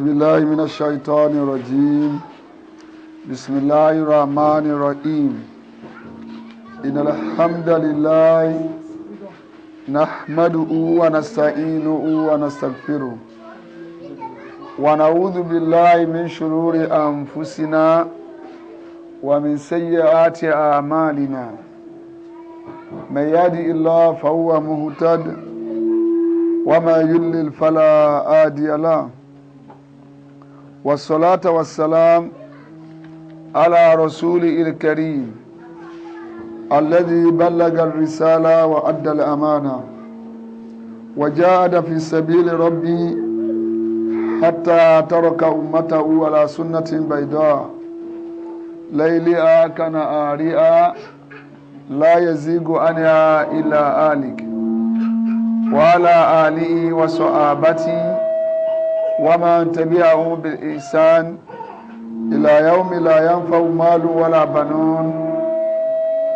بالله من الشيطان الرجيم بسم الله الرحمن الرحيم إن الحمد لله نحمده ونستعينه ونستغفره ونعوذ بالله من شرور أنفسنا ومن سيئات أعمالنا من يهدي الله فهو مهتد وما يضلل فلا هادي له والصلاة والسلام على رسول الكريم الذي بلغ الرسالة وأدى الأمانة وجاهد في سبيل ربي حتى ترك أمته على سنة بيضاء ليلها كنهارها لا يزيغ عنها إلا هالك وعلى آله وصحابته ومن تبعهم بإحسان إلى يوم لا ينفع مال ولا بنون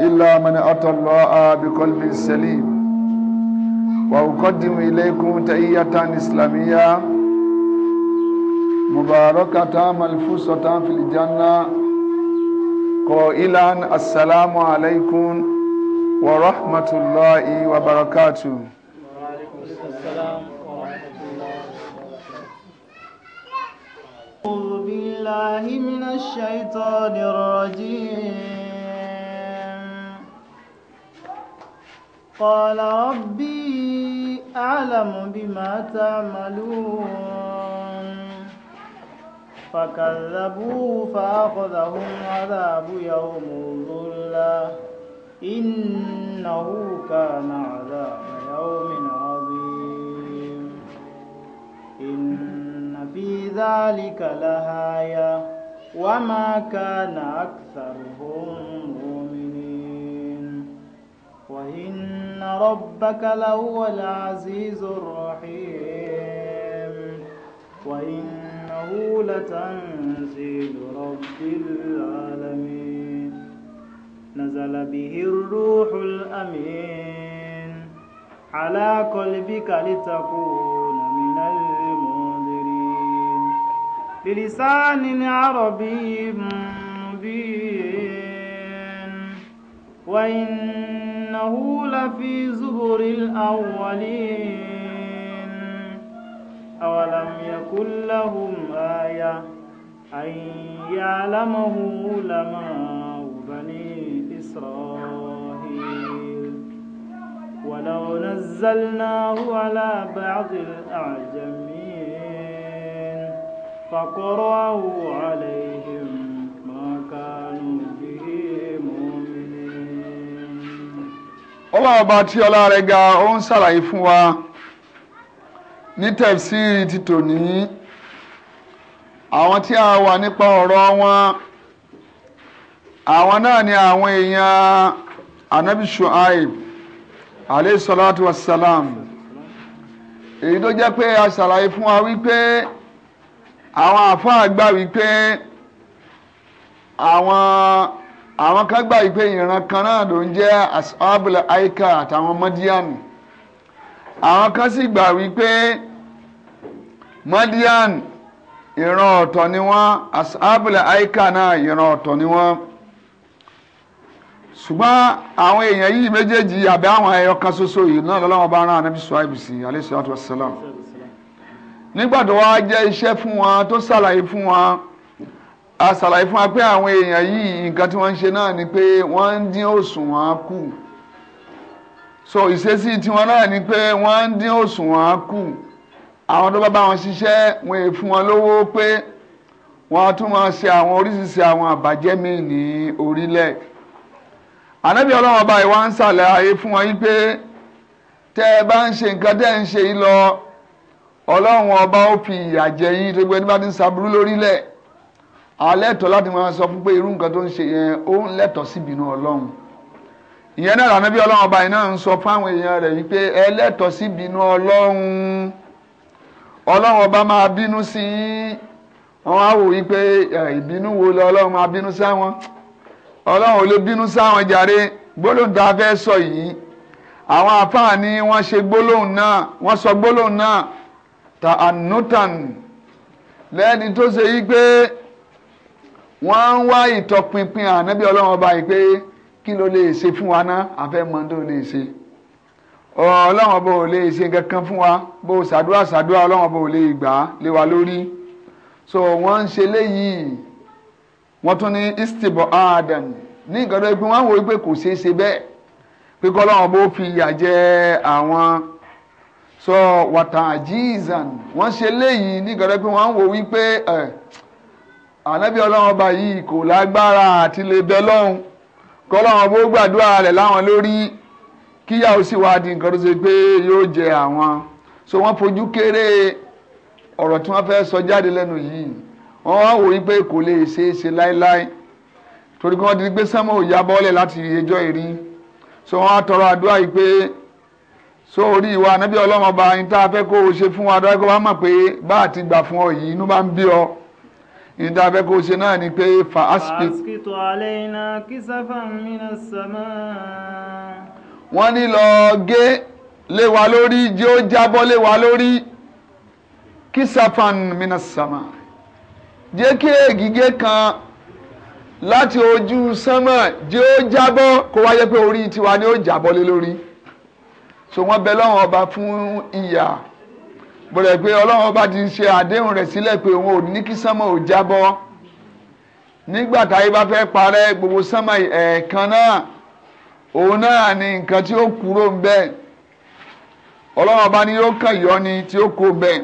إلا من أتى الله بقلب سليم وأقدم إليكم تحية إسلامية مباركة ملفوسة في الجنة قائلا السلام عليكم ورحمة الله وبركاته بالله من الشيطان الرجيم قال ربي أعلم بما تعملون فكذبوه فأخذهم عذاب يوم الظلة إنه كان عذاب يوم عظيم في ذلك لهايا وما كان أكثرهم مؤمنين وإن ربك لهو العزيز الرحيم وإنه لتنزيل رب العالمين نزل به الروح الأمين على قلبك لتكون من بلسان عربي مبين وإنه لفي زبر الأولين أولم يكن لهم آية أن يعلمه علماء بني إسرائيل ولو نزلناه على بعض الأعجمين فقرأوا عليهم ما كانوا به مؤمنين ọlọ́run ọba tí ọlá rẹ̀ ga ó ń ṣàlàyé fún wa ní tẹ̀síìrì ti tòní àwọn tí a wà nípa ọ̀rọ̀ wọn àwọn náà ni àwọn èèyàn anabi shuaib aleyhisalatu wasalam èyí tó jẹ́ pé a ṣàlàyé fún wa wípé àwọn àfáà gbà wípé àwọn àwọn kan gbà wípé ìran kan náà ló ń jẹ́ ashabul aika àtàwọn mọ́díànù àwọn kan sì gbà wípé mọ́díàn ìran ọ̀tọ̀ ni wọ́n ashabul aika náà ìran ọ̀tọ̀ ni wọ́n ṣùgbọ́n àwọn èèyàn yìí méjèèjì àbẹ́ àwọn ẹyọ kan ṣoṣo yìí náà lọ́lọ́wọ́ bá rán ànábì Ṣuaibu sí alayhi salatu nígbà tó wá jẹ́ iṣẹ́ fún wa tó ṣàlàyé fún wa a ṣàlàyé fún wa pé àwọn èèyàn yìí nǹkan tí wọ́n ń ṣe náà ni pé wọ́n ń dín òṣùwọ̀n kù so ìṣesí tiwọn náà ni pé wọ́n ń dín òṣùwọ̀n kù àwọn tó bá bá wọn ṣiṣẹ́ wọn è fún wọn lówó pé wọ́n á tún máa ṣe àwọn oríṣiríṣi àwọn àbàjẹ́ míì ní orílẹ̀ ànábì ọlọ́run ọba ìwà ń ṣàlàyé fún wọn yìí pé tẹ́ ẹ bá ń ṣe nǹkan tẹ́ ń ṣe yìí lọ ọlọ́run ọba ó fi ìyà jẹ yín tó gbé nígbà tí ń saburú lórílẹ̀ alẹ́tọ̀ láti máa sọ fún pé irú nǹkan tó ń ṣe yẹn ó ń lẹ́tọ̀ sí ìbínú ọlọ́run ìyẹn náà lànà bí ọlọ́run ọba yìí náà ń sọ fáwọn èèyàn rẹ̀ wípé ẹ lẹ́tọ̀ sí ìbínú ọlọ́run ọlọ́run ọba máa bínú sí yín wọn á wò wípé ìbínú wo lọ ọlọ́run máa bínú sáwọn ọlọ́run ò lè bínú sáwọn jàre gbólóhùn tá a fẹ́ sọ yìí àwọn àfáà ni wọ́n ṣe gbólóhùn náà wọ́n sọ gbólóhùn náà ta anutan lẹ́ni tó ṣe yí pé wọ́n ń wá ìtọpinpin ànábì ọlọ́run ọba yìí pé kí ló lè ṣe fún wa ná àfẹ́ mọ tó lè ṣe ọlọ́run ọba ò lè ṣe kankan fún wa bó ṣàdúrà ṣàdúrà ọlọ́run ọba ò lè gbà á lé wa lórí so wọ́n ń ṣe léyìí wọ́n tún ní istibo adam ní nǹkan tó yẹ pé wọ́n á wò ó pé kò ṣeé ṣe bẹ́ẹ̀ pé kọ́ ọlọ́run ọba ó fi ìyà jẹ àwọn so wàtàjìzàn wọ́n ṣe léyìí nígbàdá pé wọ́n ń wò wípé ànábì ọlọ́run ọba yìí kò lágbára àti lè bẹ lọ́hùn kọ́lọ́run bó gbàdúrà rẹ̀ láwọn lórí kíyà ó sì wáá di nǹkan tó ṣe pé yóò jẹ àwọn so wọ́n fojú kéré ọ̀rọ̀ tí wọ́n fẹ́ sọ jáde lẹ́nu yìí wọ́n wá wò wípé kò lè ṣeé ṣe láéláé torí kí wọ́n ti gbé sẹ́mọ̀ òyà bọ́ọ̀lẹ̀ láti ìyẹjọ́ ìrí so wọ́n á tọrọ àdúrà yìí pé so orí ìwà anábì ọlọ́run ọba yín tá a fẹ́ kó o ṣe fún wa dáwọ́ kó wá mọ̀ pé bá a ti gbà fún ọ yìí inú bá ń bí ọ yín tá a fẹ́ kó o ṣe náà ni pé fa aspik. àsìkò alẹ́ iná kí sáfà minas sama. wọ́n ní lọ gé lé lórí jẹ́ ó jábọ́ lé lórí kí sáfà minas sama jẹ́ kí ègìgé kan láti ojú sánmà jẹ́ ó jábọ́ kó wáyé pé orí tiwa ni ó jábọ́ lé lórí so wọ́n bẹ lọ́wọ́ ọba fún ìyà bọ̀dẹ̀ pé ọlọ́run ọba ti ṣe àdéhùn rẹ̀ sílẹ̀ pé òun ò ní kí sánmọ̀ ò jábọ́ nígbà táyé bá fẹ́ parẹ́ gbogbo sánmọ̀ ẹ̀ẹ̀kan náà òun náà ni nǹkan tí ó kúrò ń bẹ́ẹ̀ ọlọ́run ọba ni yóò kàn yọ ni tí ó kó bẹ́ẹ̀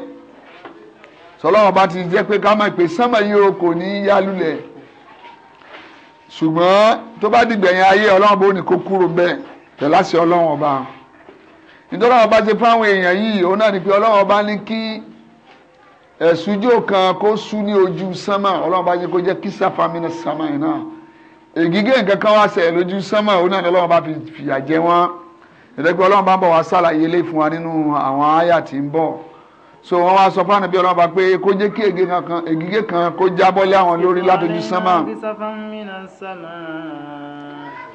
sọlọ́run ọba ti jẹ́ pé ká mọ̀ pé sánmọ̀ yìí o kò ní yá lulẹ̀ ṣùgbọ́n tó bá dìgbẹ̀yìn ayé ọlọ́run ọba ò ní kó kúrò bẹ́ẹ̀ tẹ̀láṣẹ ọlọ́run ọba nítorí àwọn bá ṣe fáwọn èèyàn yìí òun náà ni pé ọlọ́run bá ní kí ẹ̀sùjò kan kó sú ní ojú sánmà ọlọ́run bá ṣe kó jẹ́ kí sáfàmìnà sánmà yìí náà ègígé nǹkan kan wá ṣẹ̀ lójú sánmà òun náà ni ọlọ́run bá fi fìyà jẹ wọ́n ìdẹ́gbẹ́ ọlọ́run bá bọ̀ wá sàlàyé lé fún wa nínú àwọn àyà tí ń bọ̀ so wọ́n wá sọ fáwọn ẹbí ọlọ́run bá pé kó jẹ́ kí ègígé kan kó jábọ́ lé àwọn lórí látọjú sánmà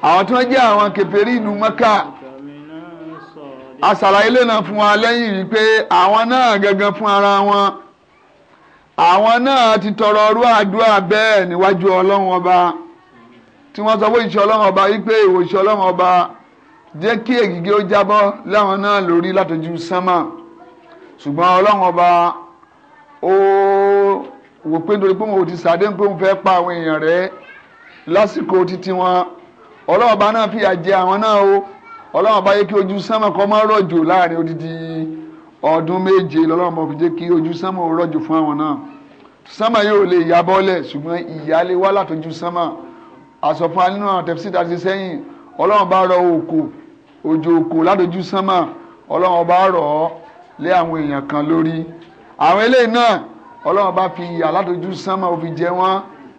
àwọn tí wọ́n jẹ́ àwọn kèfèrí ìlú Mẹ́kà àṣàlàyé lè náà fún wa lẹ́yìn wípé àwọn náà gangan fún ara wọn àwọn náà ti tọrọ ọrú àdúrà bẹ́ẹ̀ níwájú ọlọ́run ọba tí wọ́n sọ pé ìṣe ọlọ́run ọba wípé ìwò ìṣe ọlọ́run ọba jẹ́ kí ègìgé ó jábọ́ láwọn náà lórí látọjú sánmà ṣùgbọ́n ọlọ́run ọba ó wò pé nítorí pé wọn ò ti sàdé pé wọn fẹ́ pa àwọn èèyàn rẹ̀ lásìkò títí wọn ọlọ́run ọba náà fìyà jẹ àwọn náà o ọlọ́run bá yẹ kí ojú sánmà kọ́ máa rọ̀jò láàrin odidi ọdún méje lọ́lọ́run bá fi jẹ́ kí ojú sánmà ò rọ̀jò fún àwọn náà sánmà yóò lè ya bọ́lẹ̀ ṣùgbọ́n ìyà lè wá látọjú sánmà àsọfún alínú àwọn tẹ̀sí dàtí sẹ́yìn ọlọ́run bá rọ òkò òjò òkò látọjú sánmà ọlọ́run bá rọ̀ ọ́ lé àwọn èèyàn kan lórí àwọn eléyìí náà ọlọ́run bá fi ìyà látọjú sánmà ó jẹ wọ́n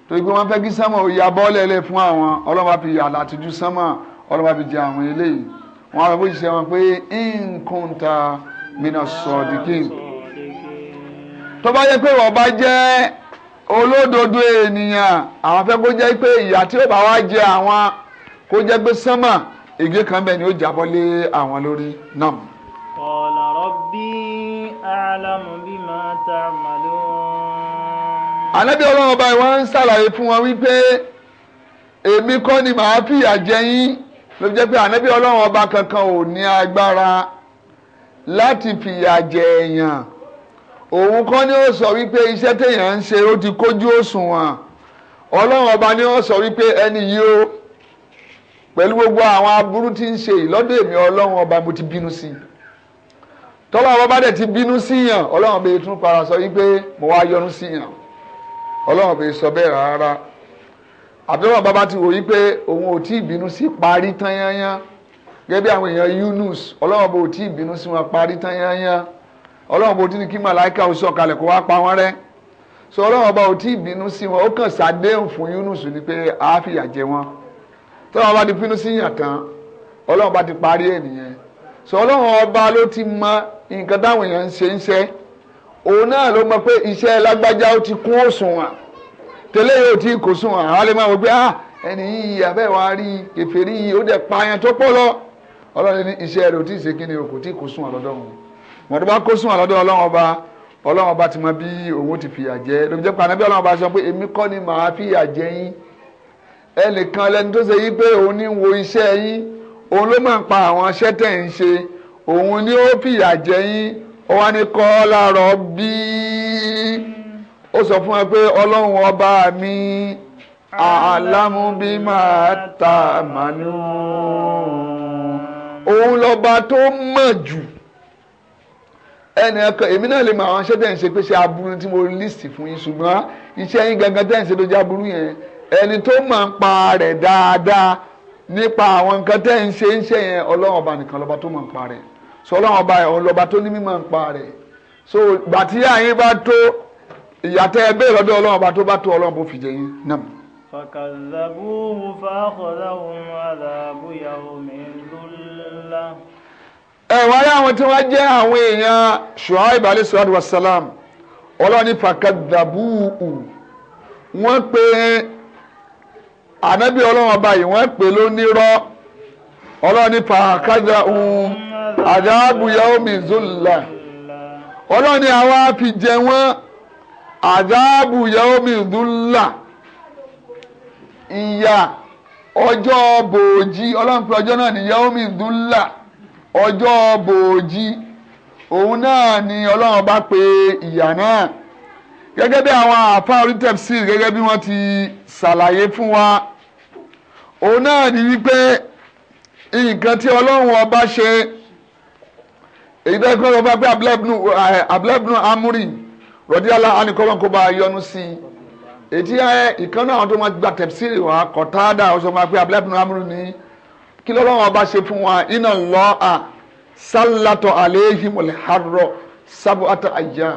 torí pé wọ́n fẹ́ kí sánmà ò ya bọ́lẹ̀ lẹ̀ fún àwọn ọlọ́run bá fi ìyà látọjú sánmà ọlọ́wà fi jẹ àwọn eléyìí wọn àwọn òṣìṣẹ́ wọn pé nkúnta mina sọ̀dìkì tó bá yẹ pé wọ́n bá jẹ́ olódodo ènìyàn àwọn fẹ́ kó jẹ́ pé ìyà tí ó bá wá jẹ àwọn kó jẹ́ pé sánmà ìgé kan bẹ́ẹ̀ ni ó jábọ́ lé àwọn lórí náà. Qala rabbi a'lamu bima ta'malun. Ànábì ọlọ́run ọba ìwọ́n ń ṣàlàyé fún wọn wípé èmi kọ́ ni màá fìyà jẹ yín ló fi jẹ́ pé ànábì ọlọ́run ọba kankan ò ní agbára láti fìyà jẹ èèyàn òun kọ́ ni ó sọ wípé iṣẹ́ téèyàn ń ṣe ó ti kójú òṣùwọ̀n ọlọ́run ọba ni ó sọ wípé ẹni yìí ó pẹ̀lú gbogbo àwọn aburú tí ń ṣe yìí èmi ọlọ́run ọba mo ti bínú sí i tọ́lá ọba dẹ̀ ti bínú síyàn ọlọ́run bèè tún para wípé mo wá yọ́nú síyàn ọlọ́run bèè sọ bẹ́ẹ̀ rárá àbẹ̀wọ̀n bàbá ti wòye pé òun ò tí ì bínú sí parí tán yányán gẹ́gẹ́ bí àwọn èèyàn Yunus ọlọ́run bò tí ì bínú sí wọn parí tán yányán ọlọ́run bò tí ní kí màláìka ó sọ̀kalẹ̀ kó wá pa wọ́n rẹ́ so ọlọ́run ọba ò tí ì bínú sí wọn ó kàn ṣàdéhùn fún Yunus ni pé a fìyà jẹ wọn tọ́wọ́n bá ti bínú sí yàn tán ọlọ́run bá ti parí ẹ̀ so ọlọ́run ọba ló ti mọ nǹkan táwọn èèyàn ń ṣe ń ṣe òun náà ló mọ pé iṣẹ́ lágbájá ó ti kún òṣùwọ̀n tẹ́lẹ̀ yóò ti kò sùn àwọn lè máa wọ pé ah ẹni yìí abẹ́ wa rí kèfèrí yìí ó dẹ̀ pààyàn tó pọ̀ lọ ọlọ́run ní iṣẹ́ rẹ̀ ò tí ì ṣe kíni o kò tí ì kò sùn àlọ́dọ̀ wọn wọn tó bá kó sùn àlọ́dọ̀ ọlọ́run ọba ọlọ́run ọba ti mọ bí òun ti fìyà jẹ lóbi jẹ́ pàánà bí ọlọ́run ọba sọ pé èmi kọ́ ni màá fìyà jẹ yín ẹnìkan lẹni tó ṣe yí pé òun ní wo iṣẹ́ yín òun ló máa ń pa àwọn iṣẹ́ tẹ̀ ń ṣe òun ni ó fìyà jẹ yín ó wá ní kọ́ láàárọ̀ bíi ó sọ fún wa pé ọlọ́run ọba mi àlámúbímà ta mànú òun lọ́ba tó mọ̀ jù ẹnì ẹ̀kan èmi náà lè mọ àwọn aṣẹ́ tẹ̀ ń ṣe pé ṣe aburú tí mo lísì fún yín ṣùgbọ́n iṣẹ́ yín gangan tẹ̀ ń ṣe ló jẹ́ aburú yẹn ẹni tó máa ń pa rẹ̀ dáadáa nípa àwọn nǹkan tẹ́ ń ṣe ń ṣe yẹn ọlọ́run ọba nìkan lọ́ba tó máa ń pa rẹ̀ sọ ọlọ́run ọba ẹ̀ òun lọ́ba tó ní mímọ̀ ń pa rẹ̀ so gbàtí àyín bá tó ìyàtẹ ẹbẹ ìrọdọ Ọlọ́run ọba tó bá tó Ọlọ́run bó fi jẹ yín náà. fàkàzàbùhù fàkọ̀dáhùn aláàbúyàwó mi lólá. ẹ̀wọ̀n ayé àwọn tí wọ́n jẹ́ àwọn èèyàn Shuaib alayhi salatu wassalam Ọlọ́run ní fàkàzàbùhù wọ́n pe ànábì Ọlọ́run ọba yìí wọ́n pe lónírọ́ Ọlọ́run ní fàkàzàbùhù mi lólá. Ọlọ́run ní àwa jẹ wọ́n àdáàbù yaomi dùlà ìyà ọjọ́ bòójì ọlọ́run pé ọjọ́ náà ní yaomi dùlà ọjọ́ bòójì òun náà ni ọlọ́run bá pe ìyà náà gẹ́gẹ́ bí àwọn àfa orítẹ̀psì gẹ́gẹ́ bí wọ́n ti ṣàlàyé fún wa òun náà ni wípé nǹkan tí ọlọ́run ọba ṣe èyí tó ń kọ́ ló bá pé abúlẹ́bùnú rọ̀dí àlá ànìkọ́lọ́n kó bá a yọnu sí i ètí ìkànnì àwọn tó máa gba tẹ̀síìrì wọn kọ̀tádà ọ̀sọ̀ máa pé abúlẹ́bùnú amúrú ni kí lọ́wọ́ bá ṣe fún wa iná lọ́ à sálàtọ̀ àléhìmọ̀lẹ̀ àrọ̀ sábò àtà àyà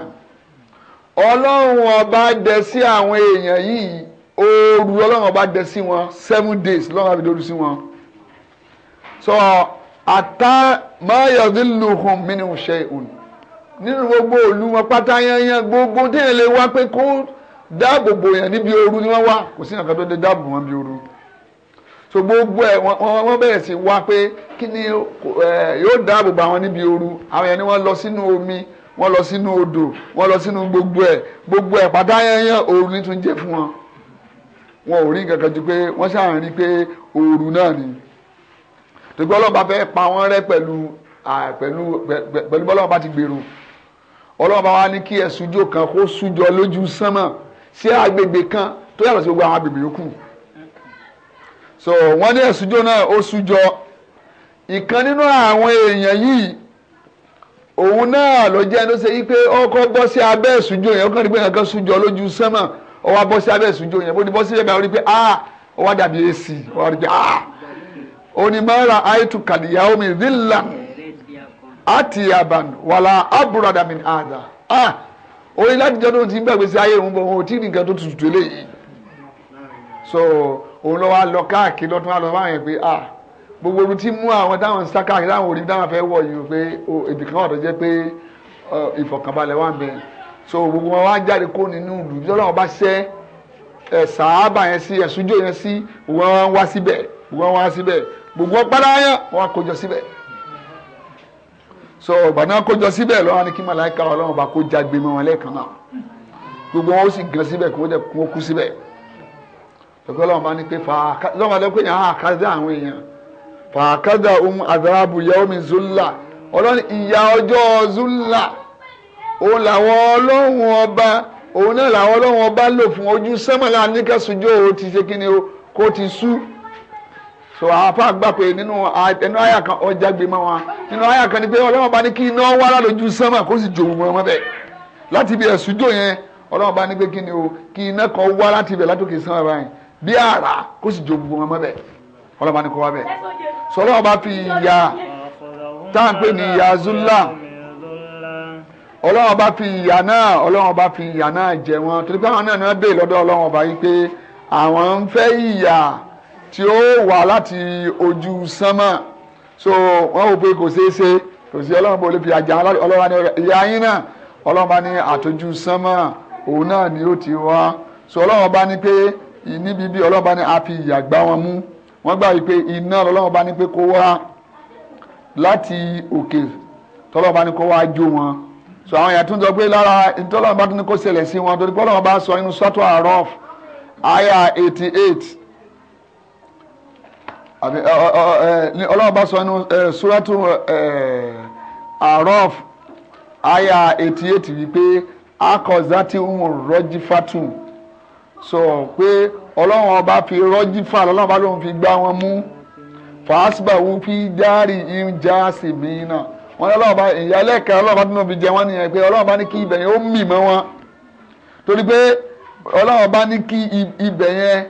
ọlọ́run ọba dẹ sí àwọn èèyàn yìí ooru ọlọ́run ọba dẹ sí wọn seven days lọ́run àbí dorí sí wọn sọ àtà máyọ̀dínlùhùn mí ni mo ṣe òní nínú gbogbo òlu wọn pátá yanyan gbogbo téèyàn lè wá pé kó dáàbò bò yàn níbi ooru ni wọ́n wá kò sí nǹkan dé dáàbò wọn bí ooru so gbogbo ẹ wọ́n bẹ̀rẹ̀ sí wá pé kí ni yóò dáàbò bò àwọn níbi ooru àwọn yẹn ni wọ́n lọ sínú omi wọ́n lọ sínú odò wọ́n lọ sínú gbogbo ẹ gbogbo ẹ pátá yanyan ooru ni tún jẹ fún wọn wọn ò rí nǹkan ju pé wọ́n ṣàárín rí pé ooru náà ni tó gbọ́ ọlọ́ba fẹ́ pa wọ́n rẹ́ pẹ̀lú pẹ̀lú pẹ̀lú ti gbèrú ọlọ́run bá wa ní kí ẹ̀sùn jò kan kó súnjọ lójú sánmọ̀ sí agbègbè kan tó yàtọ̀ sí gbogbo àwọn agbègbè yòókù so wọ́n ní ẹ̀sùn jò náà ó súnjọ ìkan nínú àwọn èèyàn yìí òun náà ló jẹ́ ẹni tó ṣe yí pé ọkọ̀ bọ́ sí abẹ́ ẹ̀sùn jò yẹn ó kàn rí pé kankan súnjọ lójú sánmọ̀ ó bọ́ sí abẹ́ ẹ̀sùn yẹn bó ti bọ́ sí ẹ̀bẹ̀ àwọn rí pé ah ó dàbí èsì ó rí pé ah onímọ̀ọ́ra àìtúkàdìyàwó mi rí lànà àtìyàbàn wala àbúradàmì àdà ah orí láti jẹ́ tó ti ń gbàgbé sí ayé òun bọ̀ òun ò tí ì nǹkan tó tutù eléyìí so òun lọ́wọ́ á lọ káàkiri lọ́tún á lọ pé ah gbogbo orun tí mú àwọn táwọn ń sá káàkiri táwọn òrí táwọn fẹ́ wọ̀ yìí pé èdè kan ọ̀dọ̀ jẹ́ pé ìfọ̀kànbalẹ̀ wà ń bẹ so gbogbo wọn wá jáde kó nínú ìlú tí Ọlọ́run bá ṣẹ́ sàábà yẹn sí ẹ̀sùnjò yẹn sí wọn wá síbẹ̀ wọn wá síbẹ̀ gbogbo so bàtà kójọ síbẹ̀ lọ́wọ́ ni kí màláìka ọlọ́run bá kó jágbe mọ́ wọn lẹ́ẹ̀kan náà gbogbo wọn ó sì gan síbẹ̀ kí wọ́n dẹ̀ kó kú síbẹ̀ ẹ̀kọ́ ọlọ́run bá ní pé fà á lọ́wọ́ àti pé yàn á kádà àwọn èèyàn fà á ohun àdàràbù yàwó mi zúlà ọlọ́run ìyá ọjọ́ zúlà òun làwọn ọlọ́run ọba òun náà làwọn ọlọ́run ọba lò fún ojú sẹ́mọ̀lá ni o so àwọn apá gbà pé nínú ẹnu àyà kan ọjà gbé mọ́ wọn nínú àyà kan ni pé ọlọ́run bá ní kí iná wá lálójú sánmà kó sì jòwó mọ́ wọn bẹ́ẹ̀ láti ibi ẹ̀sùn jò yẹn ọlọ́run bá ní pé kí ni o kí iná kan wá láti ibẹ̀ látòkè sánmà báyìí bí àrà kó sì jòwó mọ́ bẹ́ẹ̀ ọlọ́run bá ní kó wá bẹ́ẹ̀ so ọlọ́run bá fi ìyà tá à ń pè ní ìyà zúlà ọlọ́run bá fi ìyà náà ọlọ́run bá fi ìyà náà jẹ wọn torí pé àwọn náà náà bèè tí ó wà láti ojú sánmà so wọ́n wò pé kò ṣeé ṣe kò sí ọlọ́run bó lè fi àjà ọlọ́run ní ìyá yín náà ọlọ́run bá ní àtọ́jú sánmà òun náà ni ó ti wá so ọlọ́run bá ní pé níbi bí ọlọ́run bá ní a fi ìyà gbá wọn mú wọ́n gbà wípé iná ọlọ́run bá ní pé kó wá láti òkè tọ́lọ́run bá ní kó wá jó wọn so àwọn èèyàn tún jọ pé lára ìtọ́lọ́run bá tún ní kó ṣẹlẹ̀ sí wọn torí pé ọlọ́run bá sọ inú sọ́tọ̀ àrọ́f àyà eighty eight àbí ọlọ́run bá sọ nínú suratu araf aya eighty eight wípé akọ̀zátì ń rọ́jí fatu sọ pé ọlọ́run ọba fi rọ́jí fà lọ́lọ́run bá lóun fi gbá wọn mú fàásìbà wù fi járì ń já sí mi náà wọn ní ọlọ́run bá ìyálẹ̀ kan ọlọ́run bá dúró fi jẹ wọn nìyẹn pé ọlọ́run bá ní kí ibẹ̀ yẹn ó mì mọ́ wọn torí pé ọlọ́run bá ní kí ibẹ̀ yẹn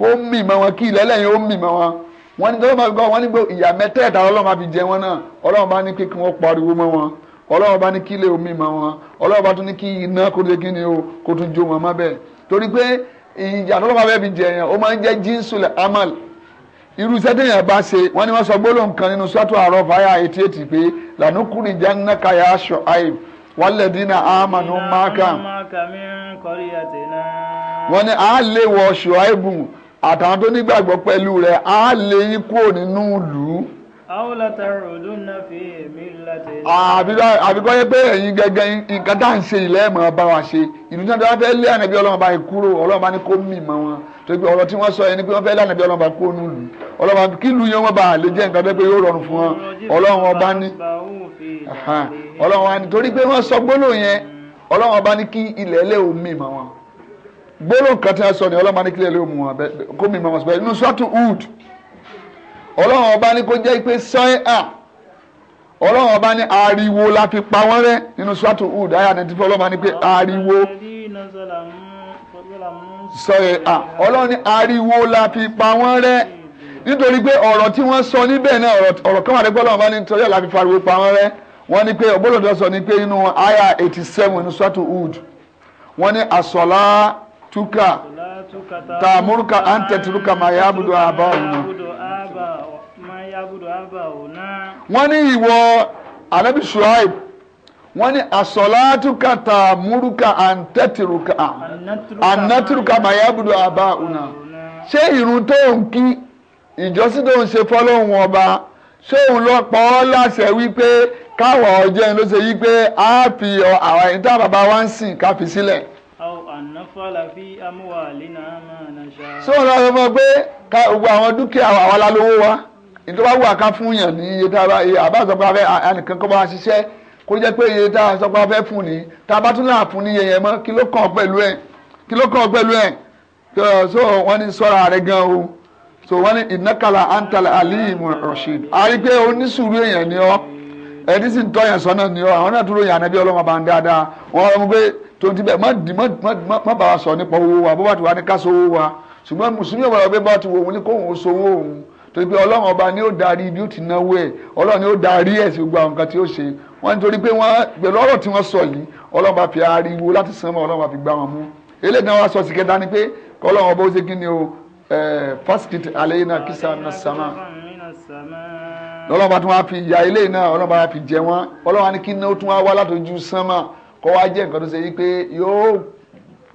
kó mì mọ́ wọn kí ilẹ̀ lẹ́yìn ó mì mọ́ wọn wọ́n ní tó máa gbọ́ wọ́n ní gbọ́ ìyà mẹ́tẹ̀ẹ̀ta ọlọ́run bá fi jẹ wọn náà ọlọ́run bá ní kí wọ́n pariwo mọ́ wọn ọlọ́run bá ní kí ilé omi mọ́ wọn ọlọ́run bá tún ní kí iná kó tó kí o kó tún jó wọn má bẹ́ẹ̀ torí pé ìyà tó máa fẹ́ fi jẹ yẹn ó máa ń jẹ́ jínsùl amal irú iṣẹ́ téèyàn bá ṣe wọ́n ní wọ́n sọ gbólóhùn kan nínú sọ́tò àárọ̀ fáyà eighty eight pé lànàkùnrin jannaka ya Shu'aib wàlẹ́dínà àmàlù mákà wọ́n ní àá léwọ̀ Shu'aib àtàwọn tó nígbàgbọ́ pẹ̀lú rẹ̀ á lé yín kúrò nínú ìlú. àwọn látara òdùn náà fi èmi láti. àbíkọ́ yẹ pé ẹ̀yin gẹ́gẹ́ nǹkan tá à ń ṣe ilẹ̀ ẹ̀mọ́ bá wa ṣe ìlú náà tó wá fẹ́ lé ànàbí ọlọ́run bá yẹn kúrò ọlọ́run bá ní kó mì mọ́ wọn tó gbé ọ̀rọ̀ tí wọ́n sọ ẹni pé wọ́n fẹ́ lé ànàbí ọlọ́run bá kúrò nílùú ọlọ́run kí ìlú yẹn wọ́n bá lè jẹ́ nǹkan tó pé yóò rọrùn fún wọn ọlọ́run ní ọlọ́run pé wọ́n sọ gbólóhùn yẹn ọlọ́run ní kí ilẹ̀ ẹlẹ́ òun mọ́ wọn gbólóhùn kan tí wọ́n sọ ni ọlọ́mọ ní kílẹ̀ ló mú wọn kó mi máa sọ inú sọ́tù wood ọlọ́run ọba ní kó jẹ́ pé sọ́ẹ́à ọlọ́run ọba ní ariwo la fi pa wọ́n rẹ́ nínú sọ́tù wood ayé àti tífọ́ ọlọ́run ọba ní pé ariwo sọ́ẹ́à ọlọ́run ní ariwo la fi pa wọ́n rẹ́ nítorí pé ọ̀rọ̀ tí wọ́n sọ níbẹ̀ náà ọ̀rọ̀ kan wà ní pé ọlọ́run ọba ní torí ẹ̀ la fi pariwo pa wọ́n rẹ́ wọ́n ní pé ọgbọ́dọ̀ sọ ní pé inú ayé eighty seven nínú sọ́tù wood wọ́n ní àsọ̀lá tuka tààmúrúkà à ń tẹ̀túrúkà máa yá àbùdó àbá òun. wọ́n ní ìwọ anabi shuaib wọ́n ní asọ̀látúkà tààmúrúkà à ń tẹ̀túrúkà à ń tẹ̀túrúkà máa yá àbùdó àbá òun. ṣé se tó ń kí ìjọsìn tó ń ṣe fọlọ́hún ọba ṣé òun lọ pa ọ́ a fi àwọn ẹni tá wa ń sìn fi sílẹ̀. Si so ọ̀nà ọ̀rọ̀ mọ̀ pé ká gbogbo àwọn dúkìá àwọn alálówó wa ìjọba wà ká fún yàn ní iye tá a bá sọ pé a fẹ́ ẹnìkan kọ́ bá a ṣiṣẹ́ kó jẹ́ pé iye tá a sọ pé a fẹ́ fún ni tá a bá tún náà fún ní iye mọ́ kí ló kàn pẹ̀lú ẹ̀ kí ló kàn pẹ̀lú ẹ̀ so wọ́n ní sọ́ra rẹ̀ gan o so wọ́n ní ìnákàlà antala aliyu rashid a rí pé onísùúrù èèyàn ni ọ ẹni sì ń tọ́ sọ́nà ni ọ àwọn náà dúró yàn tó ti bẹ́ẹ̀ má bá wa sọ nípa owó wa bó bá ti wà ní ká so owó wa ṣùgbọ́n mùsùlùmí ọ̀bọ̀lọ̀ pé bá ti wò òun ní kóhùn ó so owó òun tó ti pé ọlọ́run ọba ni ó darí bí ó ti náwó ẹ̀ ọlọ́run ni ó darí ẹ̀ sí gbogbo àwọn nǹkan tí ó ṣe wọ́n nítorí pé wọ́n pẹ̀lú ọ̀rọ̀ tí wọ́n sọ yìí ọlọ́run bá fi ariwo láti san mọ́ ọlọ́run bá fi gbá wọn mú eléyìí náà wá sọ sí kẹta ni pé kọ́lọ́run ọba ó ṣe kí ni o fásitì alẹ́ náà kí sáà náà sàmà lọ́lọ́run bá tún wá fi ìyá eléyìí náà ọlọ́run bá fi jẹ wọ́n ọlọ́run á ní kí ni ó tún wá wá látọjú sánmà kó wá jẹ́ nǹkan tó ṣe yí pé yóò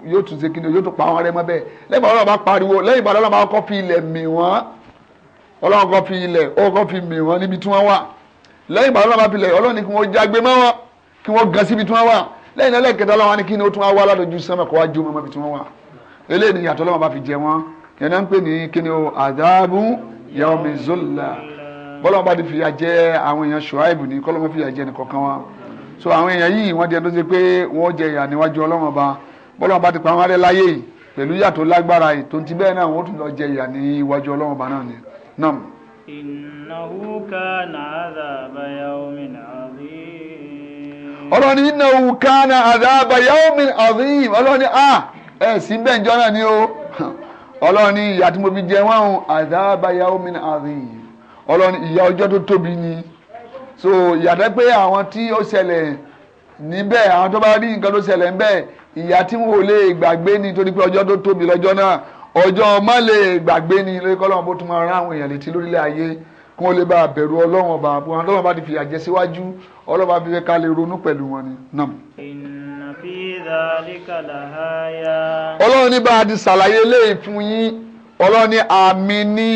yóò tún ṣe kíni yóò tún pa wọn rẹ mọ́ bẹ́ẹ̀ lẹ́yìn ìgbà ọlọ́run bá pariwo lẹ́yìn ìgbà ọlọ́run bá kọ́ fi ilẹ̀ mì wọ́n ọlọ́run kọ́ fi ilẹ̀ ó kọ́ fi mì wọ́n níbi tí wọ́n wà lẹ́yìn ìgbà ọlọ́run bá fi ilẹ̀ ọlọ́run ni kí wọ́n jágbe mọ́ wọn kí wọ́n gan síbi tí wọ́n wà lẹ́yìn náà lẹ́ẹ̀kẹta ọlọ́run ni kí ni ó tún wá wá ládójú sánmọ̀ kó wá jó mọ́ ibi tí wọ́n wà eléyìí ni ìyàtọ̀ ọlọ́run bá fi jẹ wọ́n yẹn náà ń pè ní kí ni o àdáàbù yawmi zulla bọ́lọ́run fìyà jẹ àwọn èèyàn ṣùháìbù ni kọ́lọ́mọ́ fìyà jẹ nìkan kan wọn so àwọn èèyàn yìí wọ́n di ẹni tó ṣe pé wọ́n jẹ ìyà níwájú ọlọ́run ọba bọ́lọ́run bá ti pa wọn rẹ́ láyé yìí pẹ̀lú ìyà tó lágbára yìí tó ti bẹ́ẹ̀ náà wọ́n tún lọ jẹ ìyà níwájú ọlọ́run ọba náà ni nam. innahu kana azaba yawmin azim. ọlọ́ni innahu kana azaba yawmin azim ọlọ́ni a ẹ̀ sí náà ni o ọlọ́ni ìyà tí mo fi jẹ wọ́n àdábáyáwó mi azim ọlọ́ni ìyà ọjọ́ tó tóbi ni so ìyàtọ̀ pé àwọn tí ó ṣẹlẹ̀ níbẹ̀ àwọn tó bá rí nǹkan tó ṣẹlẹ̀ níbẹ̀ ìyà tí wọn ò lè gbàgbé ni torí pé ọjọ́ tó tóbi lọ́jọ́ náà ọjọ́ má lè gbàgbé ni lórí kọ́lọ́run bó tún máa rán àwọn èèyàn létí lórílẹ̀ ayé kí wọ́n lè bá bẹ̀rù ọlọ́run ọba àbúrò ọlọ́run bá ti fìyà jẹ síwájú ọlọ́run bá fi ká lè ronú pẹ̀lú wọn ni nam. inna fi dhalika lahaya. ọlọ́run ní bá a ti ṣàlàyé léè fún yín ọlọ́run ní àmì ní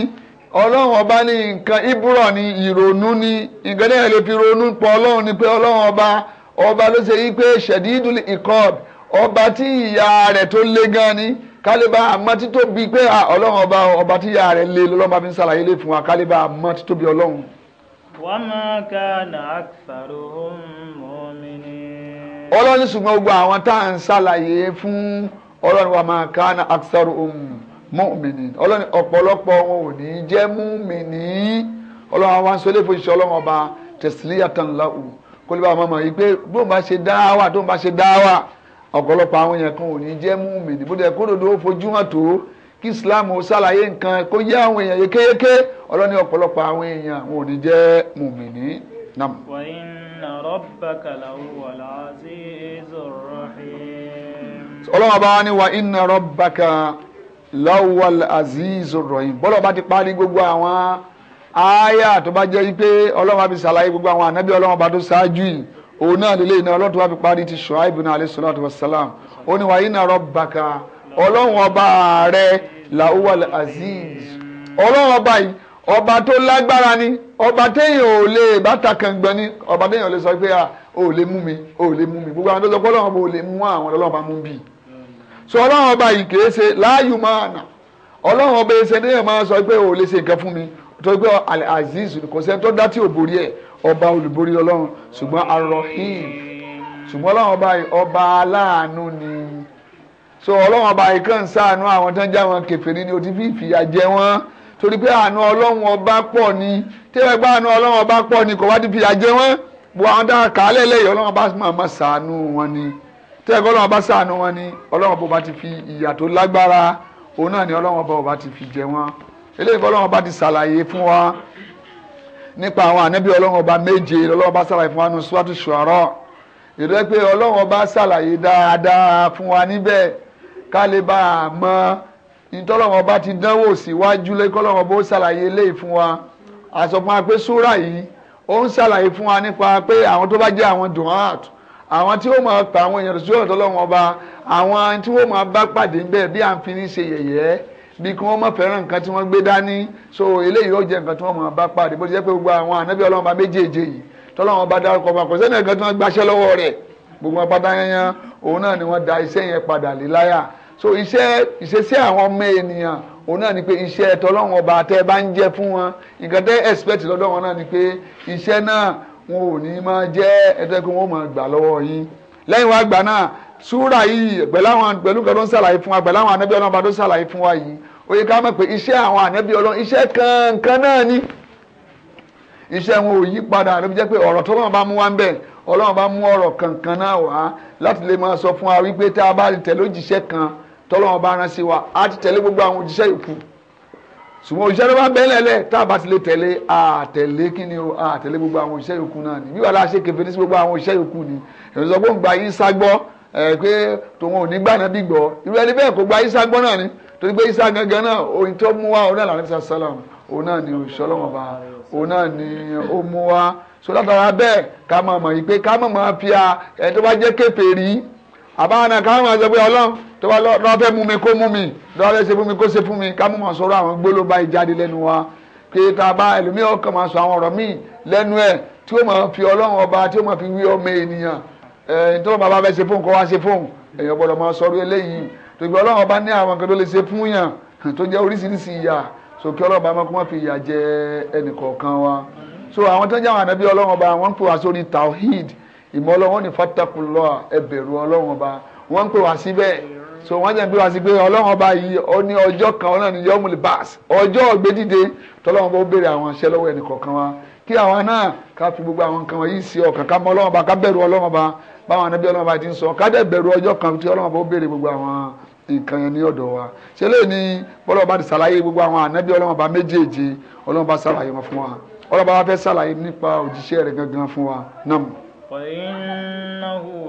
ọlọ́run ọba ní nǹkan ní ìrònú ní nǹkan náà lè fi ronú ọlọ́run ni pé ọlọ́run ọba ọba ló ṣe yí pé ṣẹ̀dídùn ọba tí ìyá rẹ̀ tó le gan ni kálíbà àmọ́ títóbi ọlọ́run ọba ọba tí ìyá rẹ̀ le ń ṣàlàyé lè fún wa kálíbà àmọ́ títóbi ọlọ́run. mọ́mìnì ọlọ́ni ọ̀pọ̀lọpọ̀ wọn ò ní jẹ́ mọ́mìnì ọlọ́run àwọn sọlé fòṣìṣẹ́ ọlọ́run ọba tẹ̀sílẹ̀ àtànláwù kó lè yìí pé bóun bá ṣe dáwà tóun bá ṣe dáwà ọ̀pọ̀lọpọ̀ àwọn yẹn kan ò ní jẹ́ mọ́mìnì bó dẹ̀ kódòdó fojú hàn tó kí islam ṣàlàyé nǹkan kó yé àwọn èèyàn yékéyéké ọlọ́ni ọ̀pọ̀lọpọ̀ àwọn èèyàn wọn ò ní jẹ́ mọ́mìnì nam. wa inna rabbaka lahuwal wa ni wa inna rabbaka lọ́wọ́l aziz rọ̀yìn bọ́lọ̀ bá ti parí gbogbo àwọn àyà tó bá jẹ́ wípé ọlọ́run àbí sàlàyé gbogbo àwọn ànábì ọlọ́run bá tó ṣáájú yìí òun náà lélẹ́ iná ọlọ́run tó bá fi parí ti Shuaib náà alayhi salatu wassalam ó ní wàyí náà rabbaka ọlọ́run ọba rẹ lọ́wọ́l aziz ọlọ́run ọba yìí ọba tó lágbára ni ọba téèyàn ò lè bá takàngbọ̀n ni ọba téèyàn ò lè sọ pé à ò lè mú mi ò lè mú mi gbogbo àwọn tó sọ pé ọlọ́run ọba lè mú àwọn ọlọ́run bá mú bíi so ọlọ́run ọba yìí kìí ṣe láàyò máa nà ọlọ́run ọba ẹsẹ̀ ní ẹ̀ máa sọ pé ò lè ṣe nǹkan fún mi tó gbé aziz kò sẹ́ni tó dá tí ẹ̀ ọba olùborí ọlọ́run ṣùgbọ́n arọ́hìn ṣùgbọ́n ọlọ́run ọba yìí ọba aláàánú ni so ọlọ́run ọba yìí kàn sáànú àwọn tó ń já wọn kèfèrí ni o ti fi ìfìyà jẹ wọn torí pé àánú ọlọ́run ọba pọ̀ ni tẹ́lẹ̀ gbá àánú ọlọ́run ọba pọ̀ ni kò wá ti fìyà jẹ wọn gbogbo àwọn dáhà kálẹ̀ lẹ́yìn ọlọ́run ọba máa máa ṣàánú wọn ni tẹ́ẹ̀kọ́ ọlọ́run bá ṣàánú wọn ni ọlọ́run bó bá ti fi ìyà tó lágbára òun náà ni ọlọ́run bá bá ti fi jẹ wọn eléyìí ọlọ́run bá ti ṣàlàyé fún wa nípa àwọn ànábì ọlọ́run ọba méje ọlọ́run bá ṣàlàyé fún wa nínú Suratu Shu'ara ìrẹ́ pé ọlọ́run bá ṣàlàyé dáadáa fún wa níbẹ̀ ká lè bá a mọ ìtọ́lọ́run bá ti dánwò síwájú lẹ́kọ́ ọlọ́run bó ṣàlàyé ó ṣàlàyé àwọn tí ó máa pa àwọn èèyàn sí ọ̀dọ́ lọ́wọ́ ọba àwọn tí ó máa bá pàdé bẹ́ẹ̀ bí à ń fi ní ṣe yẹ̀yẹ́ bí kí wọ́n má fẹ́ràn nǹkan tí wọ́n gbé dání so eléyìí ó jẹ́ nǹkan tí wọ́n máa bá pàdé bó ti jẹ́ pé gbogbo àwọn ànábì ọlọ́run ọba méjèèjì yìí tọ́lọ́run ọba dárúkọ ọba kò sẹ́ni nǹkan tí wọ́n gbaṣẹ́ lọ́wọ́ rẹ̀ gbogbo apáta yanyan òun náà ni wọ́n da iṣẹ́ yẹn padà lé láyà so iṣẹ́ ìṣesí àwọn ọmọ ènìyàn òun náà ni pé iṣẹ́ tọ́lọ́run ọba tẹ́ bá ń jẹ́ fún wọn nǹkan tẹ́ expect lọ́dọ̀ wọn náà ni pé iṣẹ́ náà wọn ò ní máa jẹ́ ẹ̀ẹ́dẹ́gbẹ́ wọn máa gbà lọ́wọ́ yín lẹ́yìn wá gbà náà súrà yìí pẹ̀lú àwọn pẹ̀lú kan tó ń ṣàlàyé fún wa pẹ̀lú àwọn ànábì ọlọ́run bá tó ṣàlàyé fún wa yìí ó yẹ ká mọ̀ pé iṣẹ́ àwọn ànábì ọlọ́run iṣẹ́ kankan náà ni iṣẹ́ wọn ò yí padà ló fi jẹ́ pé ọ̀rọ̀ tó lọ́wọ́ bá mú wa ń bẹ̀ ọlọ́run bá mú ọ̀rọ̀ kankan náà wá láti lè máa sọ fún wa wípé tá a bá tẹ̀lé òjíṣẹ́ kan tọ́lọ́run bá rán sí wa á ti tẹ̀lé gbogbo àwọn òjíṣẹ́ yòókù ṣùgbọ́n òṣìṣẹ́ tó bá bẹ́ẹ̀lẹ̀ lẹ̀ tá a bá ti lè tẹ̀lé àtẹ̀lé kí ni o àtẹ̀lé gbogbo àwọn òṣìṣẹ́ yòókù náà ni wíwà láṣẹ kẹfẹ́ ní sí gbogbo àwọn òṣìṣẹ́ yòókù ni èrò sọ pé òun gba yín ságbọ́ pé tòun ò ní gbà náà bí gbọ́ irú ẹni bẹ́ẹ̀ kò gba yín ságbọ́ náà ni torí pé isa gangan náà oyin tó mú wa òun náà sálàm òun náà ni òṣìṣọ́lọ́mọba òun náà ni ó mú wa so látara bẹ́ẹ̀ ká máa mọ̀ yìí pé ká máa máa fi ẹni tó bá jẹ́ kèfèrí àbáwọn náà ká máa sọ pé ọlọ́run tó bá lọ́ọ́ fẹ́ mú mi kó mú mi lọ́ọ́ fẹ́ ṣe fún mi kó ṣe fún mi ká mú mọ̀ sọ̀rọ̀ àwọn gbólóbá ìjáde lẹ́nu wa pé tá a bá ẹlòmíì ọkàn máa sọ àwọn ọ̀rọ̀ míì lẹ́nu ẹ̀ tí ó máa fi ọlọ́run ọba tí ó máa fi wí ọmọ ènìyàn ẹ̀ tó bàbá fẹ́ ṣe fóun kó wá ṣe fóun èèyàn gbọ́dọ̀ máa sọ̀rọ̀ eléyìí tó gbé ọba ní àwọn kan lè ṣe fún yàn tó jẹ́ oríṣiríṣi ìyà so kí ọlọ́run ọba máa kó má fi ìyà jẹ ẹnìkọ̀ọ̀kan so àwọn tó ń jẹ́ àwọn ànábí ọlọ́run ọba wọ́n ń pè wá sórí tawhid ìmọ̀ ọlọ́run wọ́n ń pè wá síbẹ̀ so wọ́n jẹ́ pé wá sí pé ọlọ́run ọba yìí ó ní ọjọ́ kan ọlọ́run ní yọ́mùlì báàsì ọjọ́ ògbédìde tọ́lọ́run bó béèrè àwọn iṣẹ́ lọ́wọ́ ẹnì kọ̀ọ̀kan wa kí àwọn náà ká fi gbogbo àwọn nǹkan wọ̀nyí sí ọkàn ká mọ ọlọ́run ọba ká bẹ̀rù ọlọ́run ọba báwọn anábí ọlọ́run ọba ti ń sọ ká dẹ̀ bẹ̀rù ọjọ́ kan tí ọlọ́run ọba ó béèrè gbogbo àwọn nǹkan yẹn ní ọ̀dọ̀ wa ṣe lè ní bọ́lá ọba ti ṣàlàyé gbogbo àwọn anábí ọlọ́run ọba méjèèjì ọlọ́run ọba ṣàlàyé wọn fún wa ọlọ́run ọba fẹ́ ṣàlàyé nípa òjíṣẹ́ rẹ̀ gangan fún wa náà.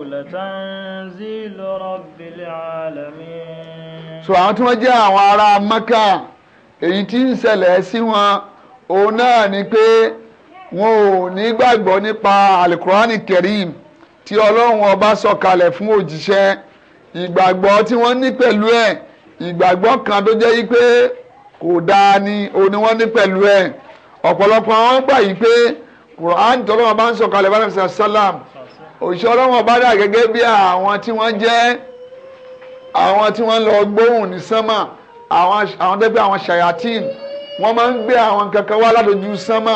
لتنزيل رب العالمين. so àwọn tí wọ́n jẹ́ àwọn ará maka èyí tí ń ṣẹlẹ̀ sí wọn òun náà ni pé wọn ò ní gbàgbọ́ nípa alukurani kerim tí ọlọ́run ọba sọ̀kalẹ̀ fún òjíṣẹ́ ìgbàgbọ́ tí wọ́n ní pẹ̀lú ẹ̀ ìgbàgbọ́ kan tó jẹ́ yí pé kò dáa ni òun ni wọ́n ní pẹ̀lú ẹ̀ ọ̀pọ̀lọpọ̀ àwọn gbà yí pé quran bá ń sọ̀kalẹ̀ bá ń sọ̀kalẹ̀ sálàm òṣìṣẹ́ ọlọ́wọ́n bá dà gẹ́gẹ́ bí àwọn tí wọ́n jẹ́ àwọn tí wọ́n lọ gbóhùn ní sánmà àwọn tó gbé àwọn ṣayatin wọ́n máa ń gbé àwọn kankan wá ládójú sánmà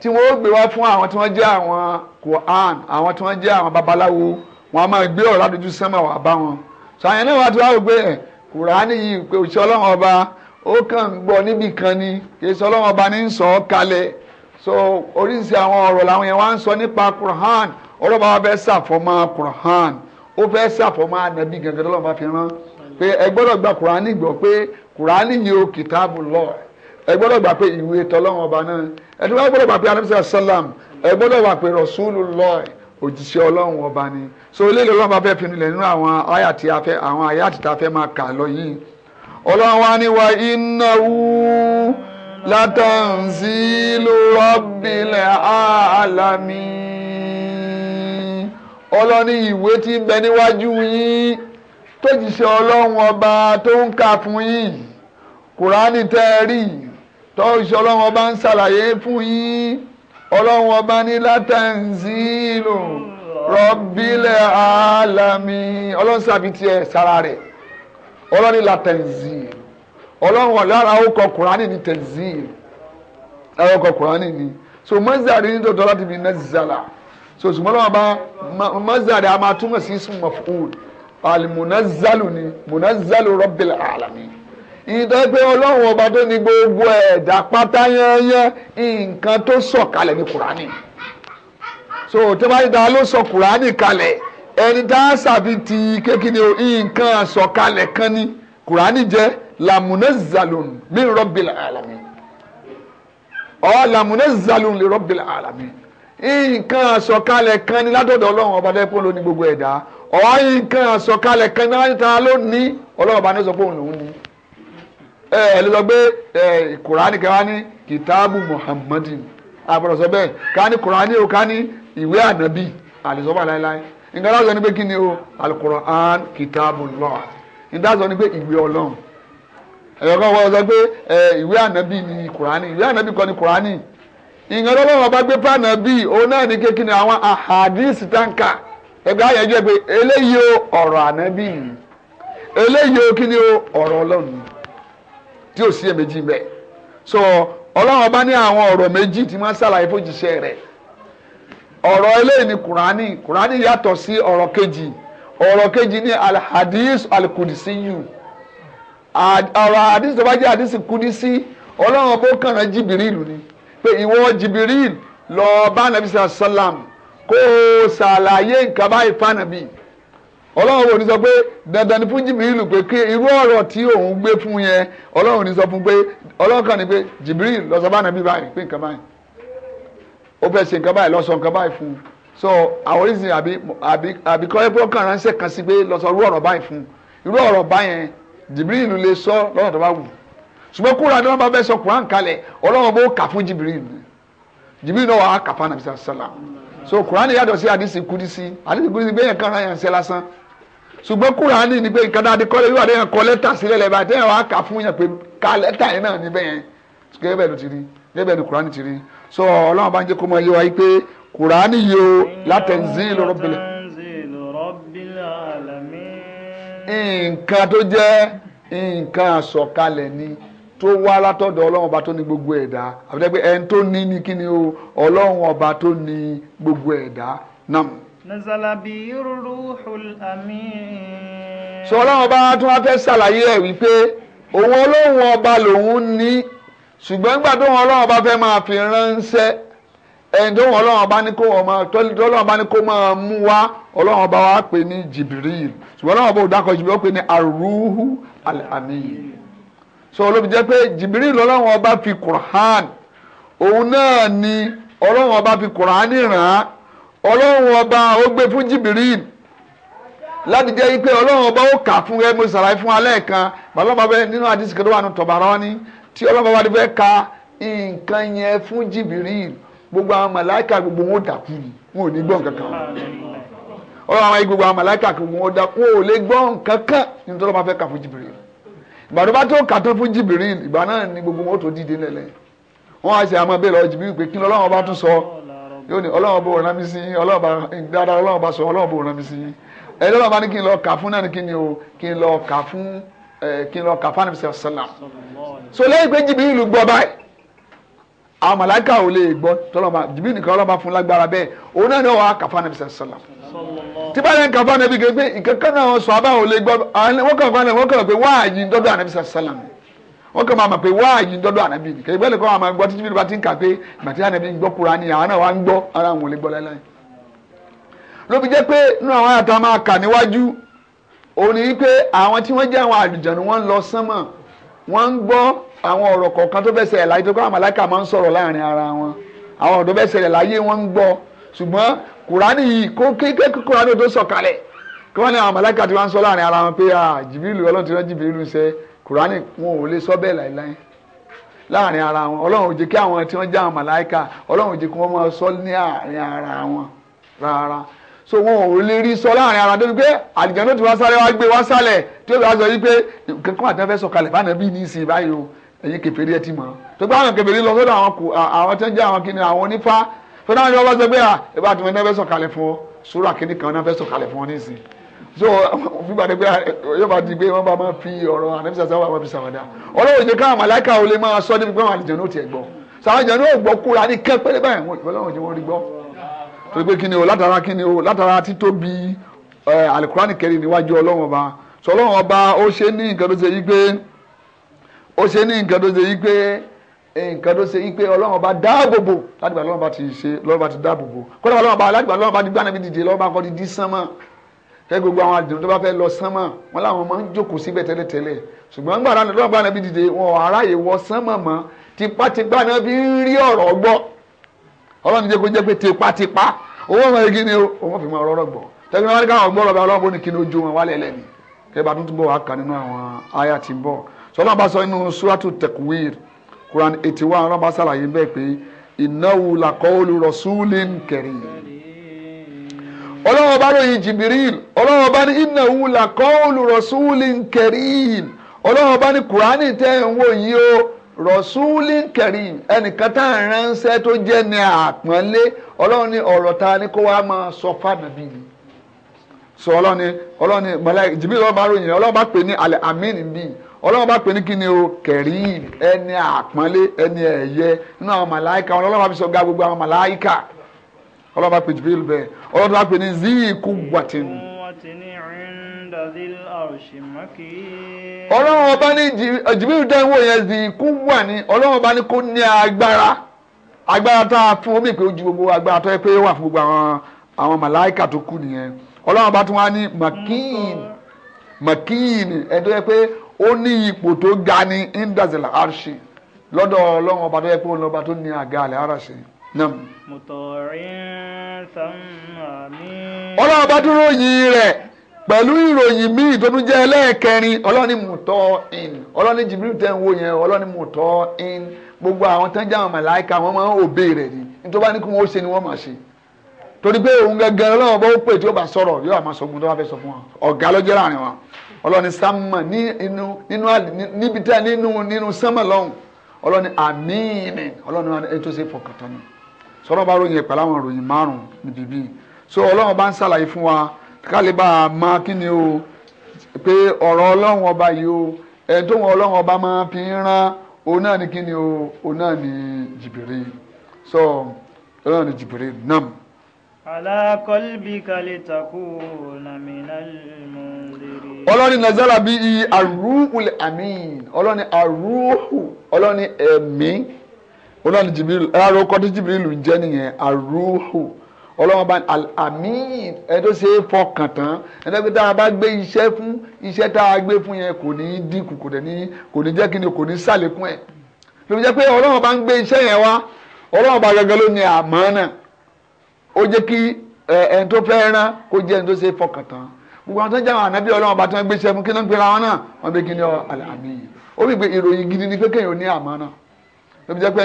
tí wọ́n ó gbé wá fún àwọn tí wọ́n jẹ́ àwọn Quran àwọn tí wọ́n jẹ́ àwọn babaláwo wọ́n máa gbé ọ̀rọ̀ ládójú sánmà wá bá wọn ṣàyẹn náà wàá tó wá wò ẹ̀ Quran yìí pé òṣìṣẹ́ ọlọ́wọ́n ọba ó kàn gbọ́ níbì ni kì í ṣe ọlọ́wọ́n ọba ní ń so oríṣi àwọn ọ̀rọ̀ làwọn yẹn wá ń sọ nípa Quran ọlọ́ba wa fẹ́ ṣàfọ̀mọ́ Quran ó fẹ́ ṣàfọ̀mọ́ ànábì gẹ́gẹ́ tó lọ́ba fi rán pé ẹ gbọ́dọ̀ gba Quran gbọ́ pé Quran yìí ó kìtàbù lọ ẹ gbọ́dọ̀ gbà pé ìwé tọ́lọ́wọ́n ọba náà ẹ tó wá gbọ́dọ̀ gbà pé anamisa salam ẹ gbọ́dọ̀ gbà pé Rasulullah òjíṣẹ́ ọlọ́run ọba ni so eléyìí ọlọ́run bá fẹ́ fi nílẹ̀ nínú àwọn àyà tí a fẹ́ àwọn àyà tí a fẹ́ máa kà lọ yìí ọlọ́run wa ni wa innahu látàǹzílù rọ́bìlẹ̀ àlàmì ọlọ́ni ìwé tí ń bẹ níwájú yín tó ti ṣe ọlọ́run ọba tó ń kà fún yín kùránì tẹ́ ẹ rí tó ṣe ọlọ́run ọba ń ṣàlàyé fún yín ọlọ́run ọba ní látàǹzílù rọ́bìlẹ̀ àlàmì ọlọ́run sàbí tiẹ̀ sára rẹ̀ ọlọ́ni látàǹzílù ọlọ́run lára ó kọ kùránì ní tẹ̀síìl lára kùránì ní so mọ́sàdì ní tòótọ́ láti fi iná zàlà so ṣùgbọ́n lọ́wọ́ bá mọ́sàdì a máa túmọ̀ sí ismu maf'ul alimunazalu ni munazalu rabbil alamin ìdọ́gbé ọlọ́run ọba tó ní gbogbo ẹ̀dá pátá yẹnyẹn nǹkan tó sọ̀kalẹ̀ ní kùránì so tẹ́wájú dáa ló sọ kùránì kalẹ̀ ẹni tá a sàfi ti kékeré nǹkan sọ̀kalẹ̀ kan ní kùránì jẹ́ lamune zalun mi alami. àlàmì ọ lamune zalun alami. rọ́bìlà àlàmì nǹkan àsọ̀kalẹ̀ kan ní látọ̀dọ̀ ọlọ́run ọba dẹ́pọ̀ ló ní gbogbo ẹ̀dá ọ nǹkan àsọ̀kalẹ̀ kan ní látara ló ní ọlọ́run ọba ní sọ pé òun lòún ní ẹ ẹ lọ gbé ẹ kùránì kẹwàá ní kìtàbù muhammadin àbọ̀rọ̀sọ bẹ́ẹ̀ ká ní kùránì o ká ní ìwé ànábì àlìsọ́bà láéláé nǹkan láti sọ ní pé kí ni o alukur'an kìtàbù Allah nǹkan láti sọ ní pé ìwé ẹ̀rọ wọ́n sọ pé ìwé ànábì ni kùránì ìwé ànábì kọ́ ni kùránì ìyẹn lọ́wọ́ wọn bá gbé pàànà òun náà ní ní àwọn àhàdíìsì táǹkà ẹgbẹ́ jẹ́ pé eléyìí o ọ̀rọ̀ ànábì eléyìí so ọlọ́run ní àwọn ọ̀rọ̀ méjì tí wọ́n rẹ̀ ọ̀rọ̀ eléyìí ni kùránì kùránì yàtọ̀ sí ọ̀rọ̀ àdìsí tó bá jẹ́ àdìsí kúdísí ọlọ́run ọbọ̀ kànáà jìbìrìlù ni pé ìwọ jìbìrìlù lọ bá nàbí sàlám kó o ṣàlàyé nǹkan báyìí fànàbí ọlọ́run ò ní sọ pé dandan ni fún jìbìrìlù pé kí irú ọ̀rọ̀ tí òun gbé fún yẹn ọlọ́run ò ní sọ fún pé ọlọ́run kàn ní pé jìbìrìlù lọ sọ bá nàbí báyìí pé nǹkan báyìí ó fẹ́ ṣe nǹkan báyìí lọ sọ nǹkan báyìí fún un so àwọn oríṣi àbí àbí àbí kọ́lẹ́pọ̀ kàn ránṣẹ́ kan sí pé lọ sọ irú ọ̀rọ̀ báyìí fún un irú ọ̀rọ̀ báyẹn jìbìrìlù lè sọ lọ́nà tó bá wù ṣùgbọ́n kúrò ni wọ́n bá fẹ́ sọ kuran kalẹ̀ ọlọ́run bó kà fún jìbìrìlù jìbìrìlù náà wà á kà fún anabi sallam so kuran yàtọ̀ sí àdìsí kudisi àdìsí kudisi gbẹ̀yàn kan náà yàn ṣe lásán ṣùgbọ́n kuran ni pé nǹkan dáadé kọ́lé wíwà déyàn kọ́ lẹ́tà sílẹ̀ lẹ́bàá déyàn wà á kà fún yàn pé ká lẹ́tà yẹn náà níbẹ̀ yẹn gẹ́gẹ́ ni kuran ti rí o látẹ̀ nǹkan tó jẹ́ nǹkan àsọ̀kalẹ̀ ni tó wá látọ̀dọ̀ ọlọ́run ọba tó ní gbogbo ẹ̀dá àbúrò pé ẹni tó ní ní kí o ọlọ́run ọba tó ní gbogbo ẹ̀dá náà. nazala bi ruhul amin. sọ ọlọ́run ọba tún wá fẹ́ ṣàlàyé ẹ̀ wípé òun ọlọ́run ọba lòun ní ṣùgbọ́n nígbà tó wọn ọlọ́run ọba fẹ́ máa fi ránṣẹ́ ẹni ọlọ́run ọba ní kó ọlọ́run ọba ní kó máa ọlọ́run ọba wa pè ní Jibril ṣùgbọ́n ọlọ́run ọba òdàkọ̀ Jibril ó pè ní aruhu alamiyi so olóbi jẹ́ pé Jibril ọlọ́run ọba fi Qur'an òun náà ni ọlọ́run ọba fi Qur'an ràn án ọlọ́run ọba ó fún Jibril láti jẹ́ ọba ó kà fún ẹ mo fún alẹ́ nínú àdìsí ni tí ọlọ́run ọba ti fẹ́ ka nǹkan fún Jibril gbogbo àwọn màláìka gbogbo wọn ò dákú ni wọn ò ní gbogbo àwọn gbogbo wọn ò dákú wọn ò lè gbọ́ nǹkan ní tọ́lọ́ máa fẹ́ kà fún jìbìrì ìgbà tó bá tó kà tó fún jìbìrì ni gbogbo wọn ò tó dìde lẹ́lẹ̀ wọn á ṣe àmọ́ bẹ́ẹ̀ lọ jìbìrì pé kí Ọlọ́run bá sọ yóò ní Ọlọ́run bó rán mi sí Ọlọ́run bá Ọlọ́run àwọn màláìka ò lè gbọ́ tọ́lọ́mà jìbìrì nìkan ọlọ́mà fún lágbára bẹ́ẹ̀ òun náà ni wọ́n wá kàfá nàbì sàlá tí bá yẹn kàfá nàbì gẹ́gẹ́ ìkankan náà wọ́n sọ abá ò lè gbọ́ wọ́n kàn fún wọn kàn pé wáàyí dọ́dọ̀ ànàbì sàlá wọ́n kàn máa mọ̀ pé wáàyí dọ́dọ̀ ànàbì nìkan ìgbẹ́ lè kọ́ àwọn gbọ́ títí bí wọ́n ti ń kà pé ìgbà tí ànàbì wọ́n ń gbọ́ àwọn ọ̀rọ̀ kọ̀ọ̀kan tó fẹ́ ṣẹlẹ̀ láyé tó kọ́ àwọn màláíkà máa ń sọ̀rọ̀ láàrin ara wọn àwọn ọ̀rọ̀ tó fẹ́ ṣẹlẹ̀ láyé wọ́n ń gbọ́ ṣùgbọ́n kùránì yìí kó kéèké kùránì tó sọ̀kalẹ̀ kí wọ́n ní àwọn màláíkà tí wọ́n ń sọ láàrin ara wọn pé jìbìrìlù ọlọ́run ti rán jìbìrìlù ṣe kùránì wọn ò lè sọ bẹ́ẹ̀ láìláì láàrin ara wọn ọlọ́run ò jẹ́ kí àwọn tí wọ́n já àwọn màláíkà ọlọ́run ò jẹ́ kí wọ́n máa sọ ní àárín ara wọn rárá so wọn ò lè rí sọ láàrin ara débi pé àlìjáná ti wá sáré wá gbé wá sálẹ̀ tí ó bá sọ yìí pé kankan àti ẹfẹ sọ̀kalẹ̀ bá nàbí ní ìsìn báyìí o ẹ̀yin kèfèrí ẹ ti mọ̀ tó gbá àwọn kèfèrí lọ sọ́dọ̀ àwọn kò àwọn tí wọ́n jẹ́ àwọn kìnìún àwọn onífá tó náà yọ wá sọ pé ẹ bá tìmọ̀ ẹfẹ sọ̀kalẹ̀ fún ọ sórí àkíní kan náà fẹ́ sọ̀kalẹ̀ fún ọ ní ìsìn so fúgbà ni pé yóò bá di pé wọ́n bá máa fi ọ̀rọ̀ ànábìsà sábà máa fi sàwádà ọlọ́run ìjẹ́ káwọn màláìka ò lè máa sọ débi pé àwọn àlìjáná ò tiẹ̀ gbọ́ sàwọn àlìjáná ò gbọ́ kúra ní kẹ́pẹ́rẹ́ báyìí ọlọ́run ìjẹ́ wọ́n rí gbọ́ tó gbé kíni o látara kíni o látara títóbi alukurani kẹrin níwájú ọlọ́run ọba sọ ọlọ́run ọba ó ṣe ní nǹkan tó ṣe yí pé ó ṣe ní nǹkan tó ṣe yí pé nǹkan tó ṣe yí pé ọlọ́run ọba dáàbòbò ládìgbà ọlọ́run ọba ti ṣe ọlọ́run ọba ti dáàbòbò kọ́dà ọlọ́run ọba ládìgbà ọlọ́run ọba ti gbá nàbí dìde ọlọ́run ọba kọ́ di sánmọ́ fẹ́ gbogbo àwọn àdìrò tó bá fẹ́ lọ sánmọ́ wọn làwọn máa ń jókòó síbẹ̀ tẹ́lẹ̀tẹ́lẹ̀ ṣùgbọ́n gbàdánù ọlọ́run ọba nàbí dìde wọn ò aráyè wọ sánmọ́ mọ́ tipátipá náà fi ń rí ọ̀rọ̀ gbọ́ ọlọ́run jẹ́ kó jẹ́ pé tipátipá owó ọmọ yìí kíni o wọ́n fi mọ ọ̀rọ̀ gbọ̀ tẹ́gbẹ́ wọn ní káwọn gbọ́ lọ́ba ọlọ́run bó ni kíni ojú wọn wálẹ̀ lẹ́ni kẹ́bà tó túbọ̀ wá kà nínú àwọn àyà tí ń bọ̀ sọlá bá sọ inú suratu Takwir Quran eighty one ọlọ́run bá sàlàyé bẹ́ẹ̀ pé innahu laqawlu rasulin karim ọlọ́run bá lóyìn Jibril ọlọ́run bá ní innahu laqawlu rasulin karim ọlọ́run bá ní Quran tẹ́ ń wò yìí o rọ̀súlì kẹrìm ẹnìkan tá à ń ránṣẹ́ tó jẹ́ ní àpọ́nlé ọlọ́run ní ọ̀rọ̀ ta ni kó wá máa sọ fànàbí ni sọ ọlọ́run ní ọlọ́run ní mọ̀lá jìbí ọlọ́run bá ròyìn ọlọ́run bá pè ní alẹ́ amín bí ọlọ́run bá pè ní kí o kẹrìm ẹni àpọ́nlé ẹni ẹ̀yẹ nínú àwọn màláìka ọlọ́run bá fi sọ ga gbogbo àwọn màláìka ọlọ́run bá pè jìbí bẹ́ẹ̀ ọlọ́run ọlọ́run ọba ní jìbìrì dẹ́wò yẹn di ikú wà ní ọlọ́run ọba ní kó ní agbára agbára tá a fún omi pé ó ju gbogbo agbára tó yẹ pé wà fún gbogbo àwọn àwọn màláìkà tó kù nìyẹn ọlọ́run ọba tún wá ní makin makin ẹ̀ tó yẹ pé ó ní ipò tó ga ní indazila arshi lọ́dọ̀ ọlọ́run ọba tó yẹ pé ọlọ́ba tó ní àga àlẹ́ ara ṣe náà. mùtọ̀rin sàmàmí. ọlọ́run ọba dúró yìí rẹ̀ pẹ̀lú ìròyìn míì tó tún jẹ́ ẹlẹ́ẹ̀kẹrin ọlọ́ni mùtọ́ in ọlọ́ni jìbìrì tẹ́ ń wò yẹn ọlọ́ni mùtọ́ in gbogbo àwọn tán jáwọn màláìka wọn máa ń òbí rẹ̀ ni nítorí bá ní kí wọ́n ṣe ni wọ́n máa ṣe torí pé òun gẹ́gẹ́ ọlọ́run bó pè tí ó bá sọ̀rọ̀ yóò àmọ́ sọ fún tó bá fẹ́ sọ fún wọn ọ̀gá ló jẹ́ láàrin wọn ọlọ́ni sámà nínú níbi tẹ́ nínú nínú sámà lọ́hùn ọlọ́ni àmín ọlọ́ni wọn ètò ṣe fọkàn ni sọ́nà bá ròyìn ẹ̀pẹ̀ láwọn ròyìn márùn-ún níbi bíi so ọlọ́run bá ń ṣàlàyé fún wa kálíbà máa kí ni o pé ọ̀rọ̀ ọlọ́run ọba yìí o ẹni tó wọn ọlọ́run ọba máa fi ń rán òun náà ni kí ni o òun náà ni jìbìrì so òun náà ni jìbìrì nam. ala qalbika litakuna minal mundirin. ọlọ́ni nazala bí i arúhùl amin ọlọ́ni arúhù ọlọ́ni ẹ̀mí ọlọ́ni jìbìrì ẹ̀rọ kọ́tí jìbìrì lù ń jẹ́ nìyẹn arúhù ọlọ́run bá àmì ẹni tó ṣe é fọkàn tán ẹni tó tá a bá gbé iṣẹ́ fún iṣẹ́ tá a gbé fún yẹn kò ní í dínkù kò ní kò ní jẹ́ kí ni kò ní sàlékún ẹ̀ lóbi jẹ́ pé ọlọ́run bá ń gbé iṣẹ́ yẹn wá ọlọ́run bá gẹ́gẹ́ ló ní àmọ́ náà ó jẹ́ kí ẹni tó fẹ́ rán kó jẹ́ ẹni tó ṣe é fọkàn tán gbogbo àwọn tó ń jẹ́ àwọn ànábì ọlọ́run bá tó ń gbé iṣẹ́ fún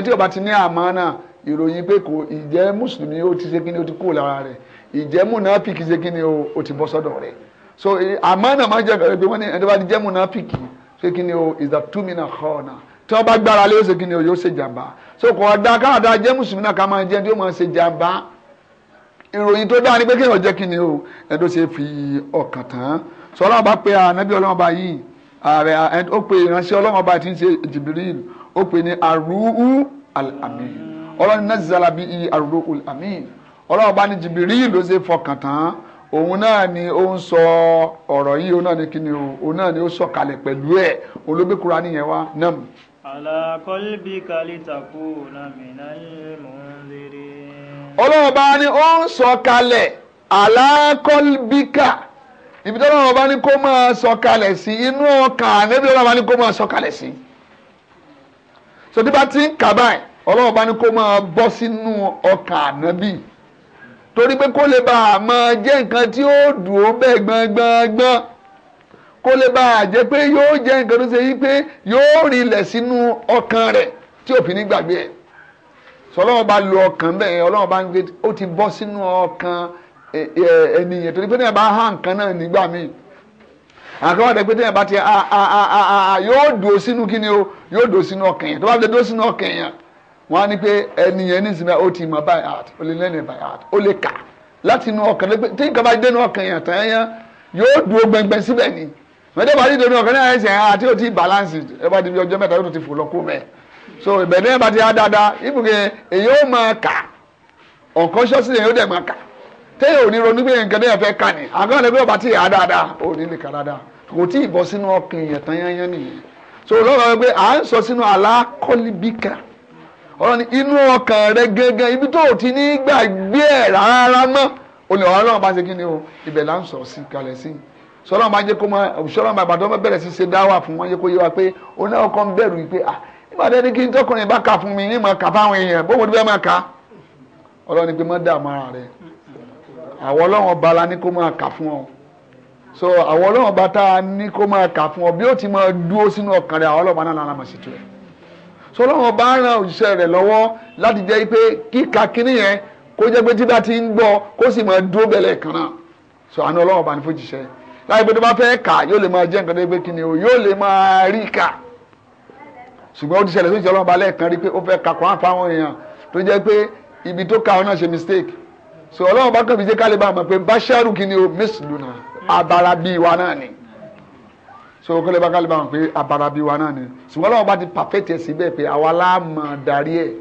kí ni àmì ìròyìn pé kò ìjẹ́ mùsùlùmí ó ti ṣe kí ni ó ti kú lára rẹ̀ ìjẹ́ múnáfìkì ṣe kí ni ó ti bọ́ sọ́dọ̀ rẹ̀ so àmọ́ náà máa ń jẹ́ ìgbàlódé wọ́n ní ẹni tó bá ti jẹ́ múnáfìkì ṣe kí ni ó ìdàtúmínà kọ́ọ̀nà tí wọ́n bá gbára lé ó ṣe kí ni ó yóò ṣe jàmbá so kò ọ̀dà káàdà jẹ́ mùsùlùmí náà ká máa jẹ́ tí ó máa ṣe jàmbá ìròyìn tó dáa ni pé kéèyàn jẹ́ kí ni ó ẹni tó ṣe fi ọkàn tán so ọlọ́run bá pe ànábì ọlọ́run bá yìí pe ìránṣẹ́ ọlọ́run bá ti ń ṣe ọlọ́run nazala bí i ar-ruhul amin ọlọ́run bá ní Jibril ló ṣe fọkàn tán òun náà ni ó ń sọ ọ̀rọ̀ yìí òun náà ni kíni o òun náà ni ó sọ̀kalẹ̀ pẹ̀lú ẹ̀ olóògbé Kùránì yẹn wá náà. ala qalbika litakuna minal munzirin. ọlọ́run bá ní ó ń sọ̀kalẹ̀ ala qalbika ibi tí ọlọ́run bá ní kó máa sọ̀kalẹ̀ sí inú ọkàn àná ọlọ́run bá ní kó máa sọ̀kalẹ̀ sí. sọdí bá ti ń kà báyìí ọlọ́run bá ní kó máa bọ́ sínú ọkàn ànábì torí pé kó lè bá a máa jẹ́ nǹkan tí ó dùn ó bẹ́ẹ̀ gbọ́ngbọ́ngbọ́n kó lè bá a jẹ́ pé yóò jẹ́ nǹkan tó ṣe yí pé yóò rinlẹ̀ sínú ọkàn rẹ̀ tí òfin ní gbàgbé ẹ̀ sọlọ́wọ́n bá lo ọkàn bẹ́ẹ̀ ọlọ́wọ́n bá ń gbé ó ti bọ́ sínú ọkàn ènìyàn torí pé ní ẹ̀ bá há nǹkan náà nígbà míì àkọ́wọ́ àti pé ní ẹ̀ bá ti yóò dùn sínú kí ni o yóò dùn ó sínú ọkàn yẹn tó bá fi dùn sínú ọkàn yẹn wọ́n á ní pé ẹni yẹn nísìnyí ó ti mọ̀ by heart ó lè lẹ́nu by heart ó lè kà láti inú ọkàn lẹ́gbẹ́ tí nǹkan bá dé inú ọkàn yẹn tán yẹn yóò dúró gbẹngbẹ síbẹ̀ ni mẹ́tẹ́ bá dídò inú ọkàn náà ẹ̀sìn àti ó ti balance bá di bí ọjọ́ mẹ́ta yóò ti fò lọ́kù mẹ́ so ìbẹ̀ náà bá ti á dáadáa ibùgbé èyí ó máa kà unconsciously èyí ó dẹ̀ máa kà téèyàn ò ní ronú pé nǹkan náà fẹ́ kà ní àgọ́ ẹ̀lẹ́gbẹ́ ọba tí ìyá dáadáa so lọ́wọ́ pé à ń sọ ọ̀rọ̀ ni inú ọkàn rẹ gẹ́gẹ́ ibi tó ti ní gbàgbé ẹ̀ rárá mọ́ olè ọ̀rọ̀ náà bá ṣe kí ni o ibẹ̀ là ń sọ̀rọ̀ sí kalẹ̀ sí sọlọ́n bá jẹ́ kó mọ òṣìṣọ́lọ́n bàbá tó bẹ̀rẹ̀ sí ṣe dáwà fún wọn jẹ́ kó yé wa pé òun náà ń bẹ̀rù wípé ah nígbà tó ní kí n tọkùnrin bá kà fún mi ní màá kà fáwọn èèyàn bó mo ti fẹ́ máa kà ọlọ́run ni pé mọ́ dààmú ara rẹ̀ àwọn ọlọ́run ọba la ní kó máa kà fún ọ so àwọn ọlọ́run ọba tá a ní kó máa kà fún ọ bí ó ti máa dúró sínú ọkàn rẹ̀ àwọn ọlọ́run náà lára mọ̀ sí tu ẹ̀ sọlọ́wọ́n bá ran òjíṣẹ́ rẹ̀ lọ́wọ́ láti jẹ́ pé kíka kínní yẹn kó jẹ́ pé tí bá ti ń gbọ́ kó sì máa dúró bẹ̀lẹ̀ kan náà sọ àánú ọlọ́wọ́n bá ní fòjíṣẹ́ láì pé tó bá fẹ́ kà yóò lè máa jẹ́ nǹkan tó gbé kínní o yóò lè máa rí kà ṣùgbọ́n ó ti ṣẹlẹ̀ sóṣìṣẹ́ ọlọ́wọ́n bá lẹ́ẹ̀kan rí pé ó fẹ́ kakọ̀ án èèyàn tó jẹ́ pé ibi tó ka ọ ṣe mistake so ọlọ́wọ́n bá kàn fi jẹ́ ká lè bá mọ̀ pé báṣẹ́rù kínní o miss luna abara wa náà ni so kọ́lé bá kálí bá wọn pé abara bí wa náà ni ṣùgbọ́n lọ́wọ́ bá ti pàfẹ́tẹ̀ síbẹ̀ pé àwa láàmú darí ẹ̀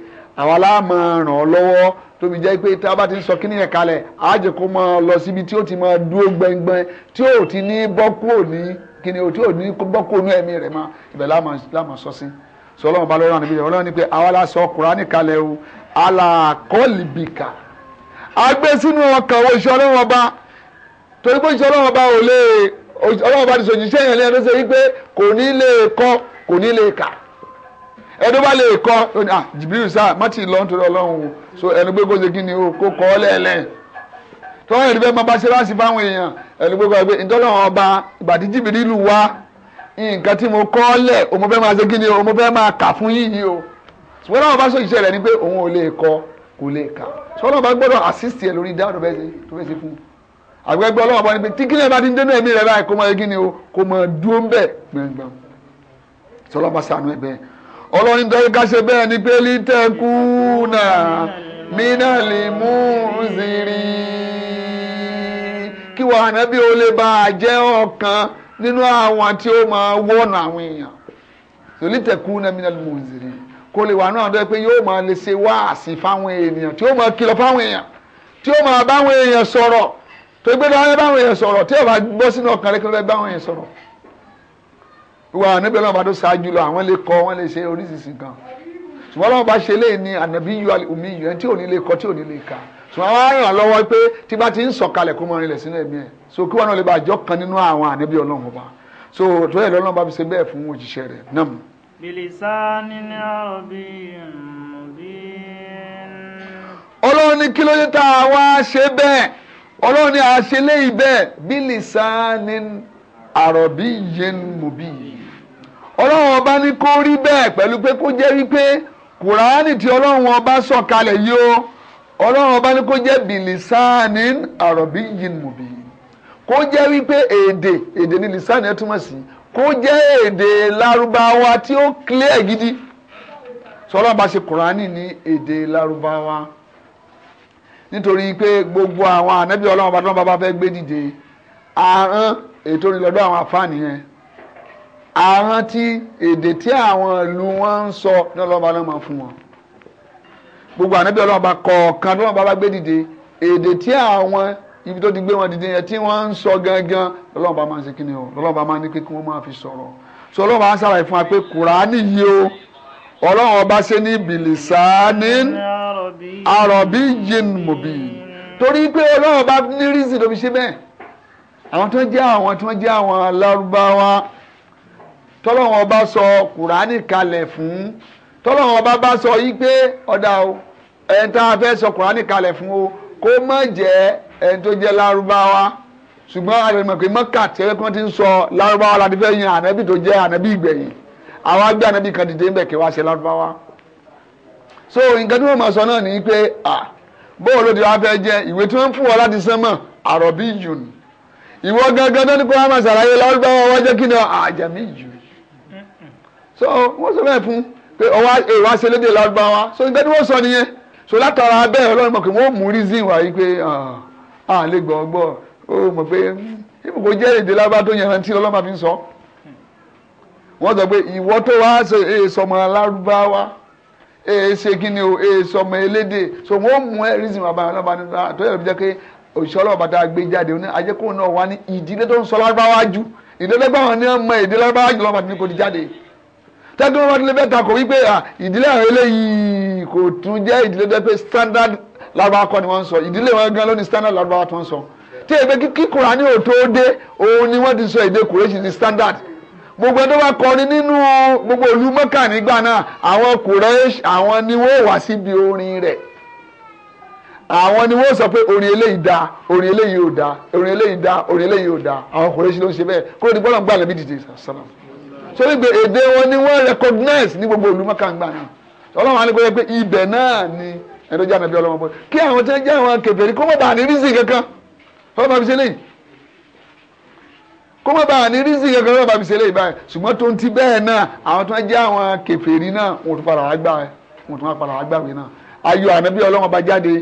àwa láàmú ràn ọ́ lọ́wọ́ tóbi jẹ́ pé tá a bá ti ń sọ kíní yẹn kalẹ̀ àájẹ́ kó máa lọ síbi tí ó ti máa dúró gbẹngbẹn tí ó ti ní bọ́ kúrò ní kíní tí ó ní bọ́ kúrò ní ẹ̀mí rẹ̀ máa ibẹ̀ láàmú sọ sí sọ ọlọ́run bá lọ́rọ̀ níbi ọlọ́run ni pé àwa la sọ Kùránì kalẹ̀ o alàkọ́lìbìkà àgbẹ̀ ọkàn òṣìṣẹ́ ọlọ́run ọba torí pé òṣìṣẹ́ ọlọ́run ọba ò lè ọlọ́run bá ti sọ òjíṣẹ́ yẹn lẹ́nu ṣe wípé kò ní lè kọ́ kò ní lè kà ẹni bá lè kọ́ ah Jibril sá má ti lọ nítorí ọlọ́run o so ẹni pé kó ṣe kí ni o kó kọ́ ọ lẹ́ẹ̀lẹ́ tọ́wọ́n yẹn ti fẹ́ máa bá ṣe láti fáwọn èèyàn ẹni pé kọ́ ẹ pé ìtọ́lọ́run ọba ìbàdí Jibril lù wá nǹkan tí mo kọ́ lẹ̀ o mo fẹ́ máa ṣe kí ni o mo fẹ́ máa kà fún yíyí o ṣùgbọ́n láwọn bá sọ rẹ̀ ni pé òun ò lè kọ́ kò lè kà ṣùgbọ́n láwọn bá gbọ́dọ̀ assist ẹ lórí dáhùn tó fẹ́ ṣe fún un àgbẹ̀gbẹ̀ ọlọ́wọ́ bọ́ ni pé tí kílẹ̀ bá ti ń dénú ẹ̀mí rẹ̀ báyìí kó mọ egi ni o kó mọ dúró ń bẹ̀ gbẹ̀ngbẹ̀ sọlọ́ba sànú ẹ̀ bẹ́ẹ̀ ọlọ́run tó ká ṣe bẹ́ẹ̀ ni pé lítẹ̀kùnà mínà lè mú zìrì kí wàá nàbí o lè bá a jẹ́ ọ̀kan nínú àwọn tí ó máa wọ́nà àwọn èèyàn lítẹ̀kùnà mínà lè mú zìrì kó lè wà náà dẹ́ pé yóò máa lè ṣe wáàsí fáwọn èèyàn tí ó máa kìlọ̀ fáwọn èèyàn tí ó máa báwọn èèyàn sọ̀rọ̀ tó gbé dáhùn báwọn yẹn sọ̀rọ̀ tí ọba gbọ́ sínú ọkàn rẹ kí ló báwọn yẹn sọ̀rọ̀ ìwà ànábì ọlọ́run bá tó ṣáájú lọ àwọn lè kọ́ wọ́n lè ṣe oríṣiríṣi kan ṣùgbọ́n ọlọ́run bá ṣe léyìn ní ànábì yọ omi yọ ẹni tí ò ní lè kọ́ tí ò ní lè kà ṣùgbọ́n àwọn aràn lọ́wọ́ pé tí bá ti ń sọ̀kalẹ̀ kó mọ rinlẹ̀ sínú ẹ̀mí ẹ̀ so kí wọn náà lè bá àjọ kan nínú àwọn ànábì so tó yẹ lọ́lọ́run bá fi ṣe bẹ́ẹ̀ fún òjíṣẹ́ rẹ̀ náà. bilisani ni arabi mubin. ọlọ́run kí ló dé tá a wá ṣe bẹ́ẹ̀ ọlọ́run ni a ṣe léyìí bẹ́ẹ̀ bílí sáánì àròbí yẹn mùbí ọlọ́run ọba ní kó rí bẹ́ẹ̀ pẹ̀lú pé kó jẹ́ wípé kùránì tí ọlọ́run ọba sọ̀kalẹ̀ yìí o ọlọ́run ọba ní kó jẹ́ bílí sáánì àròbí yẹn mùbí kó jẹ́ wípé èdè èdè ní lisani ẹ túmọ̀ sí kó jẹ́ èdè lárúbáwá tí ó clear gidi sọlá ṣe kùránì ní èdè lárúbáwá. So, nítorí pé gbogbo àwọn ànábì ọlọ́run bàtà bàbá fẹ́ gbé dìde àrán ètò ìlọ́dọ̀ àwọn àfáàní yẹn àrán tí èdè tí àwọn ìlú wọn ń sọ ní ọlọ́run bàtà máa fún wọn gbogbo ànábì ọlọ́run bá kọ̀ọ̀kan tí wọ́n bá gbé dìde èdè tí àwọn ibi tó ti gbé wọn dìde yẹn tí wọ́n ń sọ gangan ọlọ́run bá máa ń ṣe kí ni o ọlọ́run bá máa ní pé kí wọ́n máa fi sọ̀rọ̀ so ọlọ́run bá ń ṣàlàyé fún wa pé kùránì yìí o ọlọ́run ọba ṣe ní bilisanin arọ̀bí yin mòbí torí pé ọlọ́run ọba ní rízì ló fi ṣe bẹ́ẹ̀ àwọn tó ń jẹ́ àwọn tó ń jẹ́ àwọn alárúbáwá tọ́lọ́run ọba sọ kùránì kalẹ̀ fún tọ́lọ́run ọba bá sọ yí pé ọ̀dà o ẹni tá a fẹ́ sọ kùránì kalẹ̀ fún o kó má jẹ́ ẹni tó jẹ́ lárúbáwá ṣùgbọ́n àgbẹ̀mọ̀ pé mọ́kà tí wọ́n ti ń sọ lárúbáwá la ti fẹ́ yan ànábì tó jẹ́ ànábì ìgbẹ̀yìn àwa gbé ànábì kan dìde ń bẹ̀ kí wá ṣe lárúbáwá so nǹkan tí wọ́n máa sọ náà ni pé ah bóòlù ló ti wá fẹ́ jẹ ìwé tí wọ́n ń fún ọ láti sánmọ̀ àròbí yùn ìwọ gangan tó ní kó wá máa ṣàlàyé lárúbáwá wọ́n jẹ́ kí ni àjàmí yùn so wọ́n sọ bẹ́ẹ̀ fún pé ọwọ́ èèwà ṣe lárúbáwá so nǹkan tí wọ́n sọ nìyẹn so látara bẹ́ẹ̀ ọlọ́run mọ̀ pé wọ́n mú reason wáyé pé à lè gbọ́ ọgbọ́ ó mọ̀ pé ibùkún jẹ́ èdè lábá tó yẹn rántí ọlọ́run máa fi ń sọ wọ́n sọ pé ìwọ tó wá ṣe èè sọmọ alárúbáwá èè ṣe kí ni o èè sọmọ elédè so wọ́n mú ẹ rízì bàbá náà bá ní tó yẹ jẹ́ pé òṣìṣẹ́ ọlọ́run bàtà gbé jáde ní ajẹ́kùn náà wá ní ìdílé tó ń sọ lárúbáwá jù ìdílé gbàwọn ní ọmọ ìdílé lárúbáwá jù lọ́wọ́ bàtà kò ti jáde tẹ́gbọ́n wọn lè bẹ́ta kò wípé ìdílé àwọn eléyìí kò tún jẹ́ ìdílé tó pé standard lárúbáwá kọ́ ni wọ́n ń sọ ìdílé wọn gan ló standard lárúbáwá tó ń sọ tí èbè kíkúra ní òtó dé òun ni wọ́n ti sọ èdè kùrẹ́sì ní standard gbogbo ẹni tó bá kọrin nínú gbogbo ìlú Mẹ́kà nígbà náà àwọn Kùrẹ́ṣ àwọn ni wọ́n wá síbi orin rẹ̀ àwọn ni wọ́n sọ pé orin eléyìí da orin eléyìí ò da orin eléyìí da orin eléyìí ò da àwọn Kùrẹ́ṣ ló ń ṣe bẹ́ẹ̀ kúrò ní gbọ́dọ̀ wọn ni wọ́n recognize ní gbogbo ìlú Mẹ́kà nígbà náà ọlọ́run á ní kó yẹ pé ibẹ̀ náà ni ọlọ́run bọ́ kí àwọn tí wọ́n jẹ́ àwọn kó má bàa ní rísì kankan náà bàbí ṣẹlẹ̀ ìbáyìí ṣùgbọ́n tó ń ti bẹ́ẹ̀ náà àwọn tó ń jẹ́ àwọn kèfèrí náà wọn tó padà wá gbà wọn tó padà wá gbàwé náà ayọ̀ ànábí ọlọ́run ọba jáde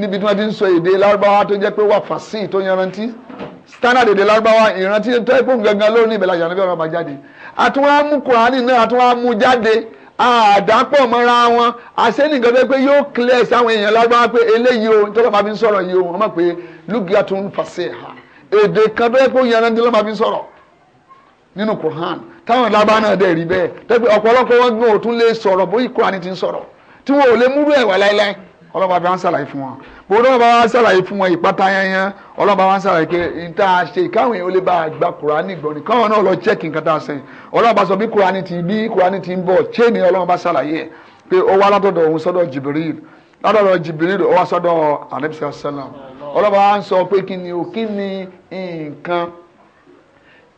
níbi tí wọ́n ti ń sọ èdè lárúbáwá tó jẹ́ pé wà fàṣí tó yanrantí standard èdè lárúbáwá ìrántí tó ẹ̀ pòun gangan lórí ìbẹ̀lẹ̀ ayọ̀ ànábí ọlọ́run ọba jáde àtúwọ́n á mú kùránì náà àtúwọ́n á mú jáde àdápọ̀ mọ́ra wọn àṣẹ́nìkan tó pé yóò clear sáwọn èèyàn lárúbáwá pé eléyìí o tó bá fi ń sọ̀rọ̀ yìí o wọ́n mọ̀ pé lùgìyà tó ń fàṣẹ ha èdè kan tó kó yanrantí ló máa fi sọ̀rọ̀ nínú Quran táwọn ìlàbá náà dẹ̀ rí bẹ́ẹ̀ tẹ́pẹ́ ọ̀pọ̀lọpọ̀ wọn gbọ́n ò lè sọ̀rọ̀ bóyí Quran ti ń sọ̀rọ̀ tí wọn ò lè múrú ẹ̀ wá láéláé ọlọ́ba bá ń fún wọn ọlọ́ba bá ń fún wọn ìpátá yanyan ọlọ́ba bá ń sara pé níta ṣe káwọn èèyàn lè bá gba Kùránì gbọ́ ni káwọn náà lọ chẹ́kì nǹkan tá a ọlọ́ba wa ń sọ pé kí ni o kí ni nǹkan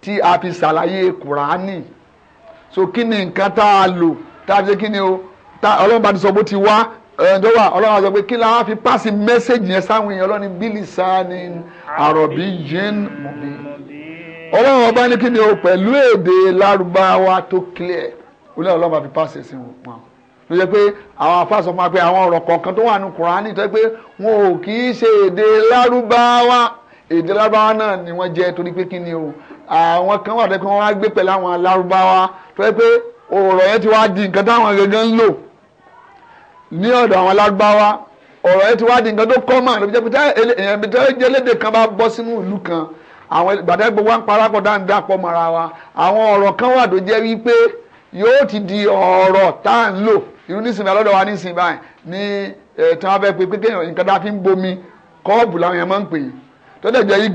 tí a fi ṣàlàyé kùránì so kí ni nǹkan tá a lò tá a fi ṣe kí ni o ọlọ́ba ti sọ bó ti wá ẹ̀ẹ́dọ́ wà ọlọ́run sọ pé kí la fi pàṣẹ mẹ́sẹ̀gì yẹn sáwọn èèyàn ọlọ́ni bílí sáni àròbí jẹ́n mọ̀bí ọlọ́run ọba ní kí ni o pẹ̀lú èdè lárúbáwá tó clear olóòlọ́ba fi pàṣẹ sí wọn ló jẹ́ pé àwọn afáàsọ máa pe àwọn ọ̀rọ̀ kọ̀ọ̀kan tó wà ní kùránì tó jẹ́ pé wọn ò kì í ṣe èdè lárúbáwá èdè lárúbáwá náà ni wọ́n jẹ́ torí pé kí ni o àwọn kan wà tó jẹ́ pé wọ́n á gbé pẹ̀lú àwọn lárúbáwá tó jẹ́ pé ọ̀rọ̀ yẹn ti wá di nǹkan táwọn gangan ń lò ní ọ̀dọ̀ àwọn lárúbáwá ọ̀rọ̀ yẹn ti wá di nǹkan tó kọ́ mọ̀ lóbi jẹ́ pé kan bá bọ́ sínú ìlú irú nísìnyí alọ́dọ̀ wa nísìnyí báyìí ní tí wọ́n fẹ́ pé kéèyàn nǹkan tá a fi ń bomi kọ́ọ̀bù làwọn yẹn máa ń pè é tó dẹ̀ jẹ́ yí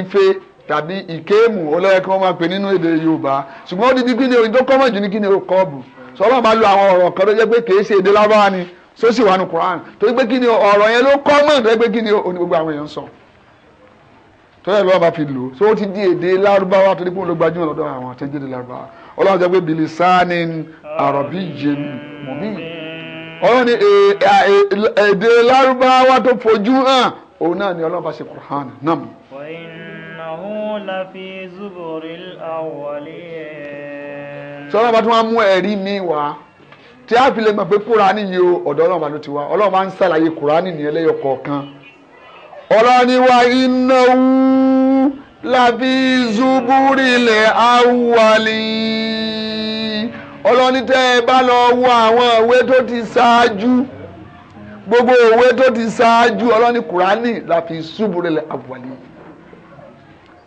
ife tàbí ìkéèmù olóyè kí wọ́n máa pè nínú èdè Yorùbá ṣùgbọ́n ó di bí kíni orin tó kọ́mọ̀ jù ní kíni o kọ́ọ̀bù sọ wọ́n bá lo àwọn ọ̀rọ̀ kan tó jẹ́ pé kìí ṣe èdè lábáwá ni tó sì wà ní Quran tó jẹ́ pé kíni ọ̀rọ̀ yẹn ló kọ́mọ̀ tó jẹ́ pé kíni o ní gbogbo àwọn èèyàn sọ tó yẹ lọ́wọ́ bá fi lò ó tó ti di èdè lárúbáwá torí pé òun ló gbajúmọ̀ lọ́dọ̀ àwọn àtẹ́jẹ́dẹ́ lárúbáwá ọlọ́run sọ pé bilisani arabiyin mubin ọlọ́run ní eh, eh, eh, èdè lárúbáwá tó fojú hàn òun náà ni ọlọ́run bá ṣe Qur'an nam. wa innahu lafi zuburil awwalin. sọlá bá tún wá mú ẹ̀rí mi wá tí a fi lè mọ̀ pé kúránì yìí o ọ̀dọ̀ ọlọ́run bá ló ti wá ọlọ́run bá ń ṣàlàyé kúránì nìyẹn lẹ́yọ kọ̀ọ̀kan ọlọ́run ni wa innahu. láfi zubúrì lẹ̀ awàlì ọlọ́ni tẹ́ ẹ bá lọ wọ àwọn òwe tó ti ṣáájú gbogbo òwe tó ti ṣáájú ọlọ́ni kùránì lafi zubúrì lẹ̀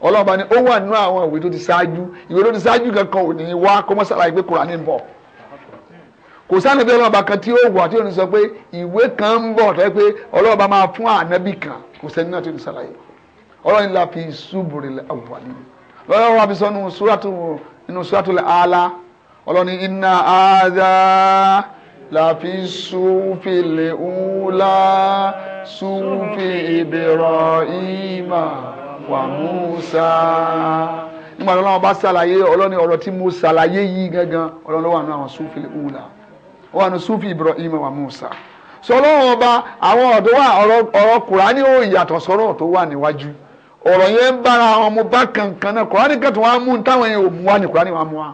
ọlọ́ba ni ó wà nínú àwọn òwe tó ti ṣáájú ìwé tó ti ṣáájú kankan ò ní wá ìgbé kùránì ń bọ̀ kò bí kan tí ó wà tí ó ní ọlọ́run la fi ṣubúrì àwùwàlì lọ́wọ́ wa fi sọ nínú súrátù nínú súrátù àlá ọlọ́run iná àdá la fi ṣúfìlì ńlá ṣúfì Ibrahima wà Musa nígbà tí ọlọ́run bá ṣàlàyé ọlọ́run ọ̀rọ̀ tí mo ṣàlàyé yìí gangan ọlọ́run ló wà nínú àwọn ṣúfìlì ńlá ó wà nínú Musa sọlọ́run ọba àwọn ọ̀dọ́ wà ọ̀rọ̀ Kùránì ó yàtọ̀ ọ̀rọ̀ yẹn ń bára àwọn ọmọ bá kankan náà kùránì kan tó wá mú táwọn yẹn ò mú wá ní kùránì wá mú wá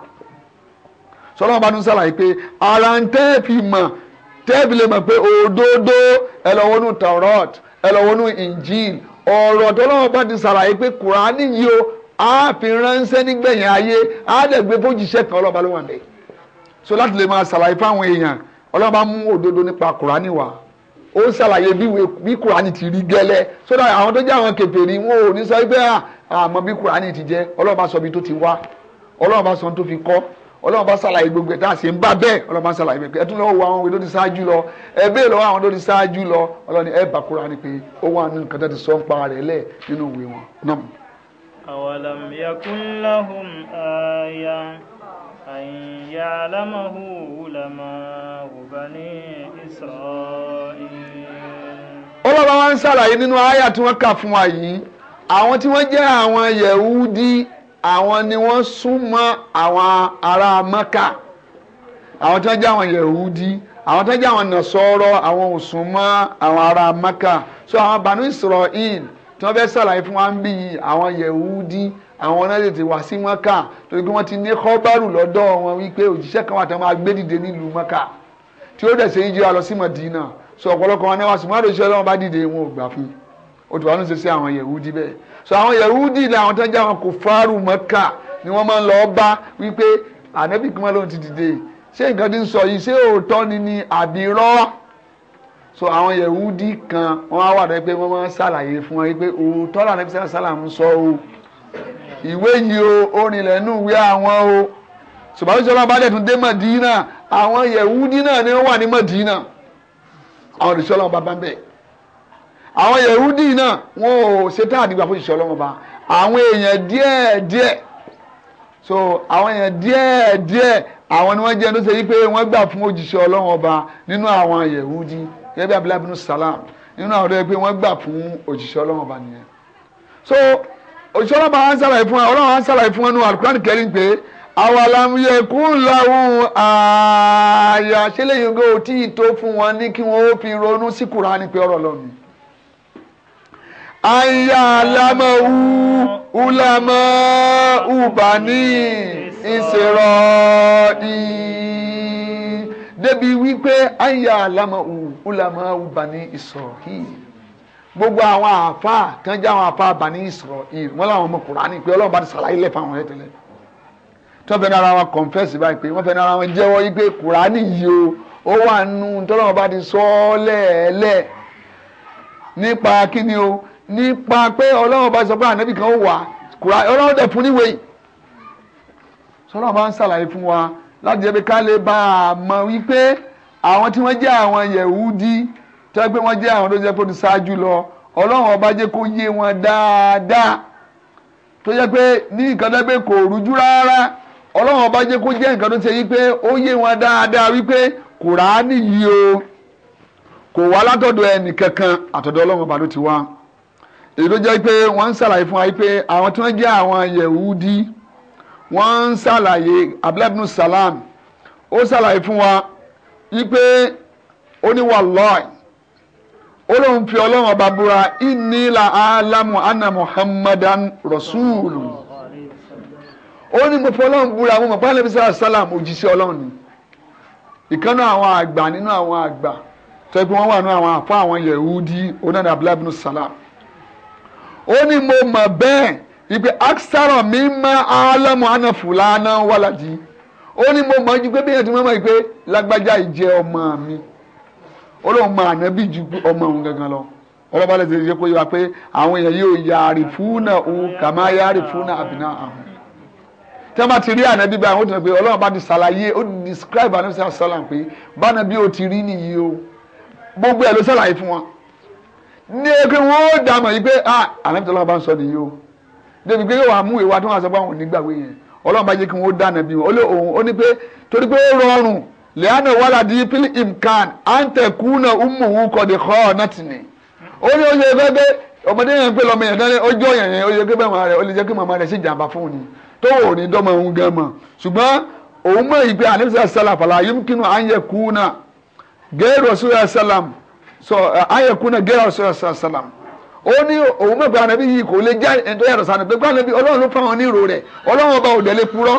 sọlá wọn bá tún sàlàyé pé ara ń tẹ́ẹ̀pì mọ̀ tẹ́ẹ̀pì lè mọ̀ pé òdodo ẹ lọ wọnú Taurat Injil ọ̀rọ̀ tó lọ́wọ́ bá ti sàlàyé pé kùránì yìí o á fi ránṣẹ́ nígbẹ̀yìn ayé á dẹ̀ gbé fójìṣẹ́ kan ọlọ́ba ló wà bẹ́ẹ̀ so láti lè máa sàlàyé fáwọn èèyàn ọlọ́ba ó ń ṣàlàyé bí kùránì ti rí gẹ́lẹ́ sódà àwọn tó jẹ́ àwọn kèfèrí wọn ò ní sọ pé àmọ́ ah, bí kùránì ti jẹ́ ọlọ́run bá sọ bí tó ti wá ọlọ́run bá sọ tó fi kọ́ ọlọ́run bá ṣàlàyé gbogbo ẹ̀ tá a ṣe ń bá bẹ́ẹ̀ ọlọ́run bá ṣàlàyé gbogbo ẹ̀ tún lọ́wọ́ àwọn òwe tó ti ṣáájú lọ ẹ lọ́wọ́ àwọn tó ti ṣáájú lọ ọlọ́run ni bá kùránì pé ó wà nínú nǹkan tó ti sọ ń rẹ̀ lẹ̀ nínú òwe wọn náà. awalam yakun lahum aya. أن يعلمه علماء بني إسرائيل ọlọ́ba wa ń ṣàlàyé nínú àyà tí wọ́n kà fún wa yìí àwọn tí wọ́n jẹ́ àwọn yẹ̀wúdí àwọn ni wọ́n súnmọ́ àwọn ará mẹ́kà àwọn tí wọ́n jẹ́ àwọn yẹ̀wúdí àwọn tí wọ́n jẹ́ àwọn nàṣọ́rọ́ àwọn ò súnmọ́ àwọn ará mẹ́kà so àwọn bànú Israel tí wọ́n fẹ́ ṣàlàyé fún wa ń bí àwọn yẹ̀wúdí àwọn náà lè ti wá sí mọ́kà torí pé wọ́n ti ní kọ́bárù lọ́dọ̀ wọn wípé òjíṣẹ́ kan wà tán máa gbé dìde nílùú mọ́kà tí ó dẹ̀ ṣe lọ sí Mọ̀dínà so ọ̀pọ̀lọpọ̀ wọn náà wá sùn mọ́tò ìṣẹ́ ọlọ́run bá dìde wọn ò gbà fún ó ti wà ní sẹ́sẹ́ àwọn Yẹ̀húdì bẹ́ẹ̀ so àwọn Yẹ̀húdì làwọn tó ń jẹ́ àwọn kò fárù mọ́kà ni wọ́n máa ń lọ bá wípé ànábì kí wọ́n lóun ti ni ni so àwọn Yẹ̀húdì kan wọ́n á wà lọ pé wọ́n máa ń ṣàlàyé fún wọn pé òótọ́ làwọn ẹbí sẹ́wọ̀n sálà sọ o ìwé yìí o orin ilẹ̀ nù wí àwọn o ṣùgbọ́n ìṣọ́lá bá dẹ̀ tún dé Mọ̀dínà àwọn Yẹ̀wúdí náà ni wọ́n wà ní Mọ̀dínà àwọn òṣìṣẹ́ ọlọ́run bá bẹ́ẹ̀ àwọn Yẹ̀wúdí náà wọn ò ṣe tá àdìgbà fún òṣìṣẹ́ ọlọ́run bá àwọn èèyàn díẹ̀ díẹ̀ so àwọn èèyàn díẹ̀ díẹ̀ àwọn ni wọ́n jẹ́ ló ṣe yí pé wọ́n gbà fún òjíṣẹ́ ọlọ́run ọba nínú àwọn Yẹ̀wúdí gẹ́gẹ́ bí Abdullahi bin Salam nínú àwọn ọ̀dọ́ yẹ pé wọ́n gbà fún òjíṣẹ́ ọlọ́run ọba nìyẹn so òṣìṣẹ́ ọlọ́ba wa ń ṣàlàyé fún wa ọlọ́run wa ń ṣàlàyé fún wa nínú Al-Qur'an Karim pé àwàlàmúyẹ kún làwọn ààyà ṣẹlẹ́yìn gbé òtí ìtó fún wọn ní kí wọ́n ó fi ronú sí Kùránì pé ọ̀rọ̀ lọ́nu. àyà lámọ̀wú ulamọ̀ ubani ìṣèrọ̀ ìí débi wípé àyà lámọ̀wú ulamọ̀ ubani ìṣòro yìí gbogbo àwọn àáfàá kan jẹ́ àwọn àáfàá bani Israel wọ́n láwọn ọmọ kùránì pé ọlọ́run bá ti sàlàyé lẹ̀ fáwọn ẹ̀ tẹ́lẹ̀ tó fẹ́ nára wọn confess báyìí pé wọ́n fẹ́ nára wọn jẹ́wọ́ yí pé kùránì yìí o ó wà nù tọ́lọ́run bá ti sọ ọ́ lẹ́ẹ̀lẹ́ nípa kíni o nípa pé ọlọ́run bá sọ pé ànábì kan wà kùránì ọlọ́run dẹ̀ fún níwèé sọlọ́run bá ń sàlàyé fún wa láti jẹ́ pé ká lè bá a mọ̀ wípé àwọn tí wọ́n jẹ́ àwọn Yẹ̀húdí tó yẹ pé wọ́n jẹ́ àwọn tó jẹ́ pé ó ti ṣáájú lọ ọlọ́run ọba jẹ́ kó yé wọn dáadáa tó yẹ pé ní nǹkan tó pé kò rújú rárá ọlọ́run ọba jẹ́ kó jẹ́ nǹkan tó ṣe yí pé ó yé wọn dáadáa wípé kùránì yìí o kò wá látọ̀dọ̀ ẹnì kankan àtọ̀dọ̀ ọlọ́run ọba ló ti wá èyí ló jẹ́ pé wọ́n ń ṣàlàyé fún wa pé àwọn tí wọ́n jẹ́ àwọn yẹ̀wúdí wọ́n ń ṣàlàyé abdulhamid salam ó ṣàlàyé fún wa wípé ó ní wàlọ́ọ̀ olóhùn fi ọlọ́run ọba búra ìnílà alamu anna muhammadan rasulu ó ní mo fi ọlọ́run búra mo mọ̀ alẹ́ sàlá sàlám òjíṣẹ́ ọlọ́run ni ìkànnà àwọn àgbà nínú àwọn àgbà tó yẹ pé wà nínú àwọn àfọ àwọn yẹ̀húdí mi ma alamu anna fulana wàlàjì ó ní mo mọ̀ ju pé bí ti mi. olóhùn máa ànábì ju ọmọ òun gangan lọ ọlọ́ba lè ṣe kó yíwa pé àwọn èèyàn yóò yàrá fúnà òun kà máa yàrá fúnà àbínà àwọn. tí wọ́n bá ti rí ànábì báyìí wọ́n ti pé ọlọ́run bá ti ṣàlàyé ó ti describe ànábì sàlàyé sàlàm pé báná bí o ti rí nìyí o gbogbo ẹ̀ ló ṣàlàyé fún wọn. ní pé wọ́n ó dà mọ̀ yìí pé ah, ànábì tó lọ́wọ́ bá ń sọ nìyí o débi pé yóò wá mú ìwà tó wà sọ pé àwọn ò ní gbàgbé yẹn ọlọ́run bá jẹ́ kí wọ́n ó dà ànábì wọn ó ní pé torí pé ó rọrùn lẹ́yìn wàlá di imkan àǹtẹ̀kùnà umuhu kọ̀dé kọ́ nàtìní. ó ní oye gbẹgbẹ ọmọdé yẹn pé lọmọ yẹn tán ojú yẹn oye gbẹgbẹ màmá rẹ ó kí màmá rẹ ṣe jàǹbá fún ni tó wò ní dọ́mọ òun gan mọ̀ ṣùgbọ́n òun mọ̀ ìgbé àníbísà sálà fàlà yimkinu àǹyẹ̀kùnà gẹ́rọ̀ sọ́yà sálàm sọ àǹyẹ̀kùnà gẹ́rọ̀ sọ́yà sálàm ó ní òun mọ̀ pé ànábì yìí kò lè já ẹ̀ńtọ́ yàtọ̀ sànà pé gbọ́dọ̀ ọlọ́run ló fáwọn onírò rẹ̀ ọlọ́run ọba òdẹ̀lẹ̀ purọ́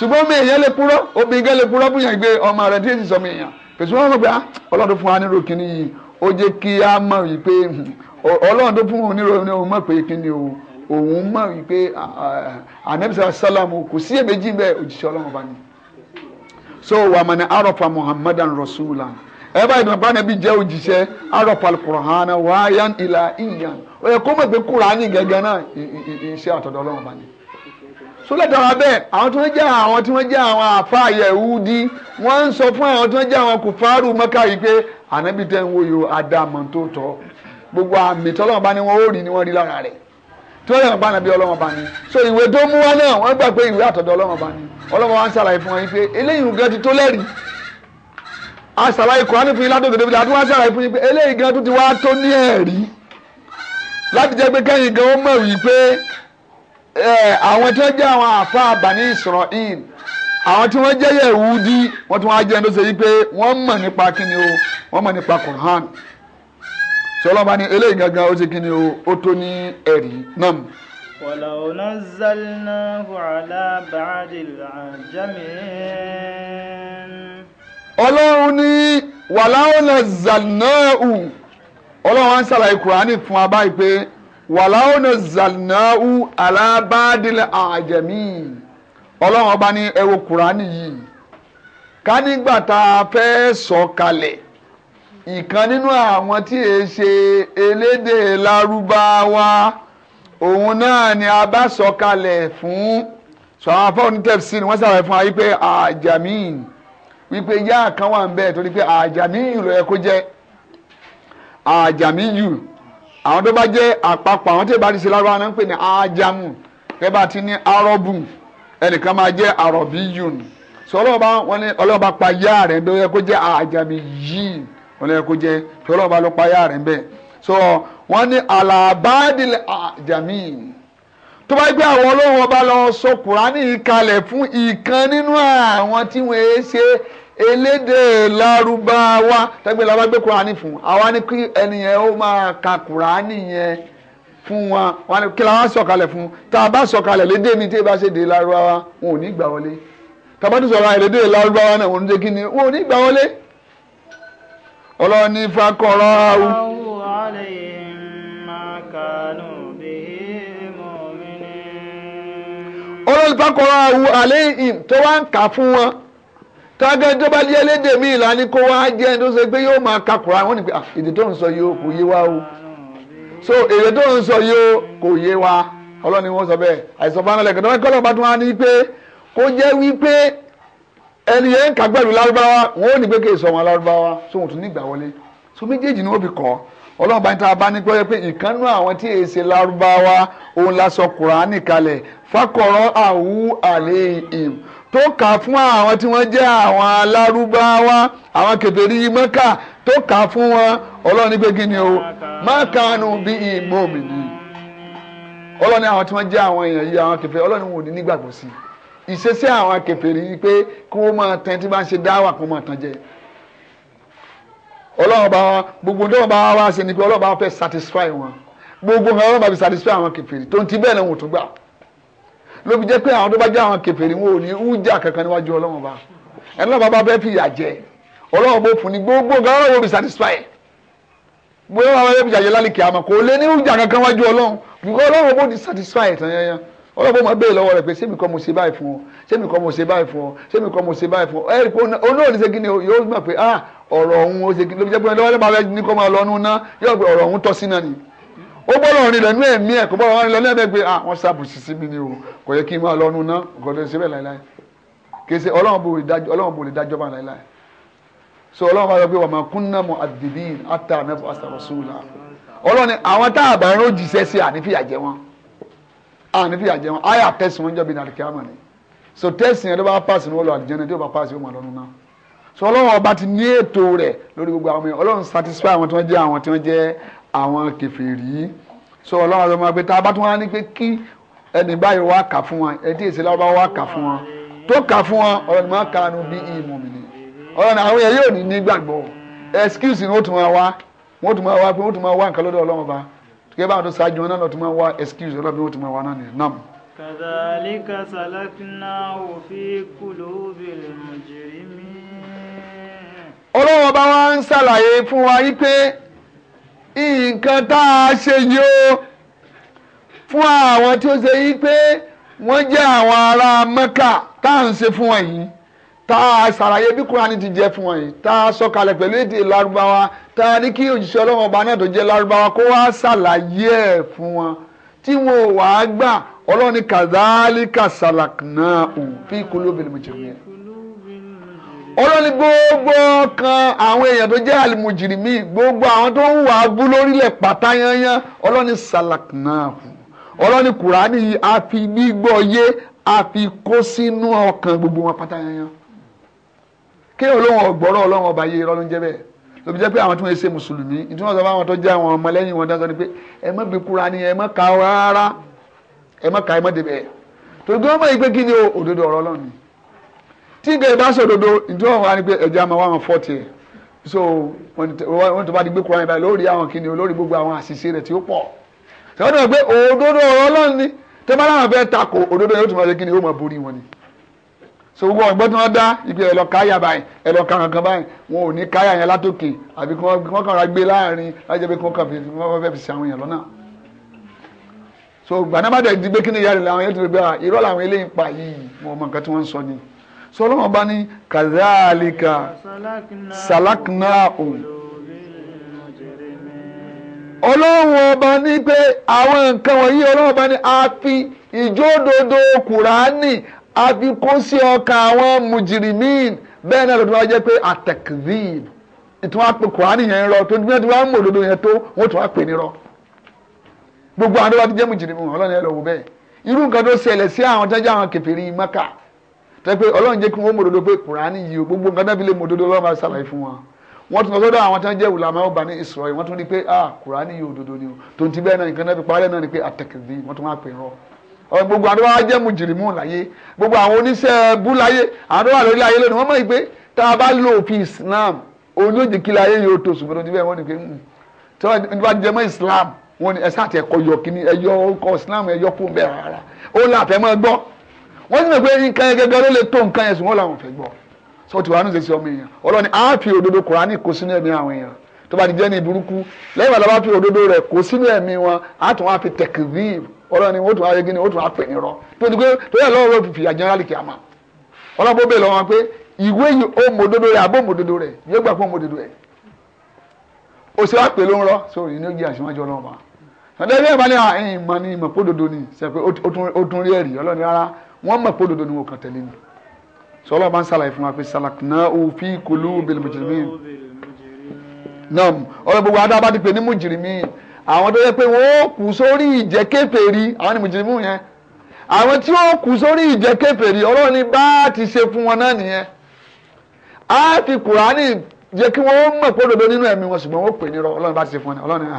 ṣùgbọ́n mi èèyàn lè purọ́ obìnrin gẹ́gẹ́ lè purọ́ fún yàn gbé ọmọ rẹ̀ tí èsì sọmọ èèyàn pèsè wọn rò pé ah, ọlọ́run fún wa nírò kíní yìí ó jẹ́ kí a mọ̀ wípé hmm, ọlọ́run tó fún òun nírò ni òun mọ̀ pé kíní o òun mọ̀ wípé anabisa salamu kò sí èméjì bẹ́ẹ̀ òjíṣẹ́ ọlọ́run bá ní. so wàmàna arọ́fà muhammadan rasulah ẹ báyìí nàbà nàbí jẹ́ òjíṣẹ́ arọ́pà kùrọ̀hánà wáyán ìlà ìyàn ó yẹ kó mọ̀ pé sólẹ́tara bẹ́ẹ̀ àwọn tí wọ́n jẹ́ àwọn tí wọ́n jẹ́ àwọn àfa Yẹhudi wọ́n ń sọ fún àwọn tí wọ́n jẹ́ àwọn kùfárù Mẹ́kà yìí pé ànábì tẹ́ ń wòyò àdàmọ̀ tó tọ́ gbogbo àmì tọ́lọ́wọ́n bá ní wọ́n ó rí ni wọ́n rí lára rẹ̀ tí wọ́n yẹn bá nàbí ọlọ́wọ́n bá ní so ìwé tó mú wá náà wọ́n gbà pé ìwé àtọ̀dọ̀ ọlọ́wọ́n bá ní ọlọ́wọ́n wá ń ṣàlàyé fún wọn yìí pé eléyìí gan ti tó lẹ́rìí a ṣàlàyé kọ́ni fún yín látòkè débi láti wá ṣàlàyé fún yín pé eléyìí gan tó ti wá tó ní ẹ̀rí láti jẹ́ pé kẹ́yìn gan ó mọ̀ wí pé àwọn tí wọ́n jẹ́ àwọn àfa àbàní Israel àwọn tí wọ́n jẹ́ Yẹhudi wọ́n tún wá jẹ́ ẹni tó ṣe yí pé wọ́n mọ̀ nípa kíni o wọ́n mọ̀ nípa Quran sọlọ́ba ni eléyìí gangan ó ṣe kíni o ó tó ní ẹ̀rí náà. ولو نزلناه على بعض العجمين ọlọ́run ní wàláwọ̀nà zànáù ọlọ́run á ń ṣàlàyé kùránì fún abáyé pé wàláwò ní zalinahu alábàádìlẹ̀ àjẹmí ọlọ́run ọba ní ẹ wo kùránì yìí ká nígbà tá a fẹ́ sọ kalẹ̀ ìkan nínú àwọn tí è ṣe elédè lárúbáwá òun náà ni a bá sọ kalẹ̀ fún sọ àwọn afọ́ ni wọ́n sàrẹ̀ fún wa wípé àjàmí wípé yá kan wà ń bẹ́ẹ̀ torí pé àjàmí ìlú ẹ̀ jẹ́ àjàmí yìí àwọn tó bá jẹ́ àpapọ̀ àwọn tí ì bá ti ṣe lárúbáwá náà ń pè ní ájámù ẹ bá ti ní arọ́bù ẹnìkan máa jẹ́ àrọ̀bí yùn sọ ọlọ́run bá wọn ní ọlọ́run bá pa yá rẹ̀ ń ó yẹ kó jẹ́ àjàmì yìí wọn lẹ́yìn kó jẹ́ tí ọlọ́run pa yá rẹ̀ ń bẹ́ so wọ́n ní àlàbádìlẹ̀ àjàmì tó bá gbé àwọn ọlọ́run ọba lọ sọ kùránì kalẹ̀ fún ìkan nínú àwọn tí wọ́n ṣe elede lárúbáwá tẹ́gbẹ́ la bá gbé kúránì fún àwa ni kí ẹnìyẹn ó máa ka kúránì yẹn fún wa wọn kí la wá fún tá a bá mi tí ì bá ṣe wọn ò ní gbà wọlé a wa, náà wọn ò ní kí ni wọn ò ní gbà wọlé ọlọ́ni fakọ̀rọ̀ ahù. fakọ̀rọ̀ tó wá ń kà fún wọn. kágẹ́ tó bá jẹ́ lédè mí ìlànà kó wá jẹ́ ẹni tó ṣe pé yóò máa kakura wọ́n ní pé ah, èdè tó ń sọ yìí kò yé wa o so èdè tó ń sọ yìí kò yé wa ọlọ́ni wọn sọ bẹ́ẹ̀ àìsàn bá ń lẹ̀ kẹ́tọ́ kọ́lọ́ bá tún wá ní pé kó jẹ́ wípé ẹni yẹn ń kà pẹ̀lú lárúbáwá wọn ò ní pé kí èso wọn lárúbáwá so wọn tún ní ìgbà wọlé so méjèèjì ni wọn fi kọ́ ọlọ́run bá ń ta bá ní pé pé ìkànnú àwọn tí èyí ṣe lárúbáwá òun la sọ kùránì kalẹ̀ fákọ̀rọ̀ àwù àlẹ́ tó kà fún àwọn tí wọ́n jẹ́ àwọn alárúbáwá àwọn kèfèrí mẹ́kà tó kà fún wọn ọlọ́run ní pé kí ni o mákànù bí ìmọ̀ọ́mì ni ọlọ́run ní àwọn tí wọ́n jẹ́ àwọn èèyàn yìí àwọn kèfèrí ọlọ́run wò ní nígbàgbọ́ sí ìṣesí àwọn kèfèrí yìí pé kí wọ́n máa tẹ́ tí bá ń ṣe dáwà kó máa tán jẹ ọlọ́run bá wọn gbogbo tó wọn bá wá ṣe ni pé ọlọ́run bá wọn fẹ́ satisfy wọn gbogbo ọlọ́run bá satisfy àwọn kèfèrí tó ń ti bẹ́ẹ̀ ló fi jẹ́ pé àwọn tó bá jẹ́ àwọn ni wọn ò ní hújà kankan níwájú ọlọ́run bá ẹni náà bàbá bẹ́ẹ̀ fìyà jẹ ọlọ́run bó fún ni gbogbo nǹkan ọlọ́run yóò fi satisfy bóyá bàbá bẹ́ẹ̀ fìyà jẹ lálẹ́kẹ̀ àmọ́ kò lé ní hújà kankan wájú ọlọ́run nǹkan ọlọ́run bó ti satisfy tán yẹn ọlọ́run bó máa béèrè lọ́wọ́ rẹ̀ pé sẹ́mi kọ́ mo ṣe báyìí fún ọ sẹ́mi kọ́ mo ṣe báyìí fún ọ sẹ́mi kọ́ mo ṣe báyìí fún ọ ni yóò gbà pé ah ọ̀rọ̀ ni ó gbọ́dọ̀ rìn lẹ́nu ẹ̀mí ẹ̀ kó gbọ́dọ̀ rìn lẹ́nu ẹ̀mí ah wọ́n ṣàbùsí sí mi ni o kò yẹ kí n máa lọ́nu ná kò lè ṣe bẹ́ẹ̀ láéláé kì ọlọ́run bò lè dájọ́ bá láéláé so ọlọ́run bá sọ pé wàmà kúnnà mọ àdìbìn ata mẹ́fọ́ asàrọ̀sùlà ọlọ́run ni àwọn tá a bá ń rojìṣẹ́ sí ànífìyà jẹ wọn ànífìyà jẹ wọn àyà tẹ̀sìn wọn jọ̀bi ni so tẹ̀sìn yẹn tó bá pàṣẹ ní wọ́n lọ àdìjẹ́ni tó bá so ọlọ́run ọba ti ní ètò rẹ̀ lórí gbogbo àwọn ọlọ́run àwọn kèfèrí so ọlọ́run àti ọmọ ẹgbẹ́ tá a bá tún wá ní pé kí ẹni báyìí wá kà fún wọn ẹtí èsì lábá wá kà fún wọn tó kà fún wọn ọlọ́run máa kanu bí ìmùmínì ọlọ́run àwọn yẹn yóò ní nígbàgbọ́ excuse ni ó tún máa wá wọ́n tún máa wá pé wọ́n tún máa wá nǹkan lọ́dọ̀ ọlọ́run ba kí báwọn tó ṣáájú wọn náà lọ́ọ́ tún máa wá excuse ọlọ́run wọ́n tún máa wá náà nìyẹn náà. kàdálíkà sàlákìnnáwó fi kùlùbì nǹkan tá a ṣe yìí o fún àwọn tí ó ṣe yí pé wọ́n jẹ́ àwọn ará mẹ́kà tá à ń ṣe fún wọn yìí tá a ṣàlàyé bí kúránì ti jẹ́ fún wọn yìí tá a sọ̀kalẹ̀ pẹ̀lú èdè lárúbáwá tá a ní kí òjíṣẹ́ ọlọ́run ọba náà tó jẹ́ lárúbáwá kó wá ṣàlàyé ẹ̀ fún wọn tí wọn ò wá gbà ọlọ́run ní kàdálíkà ṣàlàkùnà òfin kúlóbìnrin mọ̀jẹ̀mí ẹ̀ olóni gbogbo kan àwọn èèyàn tó jẹ́ àlùmùjìrìmí gbogbo àwọn tó ń wà abú lórílẹ̀ pátá yanyan olóni salaknahu olóni kùránì yìí a fi gbígbọ́ yé a fi kó sínú ọkàn gbogbo wọn pátá yanyan kí olóhùn ọgbọ́rọ̀ ọlọ́run ọba yé irọ́ ló ń jẹ́ bẹ́ẹ̀ lóbi jẹ́ pé àwọn tí wọ́n ṣe mùsùlùmí ní tí wọ́n sọ fún tó jẹ́ àwọn ọmọ lẹ́yìn wọn dáńsọ ni pé ẹ má bí kùránì ẹ má ka rárá ẹ má ka ẹ má débẹ̀ torí gbọ́dọ̀ mọ̀ yìí pé kí ni òdodo ọ̀rọ̀ ọlọ́run tí nǹkan ìbá ṣòdodo ìjọ wọn wá ní pé ẹ̀jẹ̀ àmọ́ wà wọn fọ́ọ̀tì ẹ̀ so wọn tó bá di gbé kura yẹn báyìí lórí àwọn kìnìún lórí gbogbo àwọn àṣìṣe rẹ̀ tí ó pọ̀ sọ́dọ̀ pé òdodo ọ̀rọ̀ Ọlọ́run ni tẹ́ bá láwọn fẹ́ takò òdodo yóò tún máa ṣe kí ni yóò máa borí wọn ni so gbogbo ọ̀gbọ́n tí wọ́n dá ibi ẹ̀lọ́ káyà báyìí ẹ̀lọ́ kankan báyìí wọn ò ní káyà yẹn látòkè àbí kí wọ́n kàn ra gbé láàrin lájẹ́ pé kí wọ́n kàn fi wọ́n fẹ́ fi ṣe àwọn èèyàn lọ́nà so gbanábàdàn ti gbé kí ni ìyá rẹ̀ làwọn yẹn ti rí gbé wa irọ́ làwọn eléyìí pa yìí wọn ò mọ nǹkan tí wọ́n ń sọ ni sọlọ́wọ́n bá ní kàdáàlìkà sàlákìnnáhù ọlọ́wọ́n ọba ní pé àwọn nǹkan wọ̀nyí ọlọ́wọ́n ọba ní a fi ìjódodo kùránì a fi kó sí ọkàn àwọn mùjìrìmíìn bẹ́ẹ̀ náà lọ́dún wa jẹ́ pé àtẹ̀kìzíìn ìtún wa pe kùránì yẹn rọ tó ní bí wọ́n mọ̀ òdodo yẹn tó wọ́n tún wa pè ní rọ gbogbo àwọn tó bá ti jẹ́ mùjìrìmíìn ọlọ́run yẹn lọ wò bẹ́ẹ̀ irú nǹkan tó ṣẹlẹ̀ sí àwọn tó àwọn kèfèrí Mákà tẹ́pẹ́ ọlọ́run jẹ́ kí wọ́n mọ̀dodo pé kùránì yìí gbogbo nǹkan dábìlẹ̀ mọ̀dodo ọlọ́run máa ṣàlàyé fún wọn wọ́n tún lọ́dọ̀ àwọn tán jẹ́ ìlànà ọba ní Israel wọ́n tún rí pé ah kùránì yìí òdodo ni o tó ń ti bẹ́ẹ̀ náà nǹkan náà fi parẹ́ náà ni pé àtẹ̀kẹ̀dì wọ́n tún máa pè rọ. gbogbo àwọn wa jẹ́ mùjìrìmù láyé gbogbo àwọn oníṣẹ́ bú láyé àwọn tó wà lórí ayé lónìí wọ́n mọ̀ pé tá a bá lo òfin Islam olóòjì kí láyé yóò tó ṣùgbọ́n ti bẹ́ẹ̀ wọ́n ni pé hmm. tí wọ́n bá jẹ́ mọ́ Islam wọ́n ni ẹ wọ́n sì mọ̀ pé nǹkan yẹn gẹ́gẹ́ ló lè tó nǹkan yẹn sùn wọ́n làwọn fẹ́ gbọ́ sọ ti wà nù sẹ́sẹ́ ọmọ èèyàn ọlọ́ni á fi òdodo kùránì kó sínú ẹ̀mí àwọn èèyàn tó bá ti jẹ́ ní burúkú lẹ́yìn bàtà bá fi òdodo rẹ̀ kó sínú ẹ̀mí wọn á tún wá fi tẹ̀kìrìb ọlọ́ni wọ́n tún wá yegi ni wọ́n tún wá pè ní rọ tó ti pé tó yẹ lọ́wọ́ fìfì àjẹrálì kì á mà ọlọ́bó bẹ̀ lọ́wọ́ pé ìwé yìí ó mọ òdodo rẹ̀ àbó mọ òdodo rẹ̀ yóò wọ́n mọ̀ pé òdodo ni wọ́n kàn tẹ̀lé ni sọlá bá ń sàlàyé fún wa pé sàlàkùnà òfin kòló bèlè mùjìrìmí nam ọ̀rọ̀ gbogbo adá bá ti pè ní mùjìrìmí àwọn tó yẹ pé wọ́n ó kù sórí ìjẹ́ kèfèrí àwọn ni mùjìrìmí yẹn àwọn tí wọ́n kù sórí ìjẹ́ kèfèrí ọlọ́run ni bá ti ṣe fún wọn náà nìyẹn á fi kùránì jẹ́ kí wọ́n mọ̀ pé òdodo nínú ẹ̀mí wọn ṣùgbọ́n wọ́n pè nírọ́ ọlọ́run bá ti ṣe fún wọn ọlọ́run ni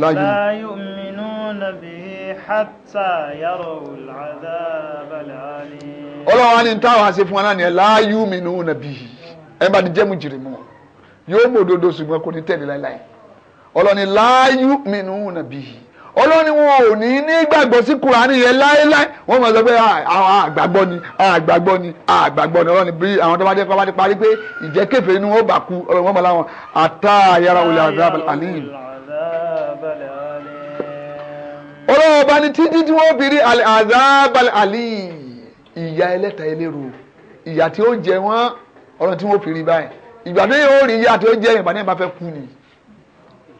láyé. láyé òmìnira bèè حتى يروا العذاب العليم ọlọ́wọ́n ni táwọn àṣẹ fún wa náà ni ẹ̀ láàyò mi ní òun bí ẹ bá ti jẹ́ mu jìrì mu yóò mú òdodo ṣùgbọ́n kò ní tẹ̀lé láéláé ọlọ́ni láàyò mi ní òun bí ọlọ́ni wọn ò ní ní gbàgbọ́ sí kùránì yẹn láéláé wọ́n mọ̀ sọ pé àwọn ah, ah, ah, àgbàgbọ́ ni àgbàgbọ́ ni àgbàgbọ́ ni ọlọ́ni bí àwọn tó bá dé pa bá ti parí pé ìjẹ́kẹ̀fẹ̀ inú ó bà kú ọlọ́ni wọ́n mọ̀ láwọn àtàyàrá olè àdàbà àlíyìn ọlọ́wọ́ bá ní títí tí wọ́n fi rí àzábàlẹ̀ àlì ìyá ẹlẹ́ta eléru ìyá tí ó jẹ wọ́n ọ̀rọ̀ tí wọ́n fi rí báyìí ìgbà tí yóò rí ìyá tí ó jẹ ìgbà ní ìbá fẹ́ kú ni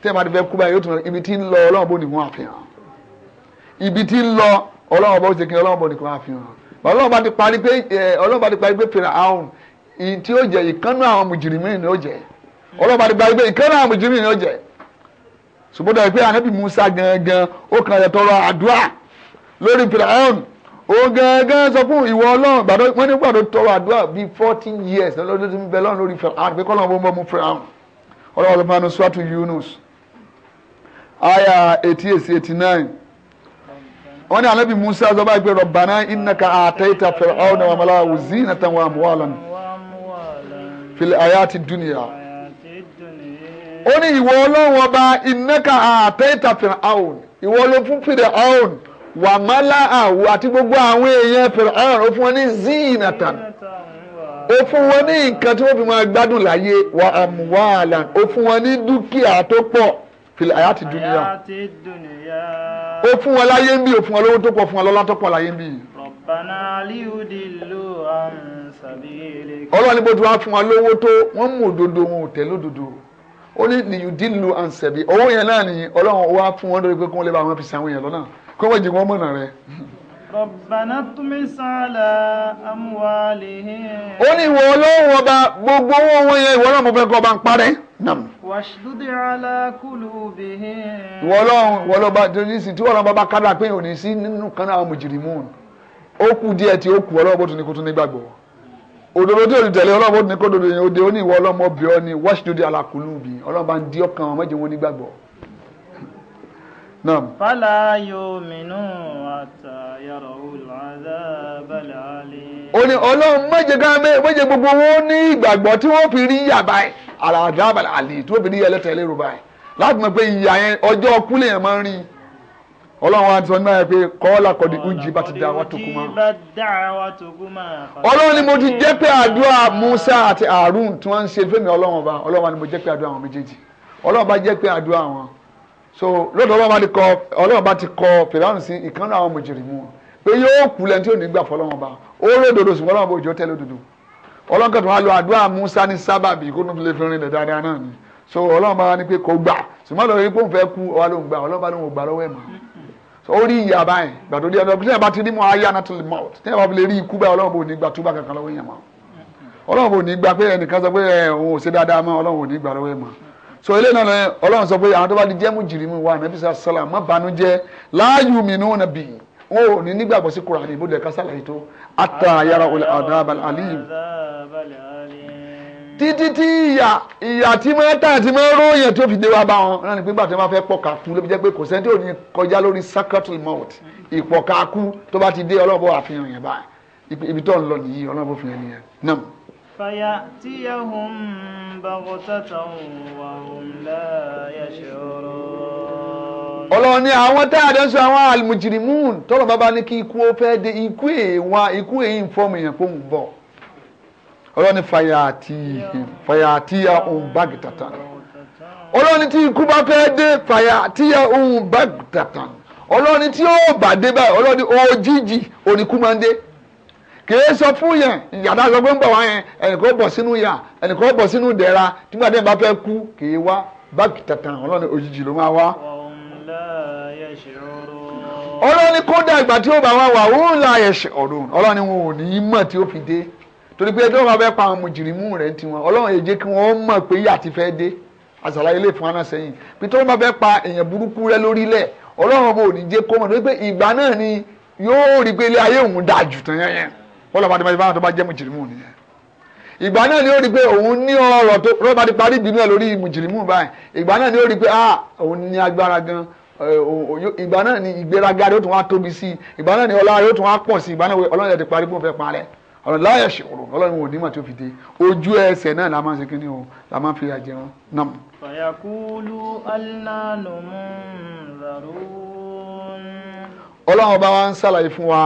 tí ti fẹ́ kú báyìí yóò tún ibi tí ń lọ ọlọ́wọ́ bó ni wọ́n àfihàn ibi tí ń lọ ọlọ́wọ́ bó ṣe kí ọlọ́wọ́ bó ni wọ́n àfihàn ọlọ́wọ́ bá ti parí pé ọlọ́wọ́ bá ti parí pé fèrè àwọn tí ó jẹ ìkànnú àwọn mùjìrìmí ni ó jẹ ọlọ́wọ́ bá ti parí pé ìkànnú àwọn mùjìrìmí ni ó jẹ ṣùgbọ́n ìpè ànábì Musa gangan ó kàn yẹ tọrọ àdúrà lórí Firaun òun gangan sọ fún ìwọ Ọlọ́run gbàdọ wọn ní gbàdọ tọrọ àdúrà bíi fourteen years lọdún tó ń bẹ lọrun lórí Firaun pé kọlọn wọn bọ mú Firaun Ọlọ́run lọmọ anú suwatu Yunus aya eighty eight eighty nine wọn ní ànábì Musa sọ báyìí pé Rabbana innaka ataita Firaun wa malahu zinatan wa amwalan fil ayati dunya ó ní ìwọ ọlọ́run ọba ìnáka àtẹ́ta Fir'aun ìwọ ló fún Fir'aun wà mọ́lá àwọ̀ àti gbogbo àwọn èèyàn Fir'aun ó fún wọn ní zinatan ó fún wọn ní nǹkan tí wọ́n fi máa gbádùn láyé wà àmúwàlà ó fún wọn ní dúkìá tó pọ̀ fil ayati dunya ó fún wọn láyé ń bí ó fún wọn lówó tó pọ̀ fún wọn lọ́lá tó pọ̀ láyé ń bí. ọlọ́run ní bó ti wá fún wọn lówó tó wọ́n mú òdodo wọn ò tẹ̀lé òdodo ó ní lìyùdílù ànsẹ̀bí owó yẹn náà ni ọlọ́run wá fún wọn lórí pé kó lè bá wọn fi sàwọn yẹn lọ́nà kó wọ́n jẹ́ wọn mọ̀nà rẹ̀. rọ̀bànà túnmí sàlà amúhalìhìn. ó ní ìwọ ọlọ́run ọba gbogbo owó wọn yẹn ìwọ ọlọ́run fẹ́ kọ́ ọba ń parẹ́ nam. wàṣídúdì alákùlù bìhìn. ìwọ ọlọ́run ìwọ ọlọ́ba tí ọlọ́run bá kára pé òní sí nínú kan náà àwọn mùjìrìmù ó kù díẹ̀ òdodo tí olè tẹ̀lé ọlọ́run ní kó dodo yẹn òde ó ní ìwọ ọlọ́mọ bí ọ ní wọ́ṣì dòde alákùlù bí ọlọ́run bá ń di ọkàn wọn mẹ́jọ wọn nígbàgbọ́. fàlà yóò mìíràn àtà olùhàdà balẹ̀ alẹ́. ó ní ọlọ́run méje gámé méje gbogbo wọn ní ìgbàgbọ́ tí wọ́n fi rí yàbá àràdà balẹ̀ alẹ́ tí wọ́n fi rí ẹlẹ́tẹ̀ẹ́lẹ́rù báyìí láti mọ̀ pé ìyà yẹn ọjọ́ kúlẹ̀ yẹn máa ń rí ọlọ́run wa ti sọ ní báyìí pé kọ́ọ́lá kọ́ni oúnjẹ bá ti dá wa tó kú ọlọ́run ni mo ti jẹ́ pé àdúrà Musa àti Harun tí wọ́n ń ṣe fẹ́mi ọlọ́run ọba ọlọ́run wa ni mo jẹ́ pé àdúrà àwọn méjèèjì ọlọ́run bá jẹ́ pé àdúrà wọn. so lọ́dọ̀ ọlọ́run bá ti kọ fèrèhàn sí ìkànnì àwọn mọ̀jẹ̀rìmú pé yóò kú lẹ́ni tí ò ní gbà fọlọ́run ọba ó lódodo ṣùgbọ́n ọlọ́run lo àdúrà Musa ní sábàbí kó tó lè fi rin lẹ̀ dáadáa náà ni so ọlọ́run bá wá ní pé kò gbà ṣùgbọ́n lọ́run yìí pé òun ọlọ́run orí ìyá báyìí gbàtò díẹ̀ bẹ́ẹ̀ tíyẹn bá ti rí mu ayé anatoli mouth tíyẹn bá fi lè rí ikú báyìí ọlọ́run bò ní gbà túbà kankan lọ́wọ́ yẹn mọ́ ọlọ́run bò ní gbà pé ẹnìkan sọ pé ẹ òun ò ṣe dáadáa mọ́ ọlọ́run ò ní gbà lọ́wọ́ yẹn mọ́ so eléyìí náà lọ́yìn ọlọ́run sọ pé àwọn tó bá di jẹ́ jìrì mu wa nàbí sàlá má banú jẹ́ láàyò mi nù nàbì wọn ò ní nígbàgbọ́ sí kura àdìbò lẹ́ka sàlàyé tó àtàyàrá olè àdàbàlì àlìyìn títí tí ìyà ìyà tí máa tà tí máa róòyàn tó fi dé wá bá wọn náà ni pé gbàtí wọn bá fẹ́ pọ̀ka kú ló fi jẹ́ pé kò sẹ́ni tí ò ní kọjá lórí sacratul mouth ìpọ̀ka kú tó bá ti dé ọlọ́bọ̀ àfihàn yẹn báyìí ibi tó ń lọ nìyí ọlọ́bọ̀ fi hàn yẹn náà. fàyà tí yahun bàgọ́tàtàn wà hùn láyà ṣòro. ọlọ́run ni àwọn tá a dẹ́sọ àwọn almujrimun tọ́lọ̀ bàbá ní kí ikú ó fẹ́ de ikú èèwà ikú èèyàn fọ́ọ̀mù ọlọ́ni fayati, fayati ya òun báàgì tàtà ọlọ́ni tí ikú bá fẹ́ dé fàyàtì ya òun báàgì tàtà ọlọ́ni tí yóò bá dé báyìí ọlọ́ni òjijì oníkú máa ń dé kìí sọ fún yẹn yàrá sọ pé ń bọ̀ wá yẹn ẹnìkan bọ̀ sínú yà ẹnìkan bọ̀ sínú dẹ̀ra nígbà tí ẹ bá fẹ́ kú kìí wá báàgì tàtà ọlọ́ni òjijì ló máa wá. ọlọ́ni kódà ìgbà tí ó bá wá wà òun là yẹ̀ ṣe ọ̀run ọlọ́ni wọn ò ní í mọ̀ tí ó fi dé torí pé ẹjọ́ bàbá ẹ̀ pa àwọn mùjìrìmù rẹ̀ ti wọn ọlọ́run èjé kí wọ́n mọ̀ pé yà ti fẹ́ dé àṣàlàyé lè fún aná sẹ́yìn pé tó bàbá pa èèyàn burúkú rẹ̀ lórílẹ̀ ọlọ́run bò ní jẹ́ kó mọ̀ pé ìgbà náà ni yóò rí pé ilé ayé òun dáa jù tán yẹn yẹn wọ́n lọ́ba adébáyé báwọn tó bá jẹ́ mùjìrìmù nìyẹn ìgbà náà ni ó rí pé òun ní ọ̀rọ̀ tó rọ́bà ti parí ìbínú ẹ̀ lórí mùjìrìmù báyìí ìgbà náà ni ó rí pé ah òun ní ni ìgbéraga rẹ̀ ó tún wá ni ọlá rẹ̀ ó tún wá pọ̀ sí ìgbà náà ọlọ́run ẹ̀ ti ọ̀rọ̀ láyà ṣòro ọlọ́run ò ní mà tó fi dé ojú ẹsẹ̀ náà la máa ń ṣe kíní o la máa ń fi àjẹ wọn náà. fàyàkúlù alánú mú ràrú. ọlọ́run ọba wa ń ṣàlàyé fún wa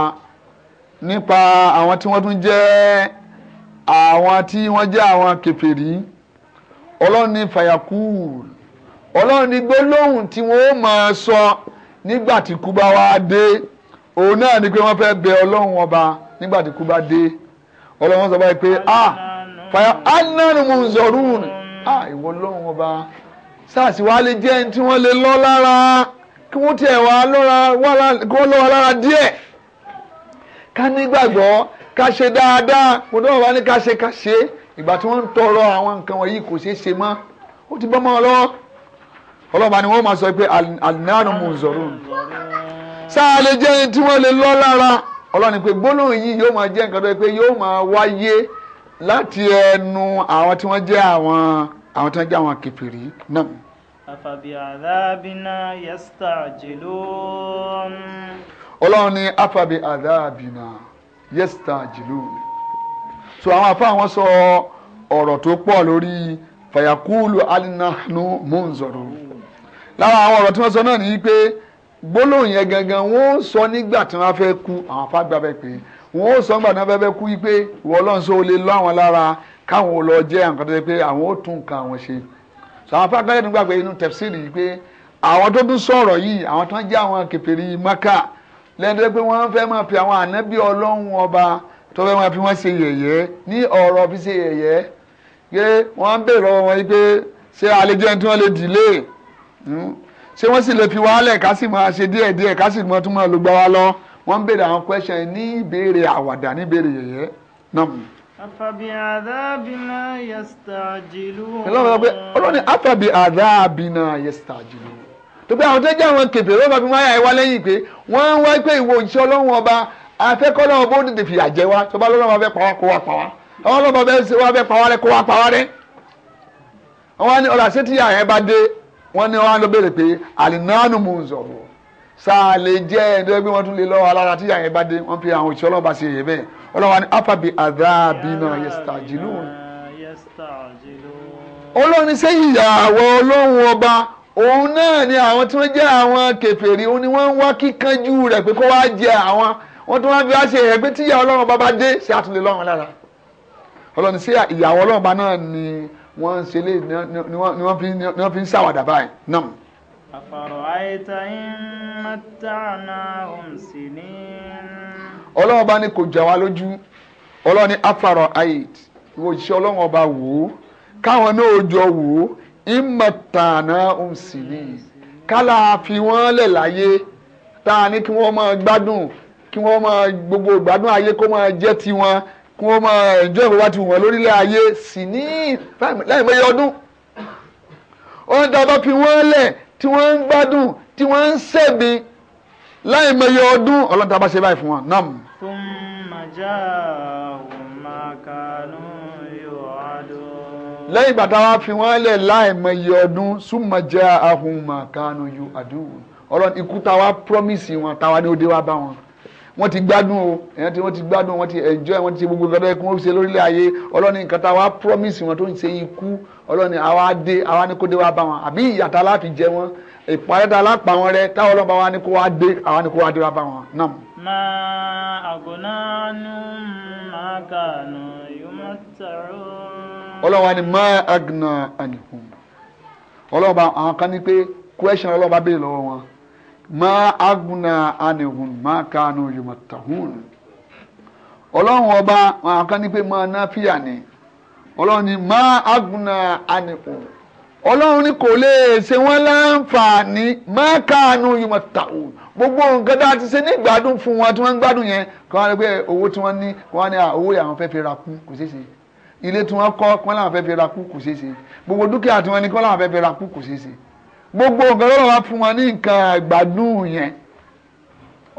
nípa àwọn tí wọ́n tún jẹ́ àwọn tí wọ́n jẹ́ àwọn kèfèrí ọlọ́run ní fàyàkúlù ọlọ́run ní gbólóhùn tí wọ́n ó máa sọ nígbà tí kú bá wá dé òun náà ni pé wọ́n fẹ́ bẹ ọlọ́run ọba nígbà tí kú bá dé ọlọ́wọ́n sọ báyìí pé ah fàyà ananu munzorun ah ìwọ lọ́wọ́n ọba sars wa lè jẹ́ ẹni tí wọ́n lè lọ́ lára kí wọ́n tiẹ̀ wá lọ́ra kí wọ́n lọ́wọ́ lára díẹ̀ ká nígbàgbọ́ ká ṣe dáadáa mo dọ́wọ́ wá ní ká ṣe ká ṣe ìgbà tí wọ́n ń tọrọ àwọn nǹkan wọ̀nyí kò ṣeé ṣe mọ́ ó ti bọ́ mọ́ ọ lọ́wọ́ ọlọ́ba ni wọ́n máa sọ pé ananu munzorun sáà lè jẹ́ ẹni tí wọ́n lè lọ́ lára ọlọ́ni pé gbólóhùn yìí yóò máa jẹ́ nǹkan tó yẹ pé yóò máa wáyé láti ẹnu àwọn tí wọ́n jẹ́ àwọn àwọn tí wọ́n jẹ́ àwọn kèfèrí náà. àfàbí àdáàbìnà yẹ́sítà jìlóòn. ọlọ́run ní àfàbí àdáàbìnà yẹ́sítà jìlóòn. so àwọn afá wọn sọ ọ̀rọ̀ tó pọ̀ lórí fàyàkúlù alinahnu munzoro. lára àwọn ọ̀rọ̀ tí wọ́n sọ náà nìyí pé gbólóhùn yẹn gangan wọ́n sọ nígbà tí wọ́n fẹ́ kú àwọn afá gbà bẹ́ẹ̀ pé wọ́n sọ nígbà tí wọ́n fẹ́ kú wípé ìwọ ọlọ́run sọ ó lè lọ àwọn lára káwọn ò lọ jẹ́ nǹkan tó yẹ pé àwọn ó tún nǹkan àwọn ṣe sọ àwọn afá gbà nígbà pé inú tẹ̀síìrì yìí pé àwọn tó tún sọ̀rọ̀ yìí àwọn tó ń jẹ́ àwọn kèfèrí Mákà lẹ́nu tó pé wọ́n fẹ́ máa fi àwọn ànábì ọlọ́run ọba tó fẹ́ máa fi wọ́n ṣe yẹ̀yẹ́ ní ọ̀rọ̀ fi ṣe yẹ̀yẹ́ pé wọ́n ń bèrè lọ́wọ́ wọn yìí pé ṣé àlejò ẹni tí wọ́n lè dìlé ṣé wọ́n sì lè fi wálẹ̀ ká sì máa ṣe díẹ̀ díẹ̀ ká sì mọ tún máa lò gbá wa lọ wọ́n ń béèrè àwọn question ní ìbéèrè àwàdà ní ìbéèrè yẹ̀yẹ́ náà. afabi adabina yastajilu. ọlọ́ni afabi adabina yastajilu. tó bí àwọn tó jẹ́ àwọn kèfèrí ló bá fi máa yà wá lẹ́yìn pé wọ́n ń wá pé ìwọ òjíṣẹ́ ọlọ́run ọba afẹ́kọ́lọ́ ọba ó dìde fìyà jẹ wa tó bá lọ́lọ́run abẹ́ wọ́n ní wọ́n á lọ béèrè pé àlìnáàánú mò ń sọ̀rọ̀ sáà lè jẹ́ ẹ̀ńdọ́ pé wọ́n tún lè lọ́wọ́ alára tíyà yẹn bá dé wọ́n fi àwọn òṣìṣẹ́ ọlọ́ba ṣe yẹ bẹ́ẹ̀ ọlọ́wà ní afabi adáàbínà yẹsítàjìlú. olórin ṣé ìyàwó olóhùn ọba òun náà ni àwọn tí wọ́n jẹ́ àwọn kèfèrí òun ni wọ́n ń wá kíkanjú rẹ̀ pé kó wá jẹ àwọn wọ́n tún wáá fi wá ṣe yẹ pé tíyà ọlọ́run wọ́n ń ṣe lé ni wọ́n fi ń ṣàwàdà báyìí náà. أفرأيت إن متعناهم سنين Ọlọ́run bá ní kò jà wá lójú Ọlọ́run ní afárọ̀ ayit ìwọ òṣìṣẹ́ Ọlọ́run ọba wò ó káwọn náà ó jọ wò ó ìmọ̀tànà òǹsìnì kálá fi wọ́n lẹ̀ láyé tá a ní kí wọ́n máa gbádùn kí wọ́n máa gbogbo gbádùn ayé kó máa jẹ́ tiwọn kó o máa ẹ̀jọ́ ìwé wá ti wù wọ́n lórílẹ̀ ayé sì ní láì mẹ́yẹ ọdún wọ́n dábàá fi wọ́n lẹ̀ tí wọ́n ń gbádùn tí wọ́n ń sẹ̀bi láì mẹ́yẹ ọdún ọlọ́dún abáṣe báyìí fún wọn nam. fún màjá òun máa kanú yóò lẹ́yìn ìgbà táwọn fi wọ́n lẹ̀ láìmọye ọdún súnmọ́ jẹ́ ahun màkánu yu àdúgbò ikú táwa promise wọn táwa ní ó dé wá bá wọn wọ́n ti gbádùn o ẹ̀yàn tí wọ́n ti gbádùn wọ́n ti enjoy wọ́n ti ṣe gbogbo gbọdọ̀ ẹkún ṣe lórílẹ̀ ayé ọlọ́ni nǹkan tá a wá promise wọn tó ń ṣe ikú ọlọ́ni àwa dé àwa ní kó dé wá bá wọn àbí ìyàtà láti jẹ wọn ìpàdé alápá wọn rẹ táwọn ọlọ́ba wa ní kó wá dé àwa ní kó wá dé wá bá wọn náà. ma àgùnánú máa kànú yóò tẹ̀rù. ni ma àgùnà ọlọ́ba àwọn kan ní pé question ọlọ́ba béèrè lọ́wọ́ wọn ma agbuna anihun ma kanu yumatahun ọlọ́run ọba àwọn kan ní pé ma náfíà ni ọlọ́run ni ma agbuna anihun ọlọ́run ní kò lè ṣe wọ́n láǹfààní ma kanu yumatahun gbogbo nǹkan tá a ti ṣe ní ìgbádùn fún wọn tí wọ́n ń gbádùn yẹn kí wọ́n á rí pé owó tí wọ́n ní kí wọ́n á ní owó yẹn àwọn fẹ́ fi ra kú kò ṣeé ilé tí wọ́n kọ́ kí wọ́n láwọn fẹ́ fi ra kú kò ṣeé gbogbo dúkìá tí wọ́n ní kí wọ́n láwọn fẹ́ fi ra kú kò ṣeé gbogbo nǹkan lọ́rọ̀ wá fún wọn ní nǹkan àgbàdùn yẹn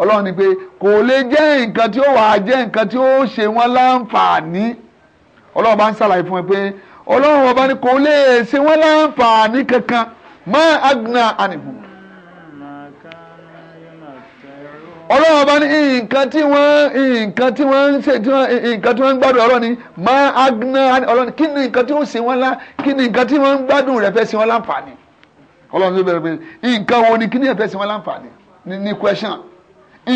ọlọ́run ni pé kò lè jẹ́ nǹkan tí ó wà á jẹ́ nǹkan tí ó ṣe wọ́n láǹfààní ọlọ́run bá ń ṣàlàyé fún ẹ pé ọlọ́run ọba ni kò lè ṣe wọ́n láǹfààní kankan má agna ànìkù. ọlọ́run ọba ní nǹkan tí wọ́n nǹkan tí wọ́n ń ṣe nǹkan tí wọ́n ń gbádùn ọlọ́run má agna ọlọ́run kí ni nǹkan tí wọ́n ń gbádùn rẹ̀ fẹ́ ṣe wọ́n láǹfààní ọlọ́run tó bẹ̀rẹ̀ pé nǹkan wo ni kíní ẹ̀fẹ́ sí wọn láǹfààní ní question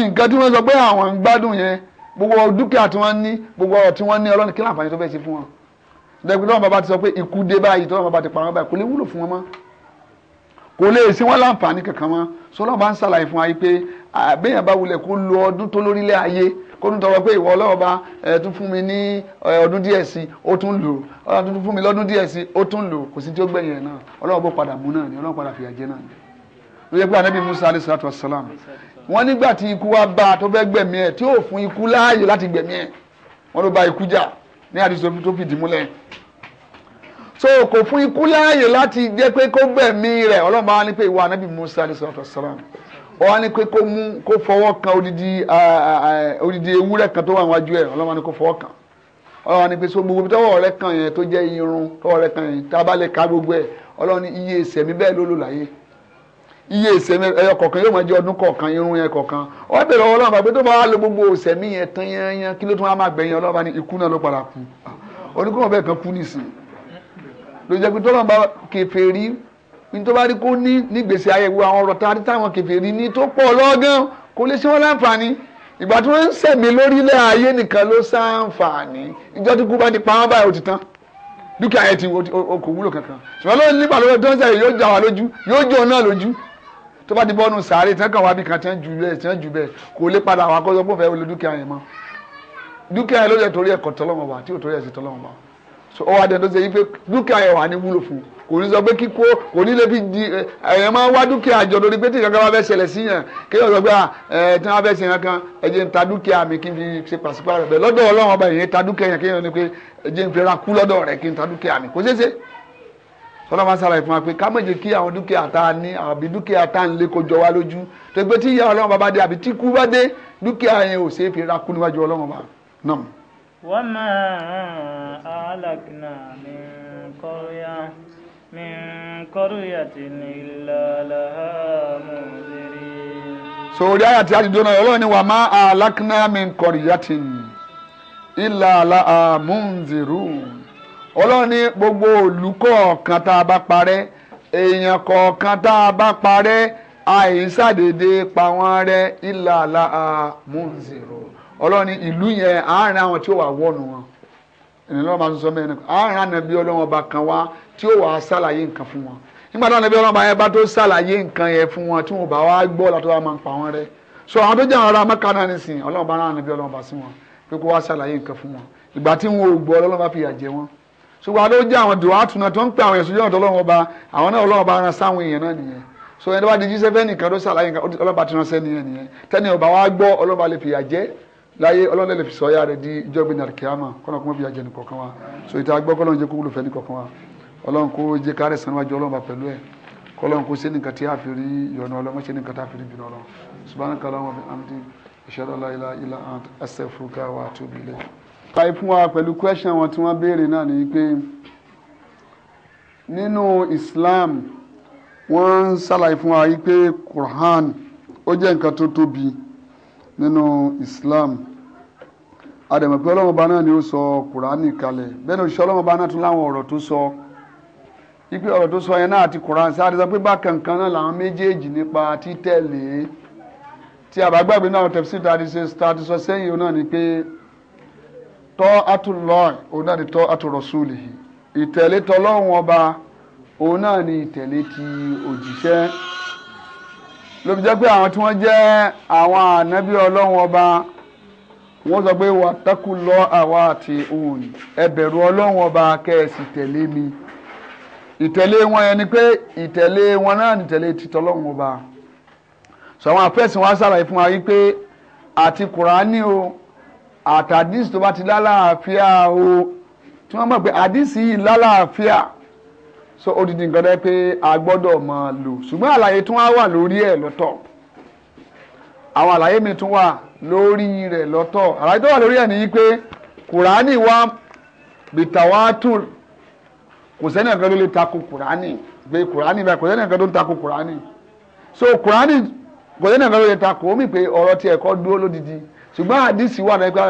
nǹkan tí wọ́n sọ pé àwọn ń gbádùn yẹn gbogbo dúkìá tí wọ́n ní gbogbo ọ̀rọ̀ tí wọ́n ní ọlọ́run kí láǹfààní tó fẹ́ sí fún wọn dẹ́gbẹ́ tí wọ́n bàbá ti sọ pé ikú dé báyìí tí wọ́n bàbá ti parọ́ báyìí kò lè wúlò fún wọn mọ́ kò lè sí wọn láǹfààní kankan mọ́ sọlọ́ọ̀ bá ń ṣàlàyé fún wa yìí pé àbẹ́yẹn bá wulẹ̀ kó lo ọdún tó lórílẹ̀ ayé kó tún tọrọ pé ìwọ ọlọ́run bá ẹ tún fún mi ní ọdún díẹ̀ sí ó tún lò ọlọ́run tún fún mi lọ́dún díẹ̀ sí ó tún lò kò sí tí ó gbẹ̀yìn ẹ̀ náà ọlọ́run bó padà mú náà ni ọlọ́run padà fìyà jẹ náà ni ló yẹ pé anabi musa alayhi salatu wa salam wọn nígbà tí ikú wa bá a tó fẹ́ gbẹ̀mí ẹ̀ tí yóò fún ikú láàyè láti gbẹ̀mí ẹ̀ wọn ló ba ikú jà ní àdìsọ tó fìdí múlẹ̀ so kò fún ikú láàyè láti jẹ́ pé kó gbẹ̀mí rẹ̀ ọlọ́run bá wá ní pé ìwà anabi musa alayhi salatu wa salam wọ́n á ní pé kó mú kó fọwọ́ kan odidi odidi ewúrẹ́ kan tó wà níwájú ẹ̀ ọlọ́wọ́n á ní kó fọwọ́ kan ọlọ́wọ́n á ní pé so gbogbo tọ́wọ́ rẹ kan yẹn tó jẹ́ irun tọ́wọ́ rẹ kan yẹn tá a bá lè ka gbogbo ẹ̀ ọlọ́wọ́n ní iye ìṣẹ̀mí bẹ́ẹ̀ ló lò láyé iye ìṣẹ̀mí ẹyọ kọ̀ọ̀kan yóò máa jẹ́ ọdún kọ̀ọ̀kan irun yẹn kọ̀ọ̀kan wọ́n bẹ̀rẹ̀ ọlọ́run bàgbé tó máa lo gbogbo ìṣẹ̀mí yẹn tán yẹn kí ló tún wá máa gbẹ̀yìn ọlọ́run bá ní ikú náà tó nítorí bá rí kó ní nígbèsè ayẹwo àwọn ọ̀rọ̀ tá táwọn kèfèrí ní tó pọ̀ lọ́gán kò lè ṣe wọ́n láǹfààní ìgbà tí wọ́n ń sẹ̀mí lórílẹ̀ ayé nìkan ló sáǹfààní ìjọ tí kú bá ti pa wọ́n báyìí ó ti tán dúkìá yẹn ti kò wúlò kankan ṣùgbọ́n lóyún nígbà lọ́wọ́ tó ń sẹ́yìn yóò jà wá lójú yóò jọ náà lójú tó bá ti bọ́nu sàárè tí wọ́n kàn wá bí kan tí wọ́n ju bẹ́ẹ̀ tí wọ́n ju bẹ́ẹ̀ kò lè so ó wá dẹni tó ṣe yí pé dúkìá yẹn wà ní wúlò fún kò ní sọ pé kíkó kò ní lè fi di ẹ̀yàn máa ń wá dúkìá jọ lórí pé tí kankan bá fẹ́ ṣẹlẹ̀ sí yàn kí yóò sọ pé ah, ẹ tí wọ́n fẹ́ ṣe yàn kan ẹ jẹ́ n ta dúkìá mi kí n fi ṣe pàṣípààrọ̀ bẹ́ẹ̀ lọ́dọ̀ ọlọ́run ọba ìyẹn ta dúkìá yẹn kí yóò ní pé ẹ jẹ́ n fi ra kú lọ́dọ̀ rẹ̀ kí n ta dúkìá mi kò ṣeéṣe sọlá máa ṣàlàyé fún wa pé ká má jẹ́ kí àwọn dúkìá tá ní àbí dúkìá tá ń lé kó jọ lójú وما أهلكنا من قرية من قرية إلا لها منذرين sori aya ti Ọlọ́run ni wa ma alakna gbogbo kọ̀ọ̀kan tá bá parẹ́ èèyàn kọ̀ọ̀kan tá a bá parẹ́ àìsàdédé pa wọ́n rẹ́ ọlọ́ni ìlú yẹn àárín àwọn tí ó wà wọ́nu wọn ìrìn lọ́wọ́ máa ń sọ mẹ́rin àárín ànàbí ọlọ́wọ́n ọba kan wá tí ó wà á ṣàlàyé nǹkan fún wọn nígbà tí ànàbí ọlọ́wọ́n ọba yẹn bá tó ṣàlàyé nǹkan yẹn fún wọn tí wọn bá wá gbọ́ látọ́ wa máa ń pa wọn rẹ́ so àwọn tó jẹ́ àwọn ará mẹ́ka náà nìsín ọlọ́wọ́n bá rán ànàbí ọlọ́wọ́n ọba sí wọn pé kó wá ṣàlàyé nǹkan fún wọn ìgbà tí wọn ò gbọ́ ọlọ́wọ́n bá fi yà jẹ wọn ṣùgbọ́n àdó jẹ́ àwọn dùwà tuna tó ń pè àwọn èso jọ́nà tó àwọn náà ọlọ́wọ́ bá ran sáwọn èèyàn náà nìyẹn so ẹni bá di jíṣẹ́ fẹ́ nìkan ló ṣàlàyé ọlọ́ba ti ránṣẹ́ nìyẹn nìyẹn tẹ́ni ọba wa gbọ́ ọlọ́ba lè fìyà jẹ láyé ọlọ́run lè fi sọ́yà rẹ̀ di ìjọ ìgbìn àríkèámà kọ́nà kọ́mọ́ fi yà ní kọ̀ọ̀kan wa so ìta gbọ́ kọ́lọ́run jẹ́ kó wúlò fẹ́ ní kọ̀ọ̀kan wa ọlọ́run kó jẹ́ kárẹ̀ sanuwájú ọlọ́run bá pẹ̀lú ẹ̀ kọ́lọ́run kó ṣe nìkan tí a ọlọ́run má ṣe nìkan tí ọlọ́run subhanaka allahumma wa bihamdik ashhadu an la ilaha illa anta astaghfiruka wa atubu ilayk. báyìí fún wa pẹ̀lú question wọn tí wọ́n ni pé Islam wọ́n ń ṣàlàyé Quran ó jẹ́ nǹkan nínú Islam àdèmọ̀ pé ọlọ́mọba náà ni ó sọ kùránì kalẹ̀ bẹ́ẹ̀ ni òṣìṣẹ́ ọlọ́mọba náà tún láwọn ọ̀rọ̀ tó sọ ipe ọ̀rọ̀ tó sọ yẹn náà àti kùránì sí àdìsọ pé bákan kan náà làwọn méjèèjì nípa títẹ̀lé tí àbágbàgbé náà tẹ̀sí tàbí sọ sẹ́yìn náà ni pé tọ́ àtúlọ́ òun náà ni tọ́ àtúrọ̀sùlì ìtẹ̀lé tọ́lọ́run ọba òun náà ni ìtẹ̀lé ti òjíṣẹ́ ló fi jẹ́ pé àwọn tí wọ́n jẹ́ àwọn ànábí ọlọ́run ọba wọ́n sọ pé wà tákù lọ àwa àti òun ẹ bẹ̀rù ọlọ́run ọba kẹ́ẹ̀sì tẹ̀lé mi ìtẹ̀lé wọn yẹn ni pé ìtẹ̀lé wọn náà nìtẹ̀lé títọ́ ọlọ́run ọba sọ àwọn àfẹ́sìn wa ṣàlàyé fún wa wípé àti kùránì o àtàdísì tó bá ti lálàáfíà o tí wọ́n mọ̀ pé àdísì yìí lálàáfíà so odidi nǹkan dẹ́ pé a gbọ́dọ̀ máa lò ṣùgbọ́n àlàyé tún wá wà lórí ẹ̀ lọ́tọ̀ àwọn àlàyé mi tún wà lórí rẹ̀ lọ́tọ̀ àlàyé tó wà lórí ẹ̀ nìyí pé kùránì wá bìtàwátùr kò sẹ́ni ẹ̀kan ló lè takò kùránì pé kùránì báyìí kò sẹ́ni ẹ̀kan tó ń takò kùránì so kùránì kò sẹ́ni ẹ̀kan ló lè takò ó mì pé ọ̀rọ̀ tiẹ̀ kọ́ dúró lódidi ṣùgbọ́n àdìsí wà náà pé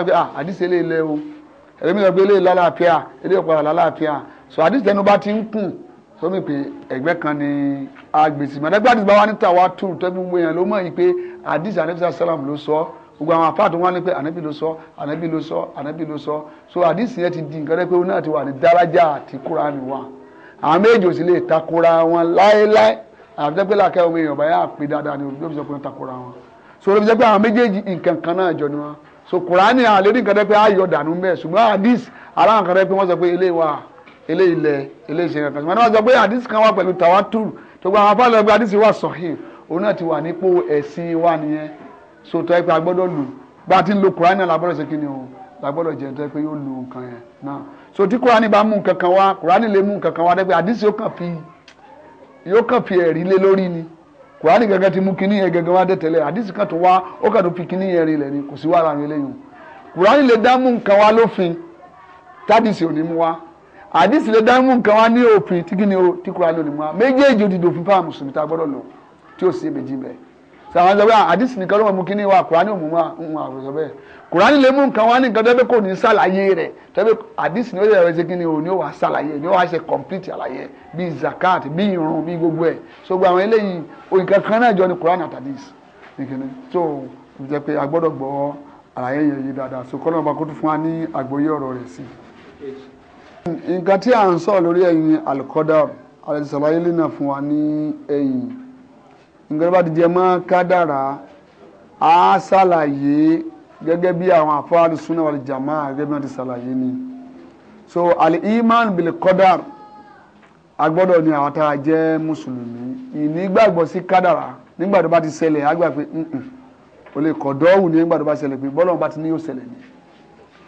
àdìsí eléyìí lẹ́ o ẹ̀rẹ́mi sọ pé eléyìí lálàáfíà eléyìí ọ̀pọ̀ so àdìsí tẹnu bá ti sómi pé ẹgbẹ́ kan ní agbèsè mọ̀lẹ́gbẹ́ àdìsí bá wà ní tàwa tù tẹ́bí mú yẹn ló mọ̀ yìí pé àdìsí ànábì sàlám ló sọ gbogbo àwọn apá àtúwọ́n ní pé ànábì ló sọ ànábì ló sọ ànábì ló sọ so àdìsí yẹn ti di nǹkan rẹ pé ó náà ti wà ní dárájà àti Kùránì wa àwọn méjì ò sì lè takora wọn láéláé àfẹ́gbẹ́lá kẹ́ omi èèyàn báyà pé dáadáa ni olùdókòwò sọ pé wọ́n takora wọn so olùdókòwò sọ pé àwọn méjèèjì nǹkan kan náà jọ ni wọn so Kùránì àwọn lórí nǹkan rẹ pé ayọ̀ dànù mẹ́ ṣùgbọ́n àdìsí aláǹkan pé wọ́n sọ pé eléyìí eléyìí lẹ eléyìí ṣe kankan ṣùgbọ́n wọ́n sọ pé àdìsí kan wà pẹ̀lú tàwátùrù tó gba àwọn afáàlọ́ ẹgbẹ́ àdìsí wà sọ̀hìn òun náà ti wà nípò ẹ̀sìn wa nìyẹn sòtọ́ ẹgbẹ́ agbọ́dọ̀ lù gba ti ń lo kùránì làgbọ́dọ̀ ṣe kíni o làgbọ́dọ̀ jẹ́ tó pé yóò lu nǹkan yẹn náà so tí kùránì bá mú nǹkan kan wá kùránì lè mú nǹkan wá dẹ́gbẹ́ àdìsí yóò kàn fi ẹ̀rí lé lórí ni kùránì gẹ́gẹ́ ti mú kíní yẹn gẹ́gẹ́ wá dé tẹ́lẹ̀ àdìsí kan tó wá ó kàn tó fi kíní yẹn rí ni kò sí wàhálà rẹ lẹ́yìn kùránì lè dá mú nǹkan wá lófin tádìsí ò ní mú wá àdìsí lè dánimú nǹkan wá ní òfin tí kìíní o tí kura lónìí mu wa méjèèjì ó ti dòfin fáwọn mùsùlùmí tá a gbọ́dọ̀ lò tí ó sì é méjì bẹ́ẹ̀ sàwọn sọ pé àdìsí nìkan ló mọ̀ mú kìíní wa kùránì òmù wa ń wà sọ bẹ́ẹ̀ kùránì lè mú nǹkan wá ní nǹkan tẹ́lẹ̀ kò ní sàlàyé rẹ̀ tẹ́lẹ̀ àdìsí ni ó yẹ ẹ̀rẹ́sẹ̀ kìíní o ni ó wà sàlàyé ni ó wà ṣe complete àlàyé bíi zakat bíi irun bíi gbogbo ẹ̀ so gbogbo àwọn eléyìí òyìn náà jọ ni kùránì àtàdìsí so jẹ́ pé a gbọ́dọ̀ gbọ́ àlàyé yẹn yìí dáadáa nǹkan tí à ń sọ̀rọ̀ lórí ẹ̀yìn alikọ́dàrú alẹ́sàlàyé lè nà fún wa ní ẹ̀yìn nǹkan tó bá ti jẹ mọ́ á ṣàlàyé gẹ́gẹ́ bí àwọn àfáàdù súnà wal jamaa gẹ́gẹ́ bí wọ́n ti ṣàlàyé ni so al-iman bil qadar agbọ́dọ̀ ni àwọn tá a jẹ́ mùsùlùmí ìnígbàgbọ́ sí kádàrá nígbà tó bá ti ṣẹlẹ̀ á gbà pé o lè kọ̀ dọ́wù bá ṣẹlẹ̀ pé bọ́lọ́run bá ti ní yóò ṣẹlẹ̀ ni.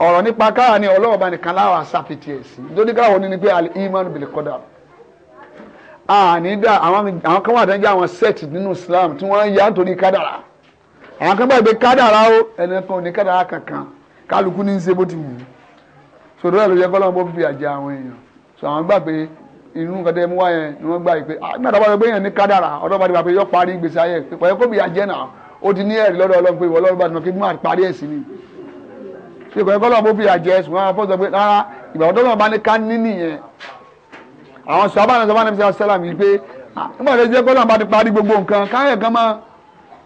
ọ̀rọ̀ nípa káà ni ọlọ́wọ́ bá nìkan láwọn aṣàfitì ẹ̀ sí nítorí káwọn ní ni pé al iman bil qadar àní dá àwọn kan wà tẹ́jú àwọn sect nínú Islam tí wọ́n yá nítorí kádàrà àwọn kan bá gbé kádàrà ó ẹni kan ò ní kádàrà kankan kálukú ní í ṣe bó ti wù ú sòdó ẹ̀ ló yẹ kọ́lọ́mù bó fi àjẹ àwọn èèyàn sọ àwọn gbà pé inú nǹkan mú wá ni wọ́n gbà pé ah, nígbà tó bá yọ pé èèyàn ní kádàrà ọ̀dọ́ bá ti gbà pé yọ parí ṣe kọ́ lọ́wọ́ fi àjẹ ṣùgbọ́n àwọn afọ́sọ pé rárá ìgbà ọ̀dọ́ náà bá ní ká ní nìyẹn àwọn sọ abáná sọ bá nàbí sálàm yìí pé nígbà tó jẹ́ kọ́ lọ́wọ́ bá ti parí gbogbo nǹkan káyọ̀ kan máa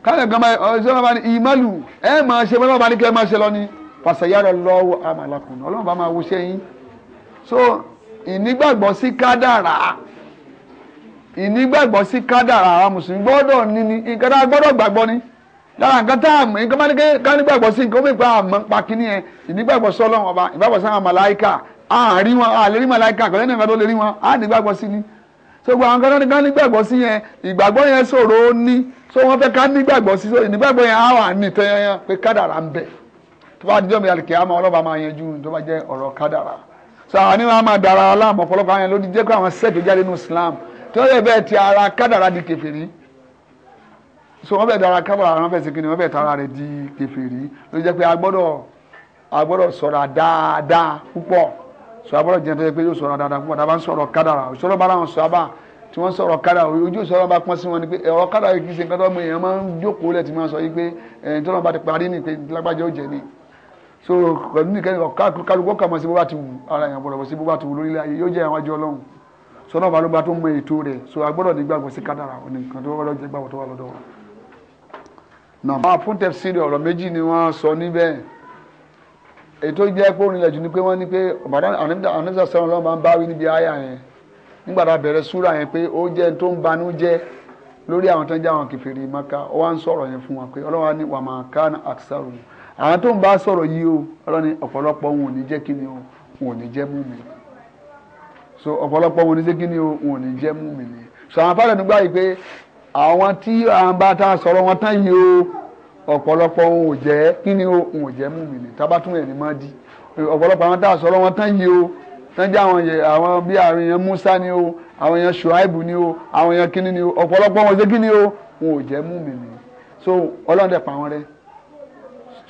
káyọ̀ kan máa ọ̀ṣọ́ náà bá ní ìmọ̀lù ẹ máa ṣe bọ́lá bá ní kẹ́ máa ṣe lọ ni fàṣẹyàrá lọ́wọ́ àmàlàkùn ọlọ́run bá máa wo so ìnígbàgbọ́ sí kádàrá ìnígbàgbọ́ sí kádàrá mùsùlùmí gbọ́dọ̀ ní ní nǹkan tá lára nǹkan tá a mọ̀ nǹkan máa ní ká nígbàgbọ́ sí nǹkan ó mẹ́gbàá àmọ́ pa kínní yẹn ìnígbàgbọ́ sí ọlọ́run ọba ìgbàgbọ́ sí àwọn màláìkà àárín wọn àlérí màláìkà kò lẹ́nu ìgbàgbọ́ tó wọn á nígbàgbọ́ sí ni so gbogbo àwọn kan ní ká nígbàgbọ́ sí yẹn ìgbàgbọ́ yẹn ṣòro ó ní so wọ́n fẹ́ ká nígbàgbọ́ sí so ìnígbàgbọ́ yẹn á wà ní tẹ́yẹn pé kádàrà ń bẹ tó bá dijọ́ mi àlìkè àmọ́ ọlọ́ba máa yanjú tó bá jẹ́ ọ̀rọ̀ kádàrà so àwọn onímọ̀ àmọ́ dára aláàmọ̀ ọ̀pọ̀lọpọ̀ àwọn yẹn ló di jẹ́ kó àwọn sẹ́ẹ̀tì jáde ní Islam tó yẹ bẹ́ẹ̀ ti ara kádàrà di kèfèrí so wọ́n bẹ̀ dára kábàrà wọn bẹ̀ sèkìnnì wọ́n bẹ̀ tara rẹ̀ di kèfèrí ló jẹ́ pé a gbọ́dọ̀ a gbọ́dọ̀ sọ̀rọ̀ dáadáa púpọ̀ sọ a gbọ́dọ̀ jẹ́ tó jẹ́ pé yóò sọ̀rọ̀ dáadáa púpọ̀ tàbá ń sọ̀rọ̀ kádàrà òṣòro bá láwọn sọ abá tí wọ́n sọ̀rọ̀ kádàrà ojú ìṣòro bá pọ́n sí wọn ni pé ẹ̀rọ kádàrà kì í ṣe nǹkan tó mọ èèyàn máa ń jókòó lẹ̀ tí wọ́n sọ yìí pé ẹ̀yìn tó náà bá ti parí ní pé lágbájá ó jẹ ni so pẹ̀lú nìkan kálukú kà mọ́ sí bó bá ti wù ara èèyàn bọ̀dọ̀ sí bó bá ti wù lórílẹ̀ ayé yóò jẹ́ àwọn àjọ ọlọ́run sọ náà bá ló bá náà. àwọn afúntẹ̀síri ọ̀rọ̀ méjì ni wọ́n sọ níbẹ̀ ètò jẹ́ pé orin lẹ̀jù ni pé wọ́n ní pé ọ̀bàdàn àníbísà sẹ́wọ̀n lọ́wọ́ máa ń báwí níbi àyà yẹn nígbà tá a bẹ̀rẹ̀ súra yẹn pé ó jẹ́ tó ń banú jẹ́ lórí àwọn tó jẹ́ àwọn kẹfìrí maka ó wá ń sọ̀rọ̀ yẹn fún wa pé ọlọ́wà ní wàmà kán àkísàrò àwọn tó ń bá sọ̀rọ̀ yìí o ọlọ́ni ọ̀pọ̀lọpọ̀ ni o wọn so ọ̀pọ̀lọpọ̀ wọn ò ní jẹ́ ni o wọn so àwọn afárẹ̀ nígbà yìí àwọn tí àǹbá tá a sọ̀rọ̀ wọn tán yìí o ọ̀pọ̀lọpọ̀ òun ò jẹ́ kí ni òun ò jẹ́ mùmìnì tábàtún ẹ̀ ní mọ́ di ọ̀pọ̀lọpọ̀ àwọn tá a sọ̀rọ̀ wọn tán yìí o tán jẹ́ àwọn yẹ àwọn bí àwọn èèyàn Musa ni o àwọn èèyàn Shuaibu ni o àwọn èèyàn kíní ni o ọ̀pọ̀lọpọ̀ wọn ò jẹ́ kí ni o òun ò jẹ́ mùmìnì so Ọlọ́run pa wọn rẹ́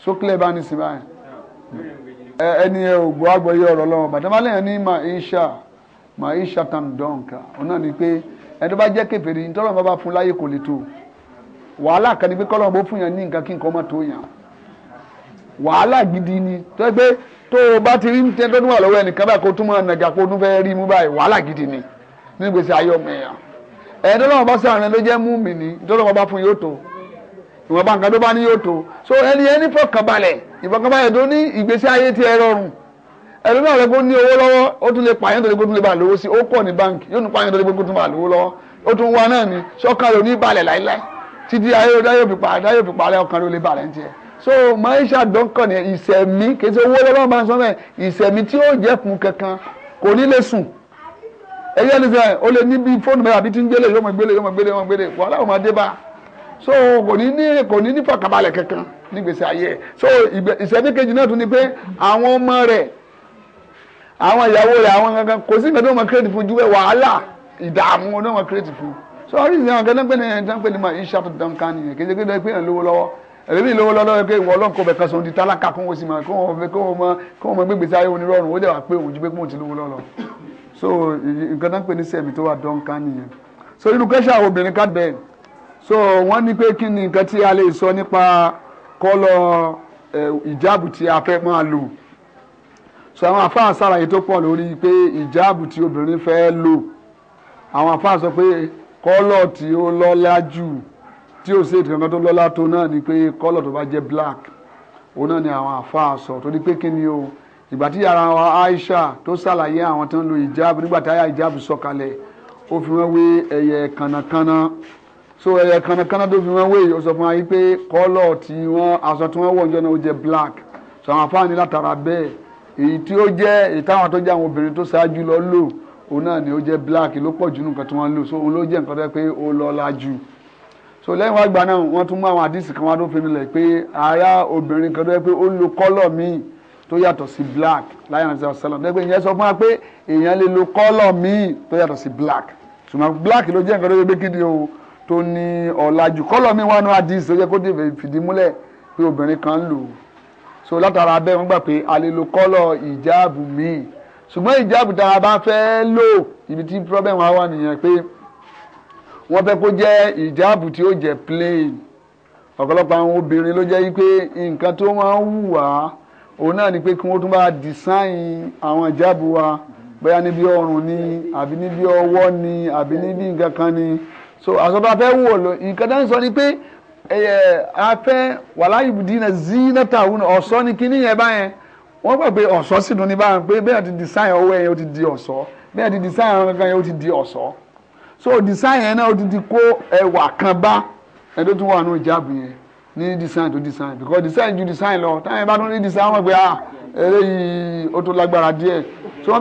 sókèlè bá ní sinmi báyìí ẹni ẹ ò gbọ́ àgbọ̀yé ọ̀rọ̀ lọ́wọ́ bàtà ní maisha maisha tan donka òun náà ni pé ẹni tó bá jẹ́ kèfèrí ní tọ́lọ́run bá fún láyé kò lè tó wàhálà kan ni pé kọ́lọ́run bó fún yàn ní nǹkan kí nǹkan má tó yàn wàhálà gidi ni tó yẹ pé tó o bá ti rí ní tẹ́tọ́ níwà lọ́wọ́ ẹnìkan báyìí kó tún máa nàgà kó tún fẹ́ẹ́ rí mú báyìí wàhálà gidi ni nínú gbèsè ayé ọmọ ẹ̀yà ẹ̀ẹ́dọ́ lọ́wọ́ bá sàrìn ló jẹ́ mú mi ní ìtọ́lọ́wọ́ bá fún yóò tó ìwọ̀nba nǹkan tó bá ní yóò tó so ẹni ẹni fọkànbalẹ̀ ìfọkànbalẹ̀ tó ní ìgbésí ayé ti ẹ rọrùn ẹ̀rọ náà rẹ̀ kó ní owó lọ́wọ́ ó tún lè pààyàn tó lè gbógun lè bá lówó sí ó pọ̀ ní báńkì yóò tún pààyàn tó lè gbógun tó bá lówó lọ́wọ́ ó tún wá náà ni sọ́kàn rẹ̀ ò ní balẹ̀ láíláí títí ayélujáyò fi pààrẹ̀ ayélujáyò fi pààrẹ̀ ọkàn rẹ̀ ò lè balẹ̀ ní tiẹ̀ so maisha dọ́kàn ni ìsẹ̀mí kèsì owó lọ́wọ́ máa ń sọ mẹ́ ìsẹ̀mí tí ó jẹ́ fún kankan kò ní lè sùn ẹyẹ ni sẹ o lè níbi fóònù mẹ́ta bí ti ń gbélé yóò mọ gbélé yóò mọ gbélé yóò mọ gbélé wàhálà wọn máa dé bá so kò ní ní kò ní ní fàkàbalẹ̀ kankan nígbèsè ayé so ìṣẹ́dékejì náà tún ni pé àwọn ọmọ rẹ̀ àwọn ìyàwó rẹ̀ àwọn kankan kò sí nǹkan tó mọ̀ kírètì fún ju wàhálà ìdààmú ọdún wọn kírètì fún sọ́ọ́rì ìyá ọ̀gá náà pé ní ẹni tán pé ní ma iṣẹ́ tó dán kan nìyẹn kéde kéde pé lówó lọ́wọ́ ẹlẹ́mìí lówó lọ́wọ́ pé ìwọ ọlọ́nkọ bẹ̀ kan sọ di tálákà kó wọ́n sì máa kó wọ́n mọ kó wọ́n mọ gbégbèsè ayé onírọ̀rùn ó dẹ̀ wá pé òun ju pé kóun ti lówó lọ́lọ́ so nǹkan tán pé ní sẹ́mi tó wà dán kan nìyẹn so inú kẹ́sà obìnrin ká bẹ́ẹ̀ so wọ́n ní pé kí ni nǹkan tí a lè sọ nípa kọ́lọ̀ eh, ìjáàbù tí a fẹ́ máa lò so àwọn àfáà sàlàyé tó pọ̀ lórí pé ìjáàbù tí obìnrin fẹ́ lò àwọn àfáà sọ pé kọ́lọ̀ tí ó lọ́lá jù tí ó ṣe ìtìkankan tó lọ́lá tó náà ni pé kọ́lọ̀ tó bá jẹ́ black òun náà ni àwọn àfáà sọ torí pé kí ni o ìgbà tí yàrá wa Aisha tó sàlàyé àwọn tó ń lo ìjáàbù nígbà táyà ìjáàbù sọ̀kalẹ̀ ó fi wọ́n wé ẹyẹ kànnàkànnà so ẹyẹ kanakana tó fi wọn wéyìí ó sọ fún wa yìí pé kọ́lọ̀ tí wọ́n aṣọ tí wọ́n wọ̀ ọjọ́ náà ó jẹ́ black so àwọn afáàní látara bẹ́ẹ̀ èyí tí ó jẹ́ èyí táwọn tó jẹ́ àwọn obìnrin tó ṣáájú lọ lò òun náà ni ó jẹ́ black ló pọ̀ jù nǹkan tí wọ́n lò so òun ló jẹ́ nǹkan tó yẹ pé ó lọ́lá jù so lẹ́yìn wá gbà náà wọ́n tún mú àwọn àdìsí kan wá tó fi nílẹ̀ pé ara obìnrin kan tó yẹ pé ó lo kọ́lọ̀ míì tó yàtọ̀ sí black láyé àti sàlọ̀ lẹ́gbẹ̀ẹ́ ìyẹn sọ fún wa pé èèyàn lè lo kọ́lọ̀ míì tó yàtọ̀ sí black ṣùgbọ́n black ló jẹ́ nǹkan tó yẹ pé kí ni o tó ní ọ̀làjú kọ́lọ̀ míì wà ní àdìsí tó yẹ kó dìbò fìdí pé obìnrin kan lò ó so látara bẹ́ẹ̀ wọ́n gbà pé a lè lo kọ́lọ̀ ìjáàbù míì ṣùgbọ́n ìjáàbù tá a bá fẹ́ lò ibi tí problem wa wà nìyẹn pé wọ́n fẹ́ kó jẹ́ ìjáàbù tí ó jẹ́ plain ọ̀pọ̀lọpọ̀ àwọn obìnrin ló jẹ́ wípé nǹkan tó máa ń wù wá òun náà ni pé kí wọ́n tún bá design àwọn ìjáàbù wa bóyá níbi ọrùn ni àbí níbi ọwọ́ ni àbí níbi nǹkan kan ni so àsọ̀tà fẹ́ wò lọ nǹkan tó ń sọ ni pé a afẹ́ wàlá ìbùdínà zínátà òun ọ̀ṣọ́ ni kíní yẹn báyẹn wọ́n gbà si ọ̀ṣọ́ sínú ní báyẹn pé bẹ́ẹ̀ ti design ọwọ́ ti di ti design ọ̀rọ̀ kan yẹn ti di ọsọ. so design na ti ẹwà kan tó wà nù ní design tó design because design ju design lọ táyẹn bá tún ní design wọn a, ah, tó lágbára so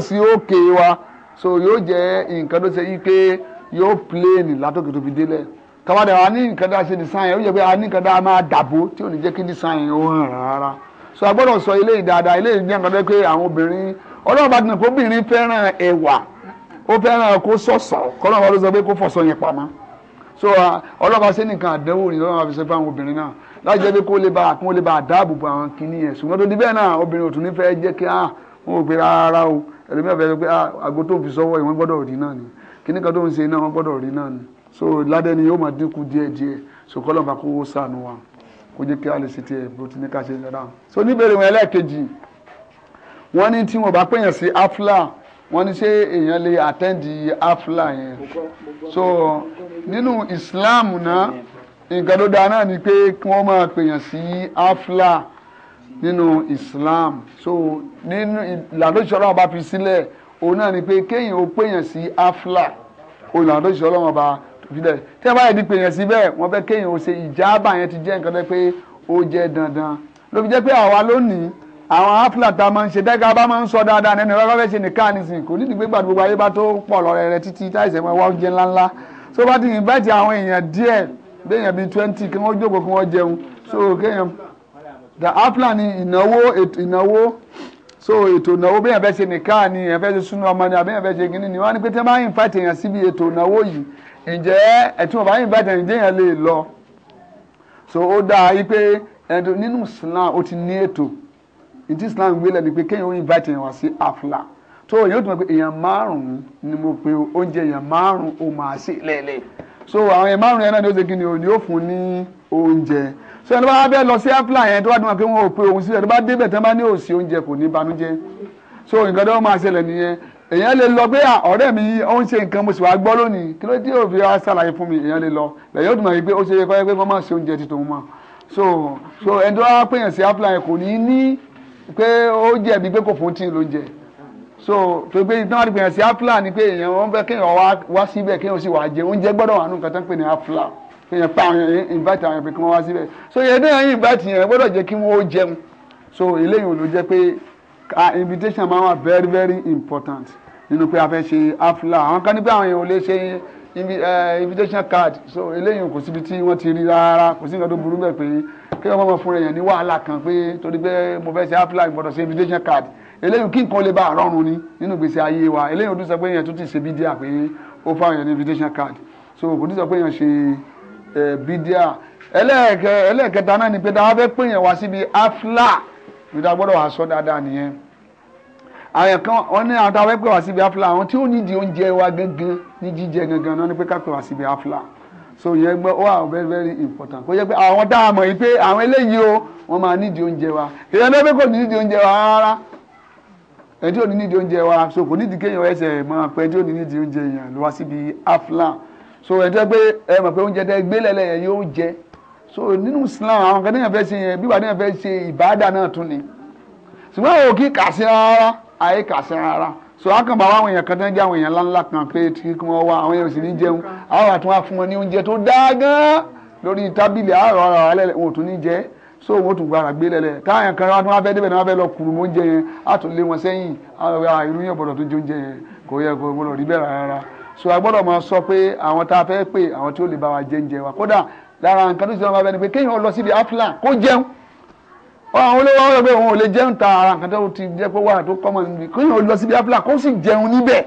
sí òkè wa so yóò nǹkan kàwádà wa ní nǹkan dá ṣe design ó yẹ pé a ní nǹkan dá máa dàbò tí ò ní jẹ́ kí design ó hàn rárá so a gbọ́dọ̀ sọ eléyìí dáadáa eléyìí jẹ́ nǹkan tó pé àwọn obìnrin ọlọ́run bá dùn pé obìnrin fẹ́ràn ẹwà ó fẹ́ràn kó sọ̀sọ̀ kọ́lọ́run bá ló sọ pé kó fọ̀sọ̀ yẹn pamọ́ so ọlọ́run bá ṣe nǹkan àdánwò ni ọlọ́run bá fi ṣe fún àwọn obìnrin náà láti jẹ́ pé kó lè ba àkún ó lè ba àdáàbò bo àwọn kinní yẹn kí ni kinní kan tó ń ṣe náà wọ́n gbọ́dọ̀ rí náà ni so ni yóò máa dínkù díẹ̀díẹ̀ so kọ́lọ́n bá kó sànù wa kó jẹ́ kí a lè ṣe tiẹ̀ bó ti ní ká ṣe dáadáa so níbẹ̀rẹ̀ wọn ẹlẹ́ẹ̀kejì wọ́n ní tí wọ́n bá pèèyàn sí afla wọ́n ní ṣé èèyàn lè àtẹ́ǹdì afla yẹn so nínú Islam náà nǹkan tó dáa náà ni pé kí wọ́n máa pèèyàn sí afla nínú Islam so nínú ìlànà ìṣọ́ra ọba fi sílẹ̀ òun náà ni pé kéèyàn ó pèèyàn sí afla òun làwọn tó ṣiṣẹ́ ọlọ́wọ́n ọba fídẹ̀ tí wọ́n bá yẹ di pé yẹn síbẹ̀ wọ́n fẹ́ kéèyàn ó ṣe ìjábà yẹn ti jẹ́ nǹkan tó pé ó jẹ́ dandan ló fi jẹ́ pé àwa lónìí àwọn áfúlà tá a máa ń ṣe dẹ́ka bá máa ń sọ dáadáa nínú ẹ̀rọ fẹ́ ṣe nìkan nísìn kò nídìí pé gbàdúgbò ayé bá tó pọ̀ lọ́rẹ̀ rẹ títí táìsẹ̀ wọn wá oúnjẹ ńláńlá tó bá ti invite àwọn èèyàn díẹ̀ béèyàn bíi twenty kí wọ́n jókòó kí wọ́n jẹun so kéèyàn the áfúlà ni ìnáwó ìnáwó so ètò ìnáwó bí èèyàn fẹ́ ṣe nìkan ni èèyàn fẹ́ ṣe súnú ọmọ ni àbí èèyàn fẹ́ ṣe gíní ni wọ́n á ní pé tí wọ́n bá invite èèyàn ǹjẹ́ ẹ̀tún ọ̀bá yìí bàtẹ̀ ǹjẹ́ yẹn lè lọ so ó dáa yí pé ẹ̀dùn nínú Islam ó ti ní ètò ìtí Islam gbélẹ̀ ni pé kéèyàn ó invite yẹn wá sí afla tó èyí ó tún mọ̀ pé èèyàn márùn-ún ni mo pe oúnjẹ èèyàn márùn-ún ó máa ṣe lẹ́lẹ̀ so àwọn èèyàn márùn-ún yẹn náà ni ó ṣe kí ni òní ó fún ní oúnjẹ so ẹni bá wá bẹ́ẹ̀ lọ sí afla yẹn tó wá dùn mọ̀ pé wọn ò pe òun sílẹ̀ tó bá débẹ̀ tán bá ní òsì oúnjẹ kò ní banújẹ́ so nǹkan tó máa ṣẹlẹ̀ nìyẹn èèyàn lè lọ pé ọ̀rẹ́ mi ó ń ṣe nǹkan mo sì wá gbọ́ lónìí kí ló dé òbí wa ṣàlàyé fún mi èèyàn lè lọ bẹ̀rẹ̀ yóò dùn mọ́ pé ó ṣe yẹ kọ́ pé wọ́n máa ṣe oúnjẹ títò mọ́ so so ẹni tó wá pèèyàn sí apply kò ní ní pé ó jẹ̀bi pé kò fún tí ló ń jẹ so tó pé ìtàn àti pèèyàn sí apply ni pé èèyàn wọn fẹ́ kéèyàn wá síbẹ̀ kéèyàn sì wá jẹ oúnjẹ gbọ́dọ̀ wà nù tó ń pè ní apply kéèyàn pa àwọn invite àwọn yẹn pé kí wọ́n wá síbẹ̀ so uh, invitation máa wà very very important nínú pé a fẹ́ ṣe afla àwọn kan ní pé àwọn èèyàn ò lè ṣe invitation card so eléyìí kò síbi tí wọ́n ti rí rárá kò sí nǹkan tó burú bẹ́ẹ̀ pé kí wọ́n máa fún èèyàn ní wàhálà kan pé torí pé mo fẹ́ ṣe afla ìgbọ́dọ̀ ṣe invitation card eléyìí kí nǹkan lè bá àrọ́run ni nínú ìgbésí ayé wa eléyìí ò tún sọ pé èèyàn tún ti ṣe bídíà pé ó fáwọn èèyàn ní invitation card so kò tún sọ pé èèyàn ṣe bídíà ẹlẹ́ẹ̀kẹta náà ni pé dáwọ́ fẹ́ pè yẹn wá síbi afla ìdá gbọ́dọ̀ wá sọ dáadáa nìyẹn àwọn kan wọn ní àwọn táwọn pè wá síbi afla àwọn tí ó nídìí oúnjẹ wa gangan ní jíjẹ gangan náà ni pé ká pè wá síbi afla so yẹn gbọ́ ó wà very very important kó jẹ́ pé àwọn dá àmọ̀ yìí pé àwọn eléyìí o wọ́n máa nídìí oúnjẹ wa èèyàn ló pé kò di oúnjẹ wa rárá ẹni tí ò ní di oúnjẹ wa so kò nídìí kéèyàn ẹsẹ̀ máa pẹ́ tí ò ní nídìí oúnjẹ yẹn lọ wá síbi afla so ẹni tí wọ́n pé so nínú Islam àwọn kan níyàn fẹ́ ṣe yẹn bí wàá níyàn fẹ́ ṣe ìbáàdà náà tún ni ṣùgbọ́n àwọn òkè kà sí rárá àyè kà rárá so akànbà àwọn èèyàn kan tó ń jẹ àwọn èèyàn ńláńlá kan pé kí wọ́n wá àwọn èèyàn sì ní jẹun àwọn àtúnwá fún wọn ní oúnjẹ tó dáa gan lórí tábìlì àárọ̀ ara rẹ̀ wọn ò tún ní jẹ́ so wọn ò tún gbára gbé lẹ́lẹ̀ táwọn kan wọn fẹ́ débẹ̀ náà fẹ́ lọ kùrù mọ́ oúnjẹ yẹn á tún lé wọn sẹ́yìn irú yẹn gbọ́dọ̀ tó jẹ oúnjẹ yẹn kò yẹ kó gbọ́dọ̀ rí bẹ́ẹ̀ rárá so a gbọ́dọ̀ máa sọ pé àwọn tá a fẹ́ pè àwọn tí ó lè bá wa jẹ oúnjẹ wa kódà lára nǹkan tó ti sọ́nà bá bẹ́ẹ̀ ni pé kéèyàn lọ síbi afla kó jẹun àwọn olówó àwọn ọgbẹ́ òun ò lè jẹun ta ara nǹkan tó ti jẹ́ pé wà tó kọ́mọ níbi kéèyàn lọ síbi afla kó sì jẹun níbẹ̀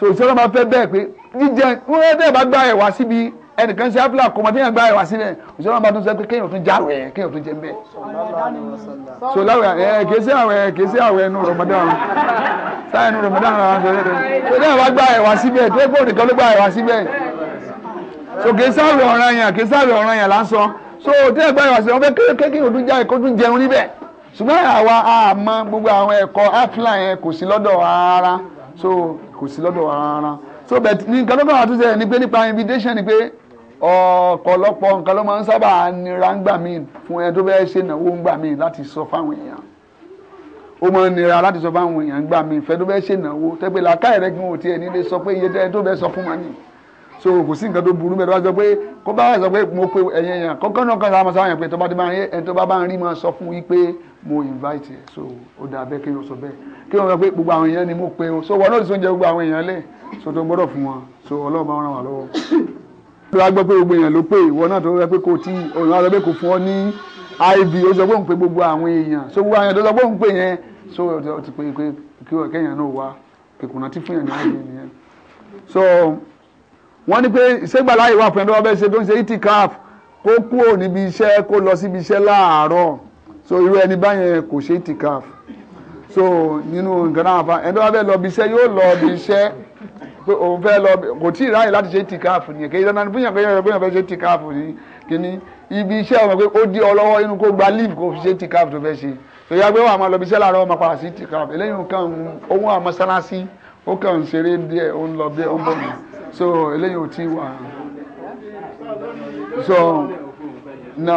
so ìṣọ́nà máa fẹ́ bẹ́ẹ̀ pé jíjẹun wọ́n yẹ tẹ́ ẹ bá gbá ẹ̀ wá síbi ẹnìkan ṣe afla kò mọ̀ téèyàn gbá ẹ̀ wá síbẹ̀ ìṣọ́nà máa tún sọ pé kéèyàn tún jáwèé kéèyàn tún jẹun bẹ́ẹ̀ so láwẹ̀ ẹ̀ kèsì àwẹ̀ kèsì àwẹ̀ ẹnu Ramadan sáyẹnu Ramadan ara ń sọ so kì í sáré ọ̀ràn yẹn kì í sáré ọ̀ràn yẹn lásán so tẹ́lẹ̀ gbá ìwà sí wọn fẹ́ kékeré ọdún jáde kó tún jẹun níbẹ̀ ṣùgbọ́n àwa àmọ́ gbogbo àwọn ẹ̀kọ́ áfíà yẹn kò sí lọ́dọ̀ rárá so kò sí lọ́dọ̀ rárá so bẹ̀ ní nǹkan lọ́gbọ̀n àti ṣẹlẹ̀ ni pé nípa invitation ni pé ọ̀pọ̀lọpọ̀ nǹkan ló máa ń sábà nira ń gbà míì fún ẹni tó bẹ́ẹ̀ ṣe ìnáwó ń gbà míì láti sọ fáwọn èèyàn ó máa ń nira láti sọ fáwọn èèyàn ń gbà míì fẹ́ tó bẹ́ẹ̀ ṣe ìnáwó tẹ́gbẹ́ làákàyè rẹ̀ kí wọ́n ti ẹ̀ nílé sọ pé iye tó bẹ́ẹ̀ sọ fún wa nìyí so kò sí nǹkan tó burú bẹ́ẹ̀ tó bá sọ pé kó bá sọ pé mo pe ẹ̀yìn ẹ̀yàn kọ́kọ́ náà kan sáà máa sáàyàn pé tó bá ti máa rí ẹni tó bá bá ń rí máa sọ fún yí pé mo invite ẹ̀ so ó dà bẹ́ẹ̀ kí n sọ bẹ́ẹ̀ kí wọ́n sọ pé gbogbo àwọn èèyàn ni mo pe o so wọn náà ti sọ oúnjẹ gbogbo àwọn èèyàn lẹ̀ so tó gbọ́dọ̀ fún wọn so ọlọ́run bá wọn ràn wá lọ́wọ́. tó a gbọ́ pé gbogbo èèyàn ló pè ìwọ náà tó sọ pé kò tí òun á sọ pé kò fún ọ ní iv ó sọ pé òun pe gbogbo àwọn èèyàn so gbogbo àwọn èèyàn tó sọ pé òun pè yẹn so ó ti pé kí wọ́n kẹ́yìn náà wá kẹkùnà tí fún yẹn ní iv nìyẹn so wọ́n ní pé ṣégbà láyè wà fún ẹni tó bá fẹ́ ṣe tó ń ṣe itikaf kó kúrò níbi iṣẹ́ kó lọ síbi iṣẹ́ láàárọ̀ so irú ẹni báyẹn kò ṣe itikaf so nínú nǹkan náà fa ẹni tó bá fẹ́ lọ bí iṣẹ́ yóò lọ bí iṣẹ́ pé òun fẹ́ lọ kò tí ì ráyè láti ṣe itikaf nìyẹn kì í dandan fún yàn pé yàn fẹ́ ṣe itikaf ní kíní ibi iṣẹ́ ọmọ pé ó di ọlọ́wọ́ inú kó gba leave kó fi ṣe itikaf tó fẹ́ ṣe so yàgbé wà máa lọ bí iṣẹ́ láàárọ̀ máa padà sí itikaf eléyìí nǹkan òun àmọ́ sáláṣí ó kàn ń ṣeré díẹ̀ ó ń lọ bí ó ń bọ̀ nìyẹn so eléyìí ò tí wà so na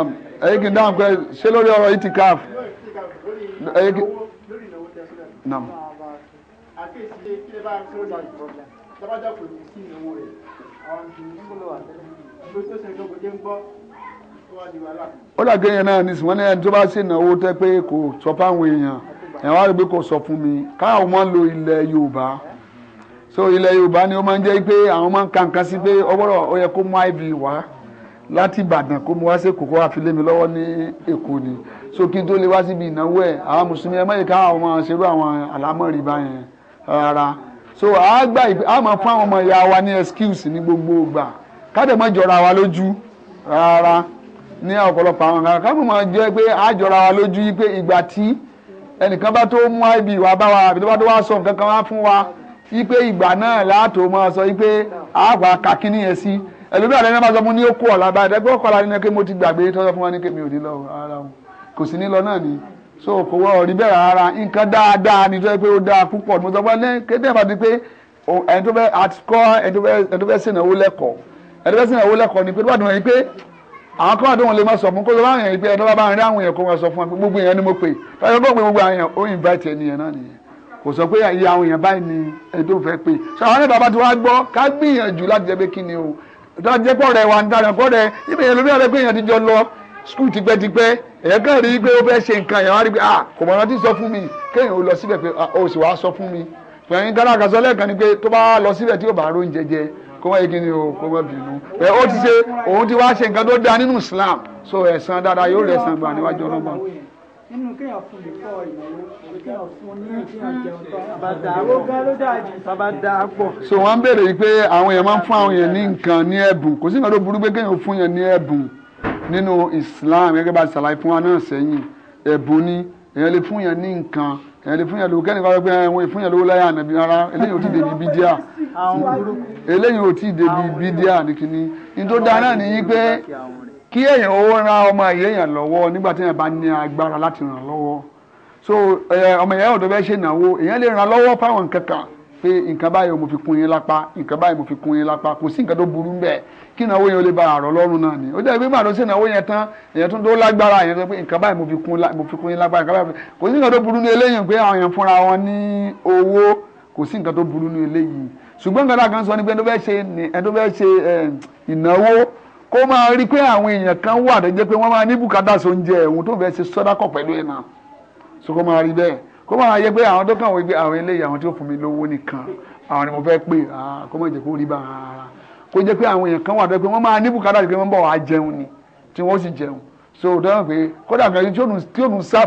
ẹ̀yìn kì í dáhùn pé ṣé lórí ọ̀rọ̀ itikaf ẹ̀yìn kì í na. ó dàgé yẹn náà nísìnyí wọn ní ẹni tó bá ṣe ìnáwó tẹ pé kò sọ fáwọn èèyàn ẹ̀ wá rí i pé kò sọ fún mi káwọn máa ń lo ilẹ̀ Yorùbá so ilẹ̀ yorùbá ni ó máa ń jẹ́ pé àwọn máa ń ka nǹkan sí pé ọwọ́rọ̀ ó yẹ kó mú iv wá láti ìbàdàn kó mú wá sí kòkó àfilé lọ́wọ́ ní èkó ni so kí n tó lè wá síbi ìnáwó ẹ̀ àwọn mùsùlùmí ẹ má yẹ ká àwọn máa ṣerú àwọn àlámọ̀rí báyẹn rárá so àgbà a máa fún àwọn ọmọ ìyá wa ní excuse ní gbogbo ìgbà káde má jọra wa lójú rárá ní ọ̀pọ̀lọpọ̀ àwọn kan ká má jẹ́ pé a jọra wa lójú yí pé ìgbà tí ẹnìkan bá tó mú iv wá bá wa àbí tó bá tó wá sọ nǹkan kan wá fún wa ipe ìgbà náà láàtò máa sọ wípé àwa kàkínní yẹn sí ẹlòmíràn lẹ́nu máa sọ ní ó kó ọ̀la báyìí ẹgbẹ́ ọkọ̀ la nínú pé mo ti gbàgbé tọ́jọ́ fún wa ní kémi ò ní lọ ara wọn kò sí ní lọ náà ni so kò wọ ọ̀rí bẹ́ẹ̀ rárá nǹkan dáadáa ni tó yẹ pé ó dáa púpọ̀ mo sọ fún ẹ kéde ìbàdí pé ẹni tó fẹ́ àtikọ́ ẹni tó fẹ́ sìnàwó lẹ́kọ̀ọ́ ẹni tó fẹ́ sìnàwó lẹ́kọ̀ọ́ ni pé tó bá dùn ẹ́ pé àwọn kan àdóhùn lè máa sọ fún kó ló bá yẹn pé ẹni tó bá bá rí àwọn èèyàn kó wọn sọ fún ẹ gbogbo èèyàn ni mo pè tọ́jú gbogbo àwọn invite ẹni yẹn kò sọ pé ìyá àwọn èèyàn báyìí ni ẹni tó fẹ́ pè sọ àwọn ẹni bàbá tí wọ́n á gbọ́ ká gbìyànjú láti jẹ́ pé kí ni o tó jẹ́ pọ̀ rẹ̀ wà ń darẹ̀ pọ̀ rẹ̀ ibi èèyàn lómi ọ̀rẹ́ pé èèyàn ti jọ lọ skul tipẹ́tipẹ́ èèyàn kàn rí pé ó fẹ́ ṣe nǹkan èèyàn wá rí pé ah kò mọ̀ rántí sọ fún mi kéèyàn ó lọ síbẹ̀ pé ah, ó sì wá sọ fún mi pẹ̀yìn gánà kan sọ lẹ́ẹ̀kan ni pé tó bá lọ síbẹ̀ tí ó bá rón jẹjẹ kó wọ́n yegi ni o kó wọ́n bínú pẹ̀ ó ti ṣe òun ti wá ṣe nǹkan tó dáa nínú Islam so ẹ̀san dáadáa yóò rẹ̀ ẹ̀san gbà níwájú ọlọ́gbọ́n nínú kéèyàn fún mi fọ ìnáwó kéèyàn fún ní kéèyàn hmm. jẹun tán àbàdà àwògá ló dáa àbàdà pọ̀. so wọ́n ń béèrè pé àwọn èèyàn máa ń fún àwọn èèyàn ní nǹkan ní ẹ̀bùn kò sí nǹkan tó burú pé kéèyàn fún yẹn ní ẹ̀bùn nínú Islam gẹ́gẹ́ bá ṣàlàyé fún wa náà sẹ́yìn ẹ̀bùn ni èèyàn lè fún yẹn ní nǹkan èèyàn lè fún yẹn lówó kẹ́ni kan pé eh, wọ́n fún yẹn lówó láyà ànàbí rárá eléyìí ò tí débi bídíà eléyìí ò tí débi bídíà nìkíní ní tó nìyí pé kí èèyàn ó ran ọmọ èèyàn lọ́wọ́ nígbà tí èèyàn bá ní agbára láti ràn lọ́wọ́ so ọmọ èèyàn ọ̀dọ́ bẹ́ẹ̀ ṣe ìnáwó èèyàn lè ràn lọ́wọ́ fáwọn nǹkan kan pé nǹkan báyìí mo fi kún yín lápá nǹkan báyìí mo fi kún yín lápá kò sí nǹkan tó burú ń bẹ̀ kí ìnáwó yẹn ó lè ba àrọ̀ lọ́rùn náà ni ó dẹ̀ pé màdó sí ìnáwó yẹn tán èèyàn tó lágbára èèyàn tó pé nǹkan báyìí mo fi kún yín lápá nǹkan báyìí kò sí nǹkan tó burú ní eléyìí pé àwọn èèyàn fúnra wọn ní owó kò sí nǹkan tó burú ní eléyìí ṣùgbọ́n nǹkan náà kan sọ ni pé ẹni tó fẹ́ ṣe ìnáwó kó máa rí pé àwọn èèyàn kan wà tó jẹ́ pé wọ́n máa ní bùkátà sóúnjẹ òun tó fẹ́ ṣe sọ́dákọ̀ pẹ̀lú ẹ̀ náà so kó máa rí bẹ́ẹ̀ kó máa yẹ pé àwọn tó kàn wọ́n gbé àwọn eléyìí àwọn tó fún mi lówó nìkan àwọn ni mo fẹ́ pè kó má jẹ́ kó rí bá ara kó jẹ́ pé àwọn èèyàn kan wà tó pé wọ́n máa ní bùkátà pé wọ́n bọ̀ wá jẹun ni tí wọ́n sì jẹun so tó yàn pé kódà kan tí òun sá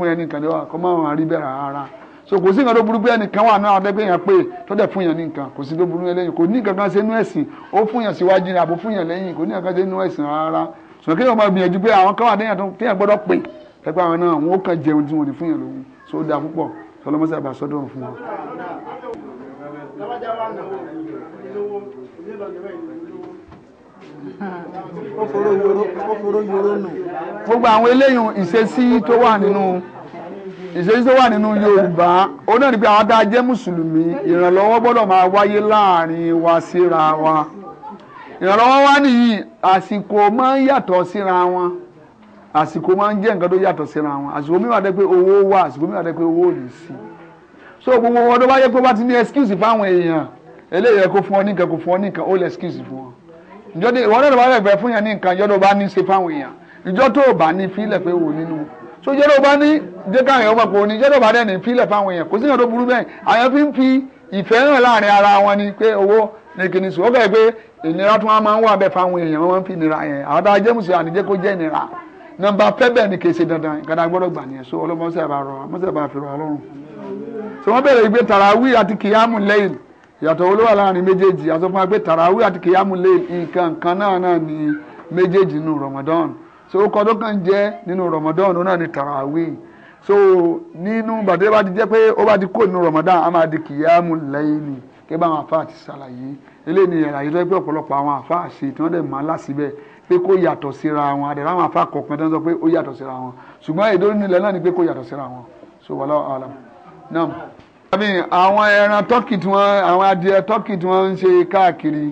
ni wọ́n kọ́ máa so kò sí nǹkan tó burú pé ẹnìkan wà náà ọdẹ pé èèyàn pé tó dẹ̀ fún yàn ní nǹkan kò sí tó burú eléyìí kò ní nǹkan kan ṣe nú ẹ̀sìn ó fún yàn síwájú àbò fún yàn lẹ́yìn kò ní nǹkan kan ṣe nú ẹ̀sìn rárá so kéèyàn máa gbìyànjú pé àwọn kan wà déyàn tó téèyàn gbọ́dọ̀ pé ẹgbẹ́ àwọn náà wọn ó kàn jẹun tí wọn lè fún yàn lóhun so ó dáa púpọ̀ sọlọmọsí àbá sọdọ̀ fún wọn. ó foró yoró nù. gbogbo àwọn eléyìí ìṣesí tó wà nínú ìṣesí tó wà nínú Yorùbá ó náà ní pé àwọn dáa jẹ́ mùsùlùmí ìrànlọ́wọ́ gbọ́dọ̀ máa wáyé láàrin wa síra wa ìrànlọ́wọ́ wa nìyí àsìkò máa ń yàtọ̀ síra wọn àsìkò máa ń jẹ́ nǹkan tó yàtọ̀ síra wọn àsìkò mi wà dé pé owó wà àsìkò mi wà dé pé owó ò ní sí so gbogbo ọdọ bá yẹ pé bá ti ní excuse fáwọn èèyàn eléyìí kó fún ọ ní nǹkan kó fún ọ ní nǹkan ó lè excuse fún ọ ìjọ tó ìwọ náà lọ bá rẹ̀ fẹ́ fún yẹn ní nǹkan tó bá ní ṣe fáwọn èèyàn ìjọ tó bá ní fílẹ̀ pé wò nínú so jẹ́rọ bá ní jẹ́ káwọn èèyàn mọ̀pọ̀ ní jẹ́rọ bá dẹ̀ ní fílẹ̀ fáwọn èèyàn kò sí ìyàn tó burú bẹ́ẹ̀ àwọn fi ń fi ìfẹ́ hàn láàrin ara wọn ni pé owó ní kíní sùn ó bẹ̀rẹ̀ pé ìnira tó máa ń wà bẹ́ẹ̀ fáwọn èèyàn wọn fi ìnira yẹn àwọn tá a jẹ́ mùsùlùmí àníjẹ́ kó jẹ́ ìnira nọ́mbà fẹ́ bẹ́ẹ̀ ni kèsè dandan ìkàdà gbọ́dọ̀ gbà yẹn so ọlọ́mọ ìyàtọ̀ wo ló wà láàrin méjèèjì àsọfún agbé tàràwí àti kìyàmù lè nǹkan kan náà náà ní méjèèjì nù Ramadan so ó kọ́ tó kàn jẹ́ nínú Ramadan náà ni tarawih so nínú bàtẹ́ bá ti jẹ́ pé ó bá ti kó nínú Ramadan a máa di kìyàmù láyìlì kí bá àwọn àfáà ti ṣàlàyé eléyìí ni ìràyè tó yẹ pé ọ̀pọ̀lọpọ̀ àwọn àfáà ṣe tí wọ́n dẹ̀ máa lásìbẹ̀ pé kó yàtọ̀ síra wọn àdẹ̀rẹ̀ àwọn àfáà kọ̀ọ̀kan tó ń sọ pé ó yàtọ̀ síra wọn ṣùgbọ́n èdè onílẹ̀ náà ni pé kó yàtọ̀ síra wọn so wallahu alam náà. àwọn ẹran tọ́kì tí wọ́n àwọn adìẹ tọ́kì tí wọ́n ń ṣe káàkiri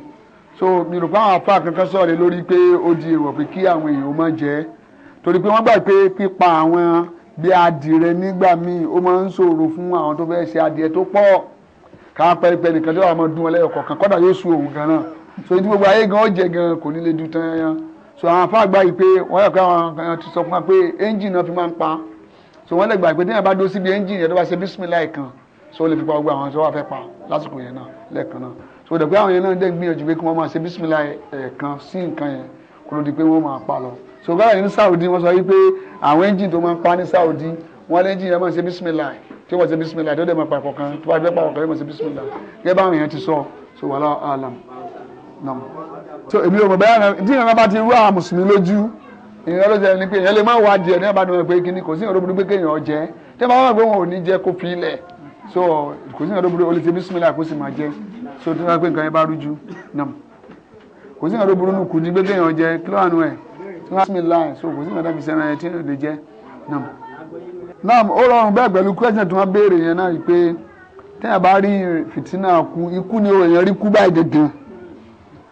so mi afa kankan sọ̀rọ̀ lórí pé ó di èèwọ̀ pé kí àwọn èèyàn máa jẹ torí pé wọ́n gbà pé pípa àwọn bí adìrẹ nígbà míì ó máa ń ṣòro fún àwọn tó fẹ́ ṣe adìẹ tó pọ̀ ká pẹ́ẹ́pẹ́ nìkan tí wọ́n máa dún ọlẹ́yọ̀ kọ̀ọ̀kan kọ́dà yóò sun òun gan náà so ní gbogbo ayé gan ó jẹ gan kò ní lè dun tán yan so àwọn afa gbà yìí pé wọ́n yà pé àwọn kan ti sọ fún wa pé ẹ́ńjìn náà fi máa ń pa so wọ́n lè gbà pé téèyàn bá dó síbi ẹ́ńjìn yẹn tó bá ṣe bísímìlá so dẹ̀ pé àwọn yẹn náà dẹ̀ gbìyànjú pé kí wọ́n máa ṣe bísímìlá ẹ̀ẹ̀kan eh, sí nǹkan yẹn kó ló di pé wọ́n máa pa lọ so báyìí ní Saudi wọ́n sọ wípé àwọn ẹ́ńjìn tó máa ń pa ní Saudi wọ́n lé ẹ́ńjìn yẹn máa ṣe bísímìlá tí wọ́n ṣe bísímìlá tó dẹ̀ máa pa ìkọ̀kan tó bá fẹ́ pa ọ̀kan yẹn máa ṣe bísímìlá gẹ́gẹ́ báwọn yẹn ti sọ so wàhálà alam nam so èmi ò mọ̀ bẹ́ẹ̀ bá ti rú àwọn mùsùlùmí lójú ìran ló jẹ ni pé èèyàn lè má wá jẹ ní àbádọ́ wọn pé kíní kò sí ìran lóbodò pé kéèyàn jẹ tí wọ́n bá wà pé wọn ò ní jẹ kó fi ilẹ̀ so kò so tó bá pé nǹkan yẹn bá rújú náà kò sí nǹkan tó burú nù ní gbégbé yẹn jẹ so kò sí nǹkan tó fi sẹ́ran tí lè jẹ náà. náà ó rọrùn bẹ́ẹ̀ pẹ̀lú kúrẹ́sìn tí wọ́n béèrè yẹn náà pé bá rí fìtínà ikú ni o rí kú báyìí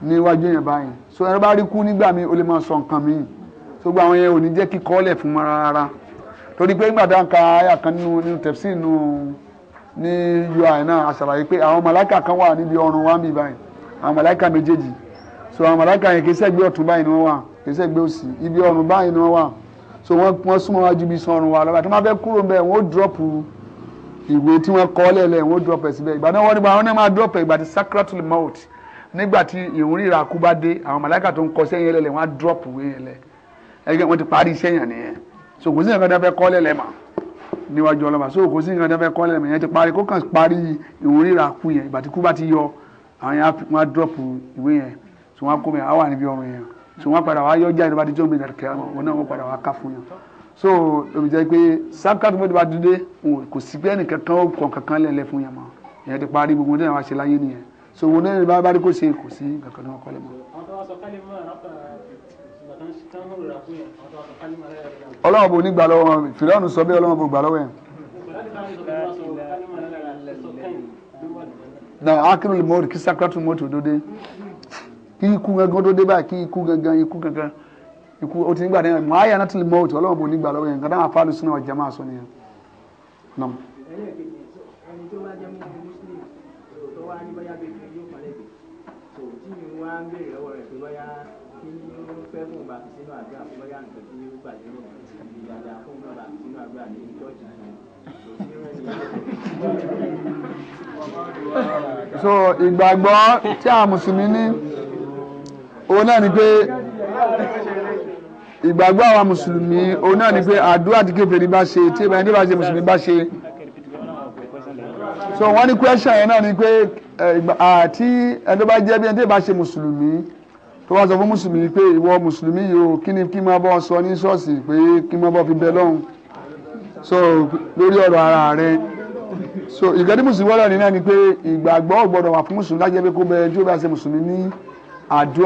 dandan yẹn báyìí so ẹni bá rí kú nígbà mi ó lè máa sọ nǹkan so àwọn yẹn ò ní kíkọ́ fún rárá torí pé nígbà tá à ń ka ní UI náà aṣàlàyé pé àwọn màláìkà kan wà níbi ọrùn wa níbi báyìí àwọn màláìkà méjèèjì so àwọn màláìkà yẹn kì í sẹ́gbẹ́ ọ̀tún báyìí ni wọ́n wà kì í sẹ́gbẹ́ òsì ibi ọrùn báyìí ni wọ́n wà so wọ́n wọ́n súnmọ́ wájú bí sọ ọrùn wa lọ́ba tí wọ́n fẹ́ kúrò ń bẹ̀ wọ́n ó dúrọ́pù ìwé tí wọ́n kọ́ lẹ́lẹ̀ wọ́n ó dúrọ́pù síbẹ̀ ìgbà náà wọ́n ní wọ́n máa dúrọ́pù ìgbà tí sacratul mouth nígbà tí á dúrọ́pù so kò sí ìyẹn kan tó níwájú ọlọ́ba so kò sí nǹkan tó fẹ́ kọ́ lẹ́mọ̀ yẹn ti parí kó kàn parí ìwé rírà kú yẹn ìgbà tí kú bá ti yọ àwọn yẹn wọn á dọ́pù ìwé yẹn so wọn á kó mi àwọn àníbi ọrùn yẹn so wọn padà wá yọ jáde tó bá ti jó mi dàkẹ́ wọn náà wọn padà wá ká fún yẹn so omi jẹ́ pé sákàtú mọ́tò bá dúdé kò sí pé ẹnìkan kan kankan lẹ́lẹ́ fún yẹn mọ́ yẹn ti parí gbogbo náà so wọn náà bá bá rí kó ṣe kò ọlọ́run bò ní gbà lọ́wọ́ mi fìlọ́nù sọ bí ọlọ́run bò gbà lọ́wọ́ yẹn. na akérò mọ́ọ̀dù kí sakratu mọ́ọ̀tù tó dé kí ikú gangan tó dé báyìí kí ikú gangan ikú gangan ikú o ti nígbà dẹ́yìn mọ́ àyà náà ti mọ́ọ̀tù ọlọ́run bò ní gbà lọ́wọ́ yẹn nǹkan táwọn afáàlù sínú ọjà máa sọ nìyẹn. nam fẹ́ fún bá sínú àdúrà fún bóyá nǹkan tí ó gbà lérò ìdí dáadáa fún bá sínú àdúrà ní ìjọ́jì so ìgbàgbọ́ tí a mùsùlùmí ní òun náà ni pé ìgbàgbọ́ àwa mùsùlùmí òun náà ni pé àdúrà tí kèfèrí bá ṣe tí ìbáyé bá ṣe mùsùlùmí bá ṣe so wọ́n ní question yẹn náà ni pé àti ẹni tó bá jẹ́ bí ẹni tó bá ṣe mùsùlùmí tó wá sọ fún mùsùlùmí pé ìwọ mùsùlùmí yìí o kí ni kí máa bọ́ sọ ní ṣọ́ọ̀ṣì pé kí máa bọ́ fi bẹ lọ́hùn so lórí ọ̀rọ̀ ara rẹ so ìgbẹ́dí mùsùlùmí wọ́n lọ́ọ̀ ní náà ni pé ìgbàgbọ́ gbọ́dọ̀ wà fún mùsùlùmí lájẹ́ pé kó bẹ ẹjọ́ bá ṣe mùsùlùmí ní àdúrà.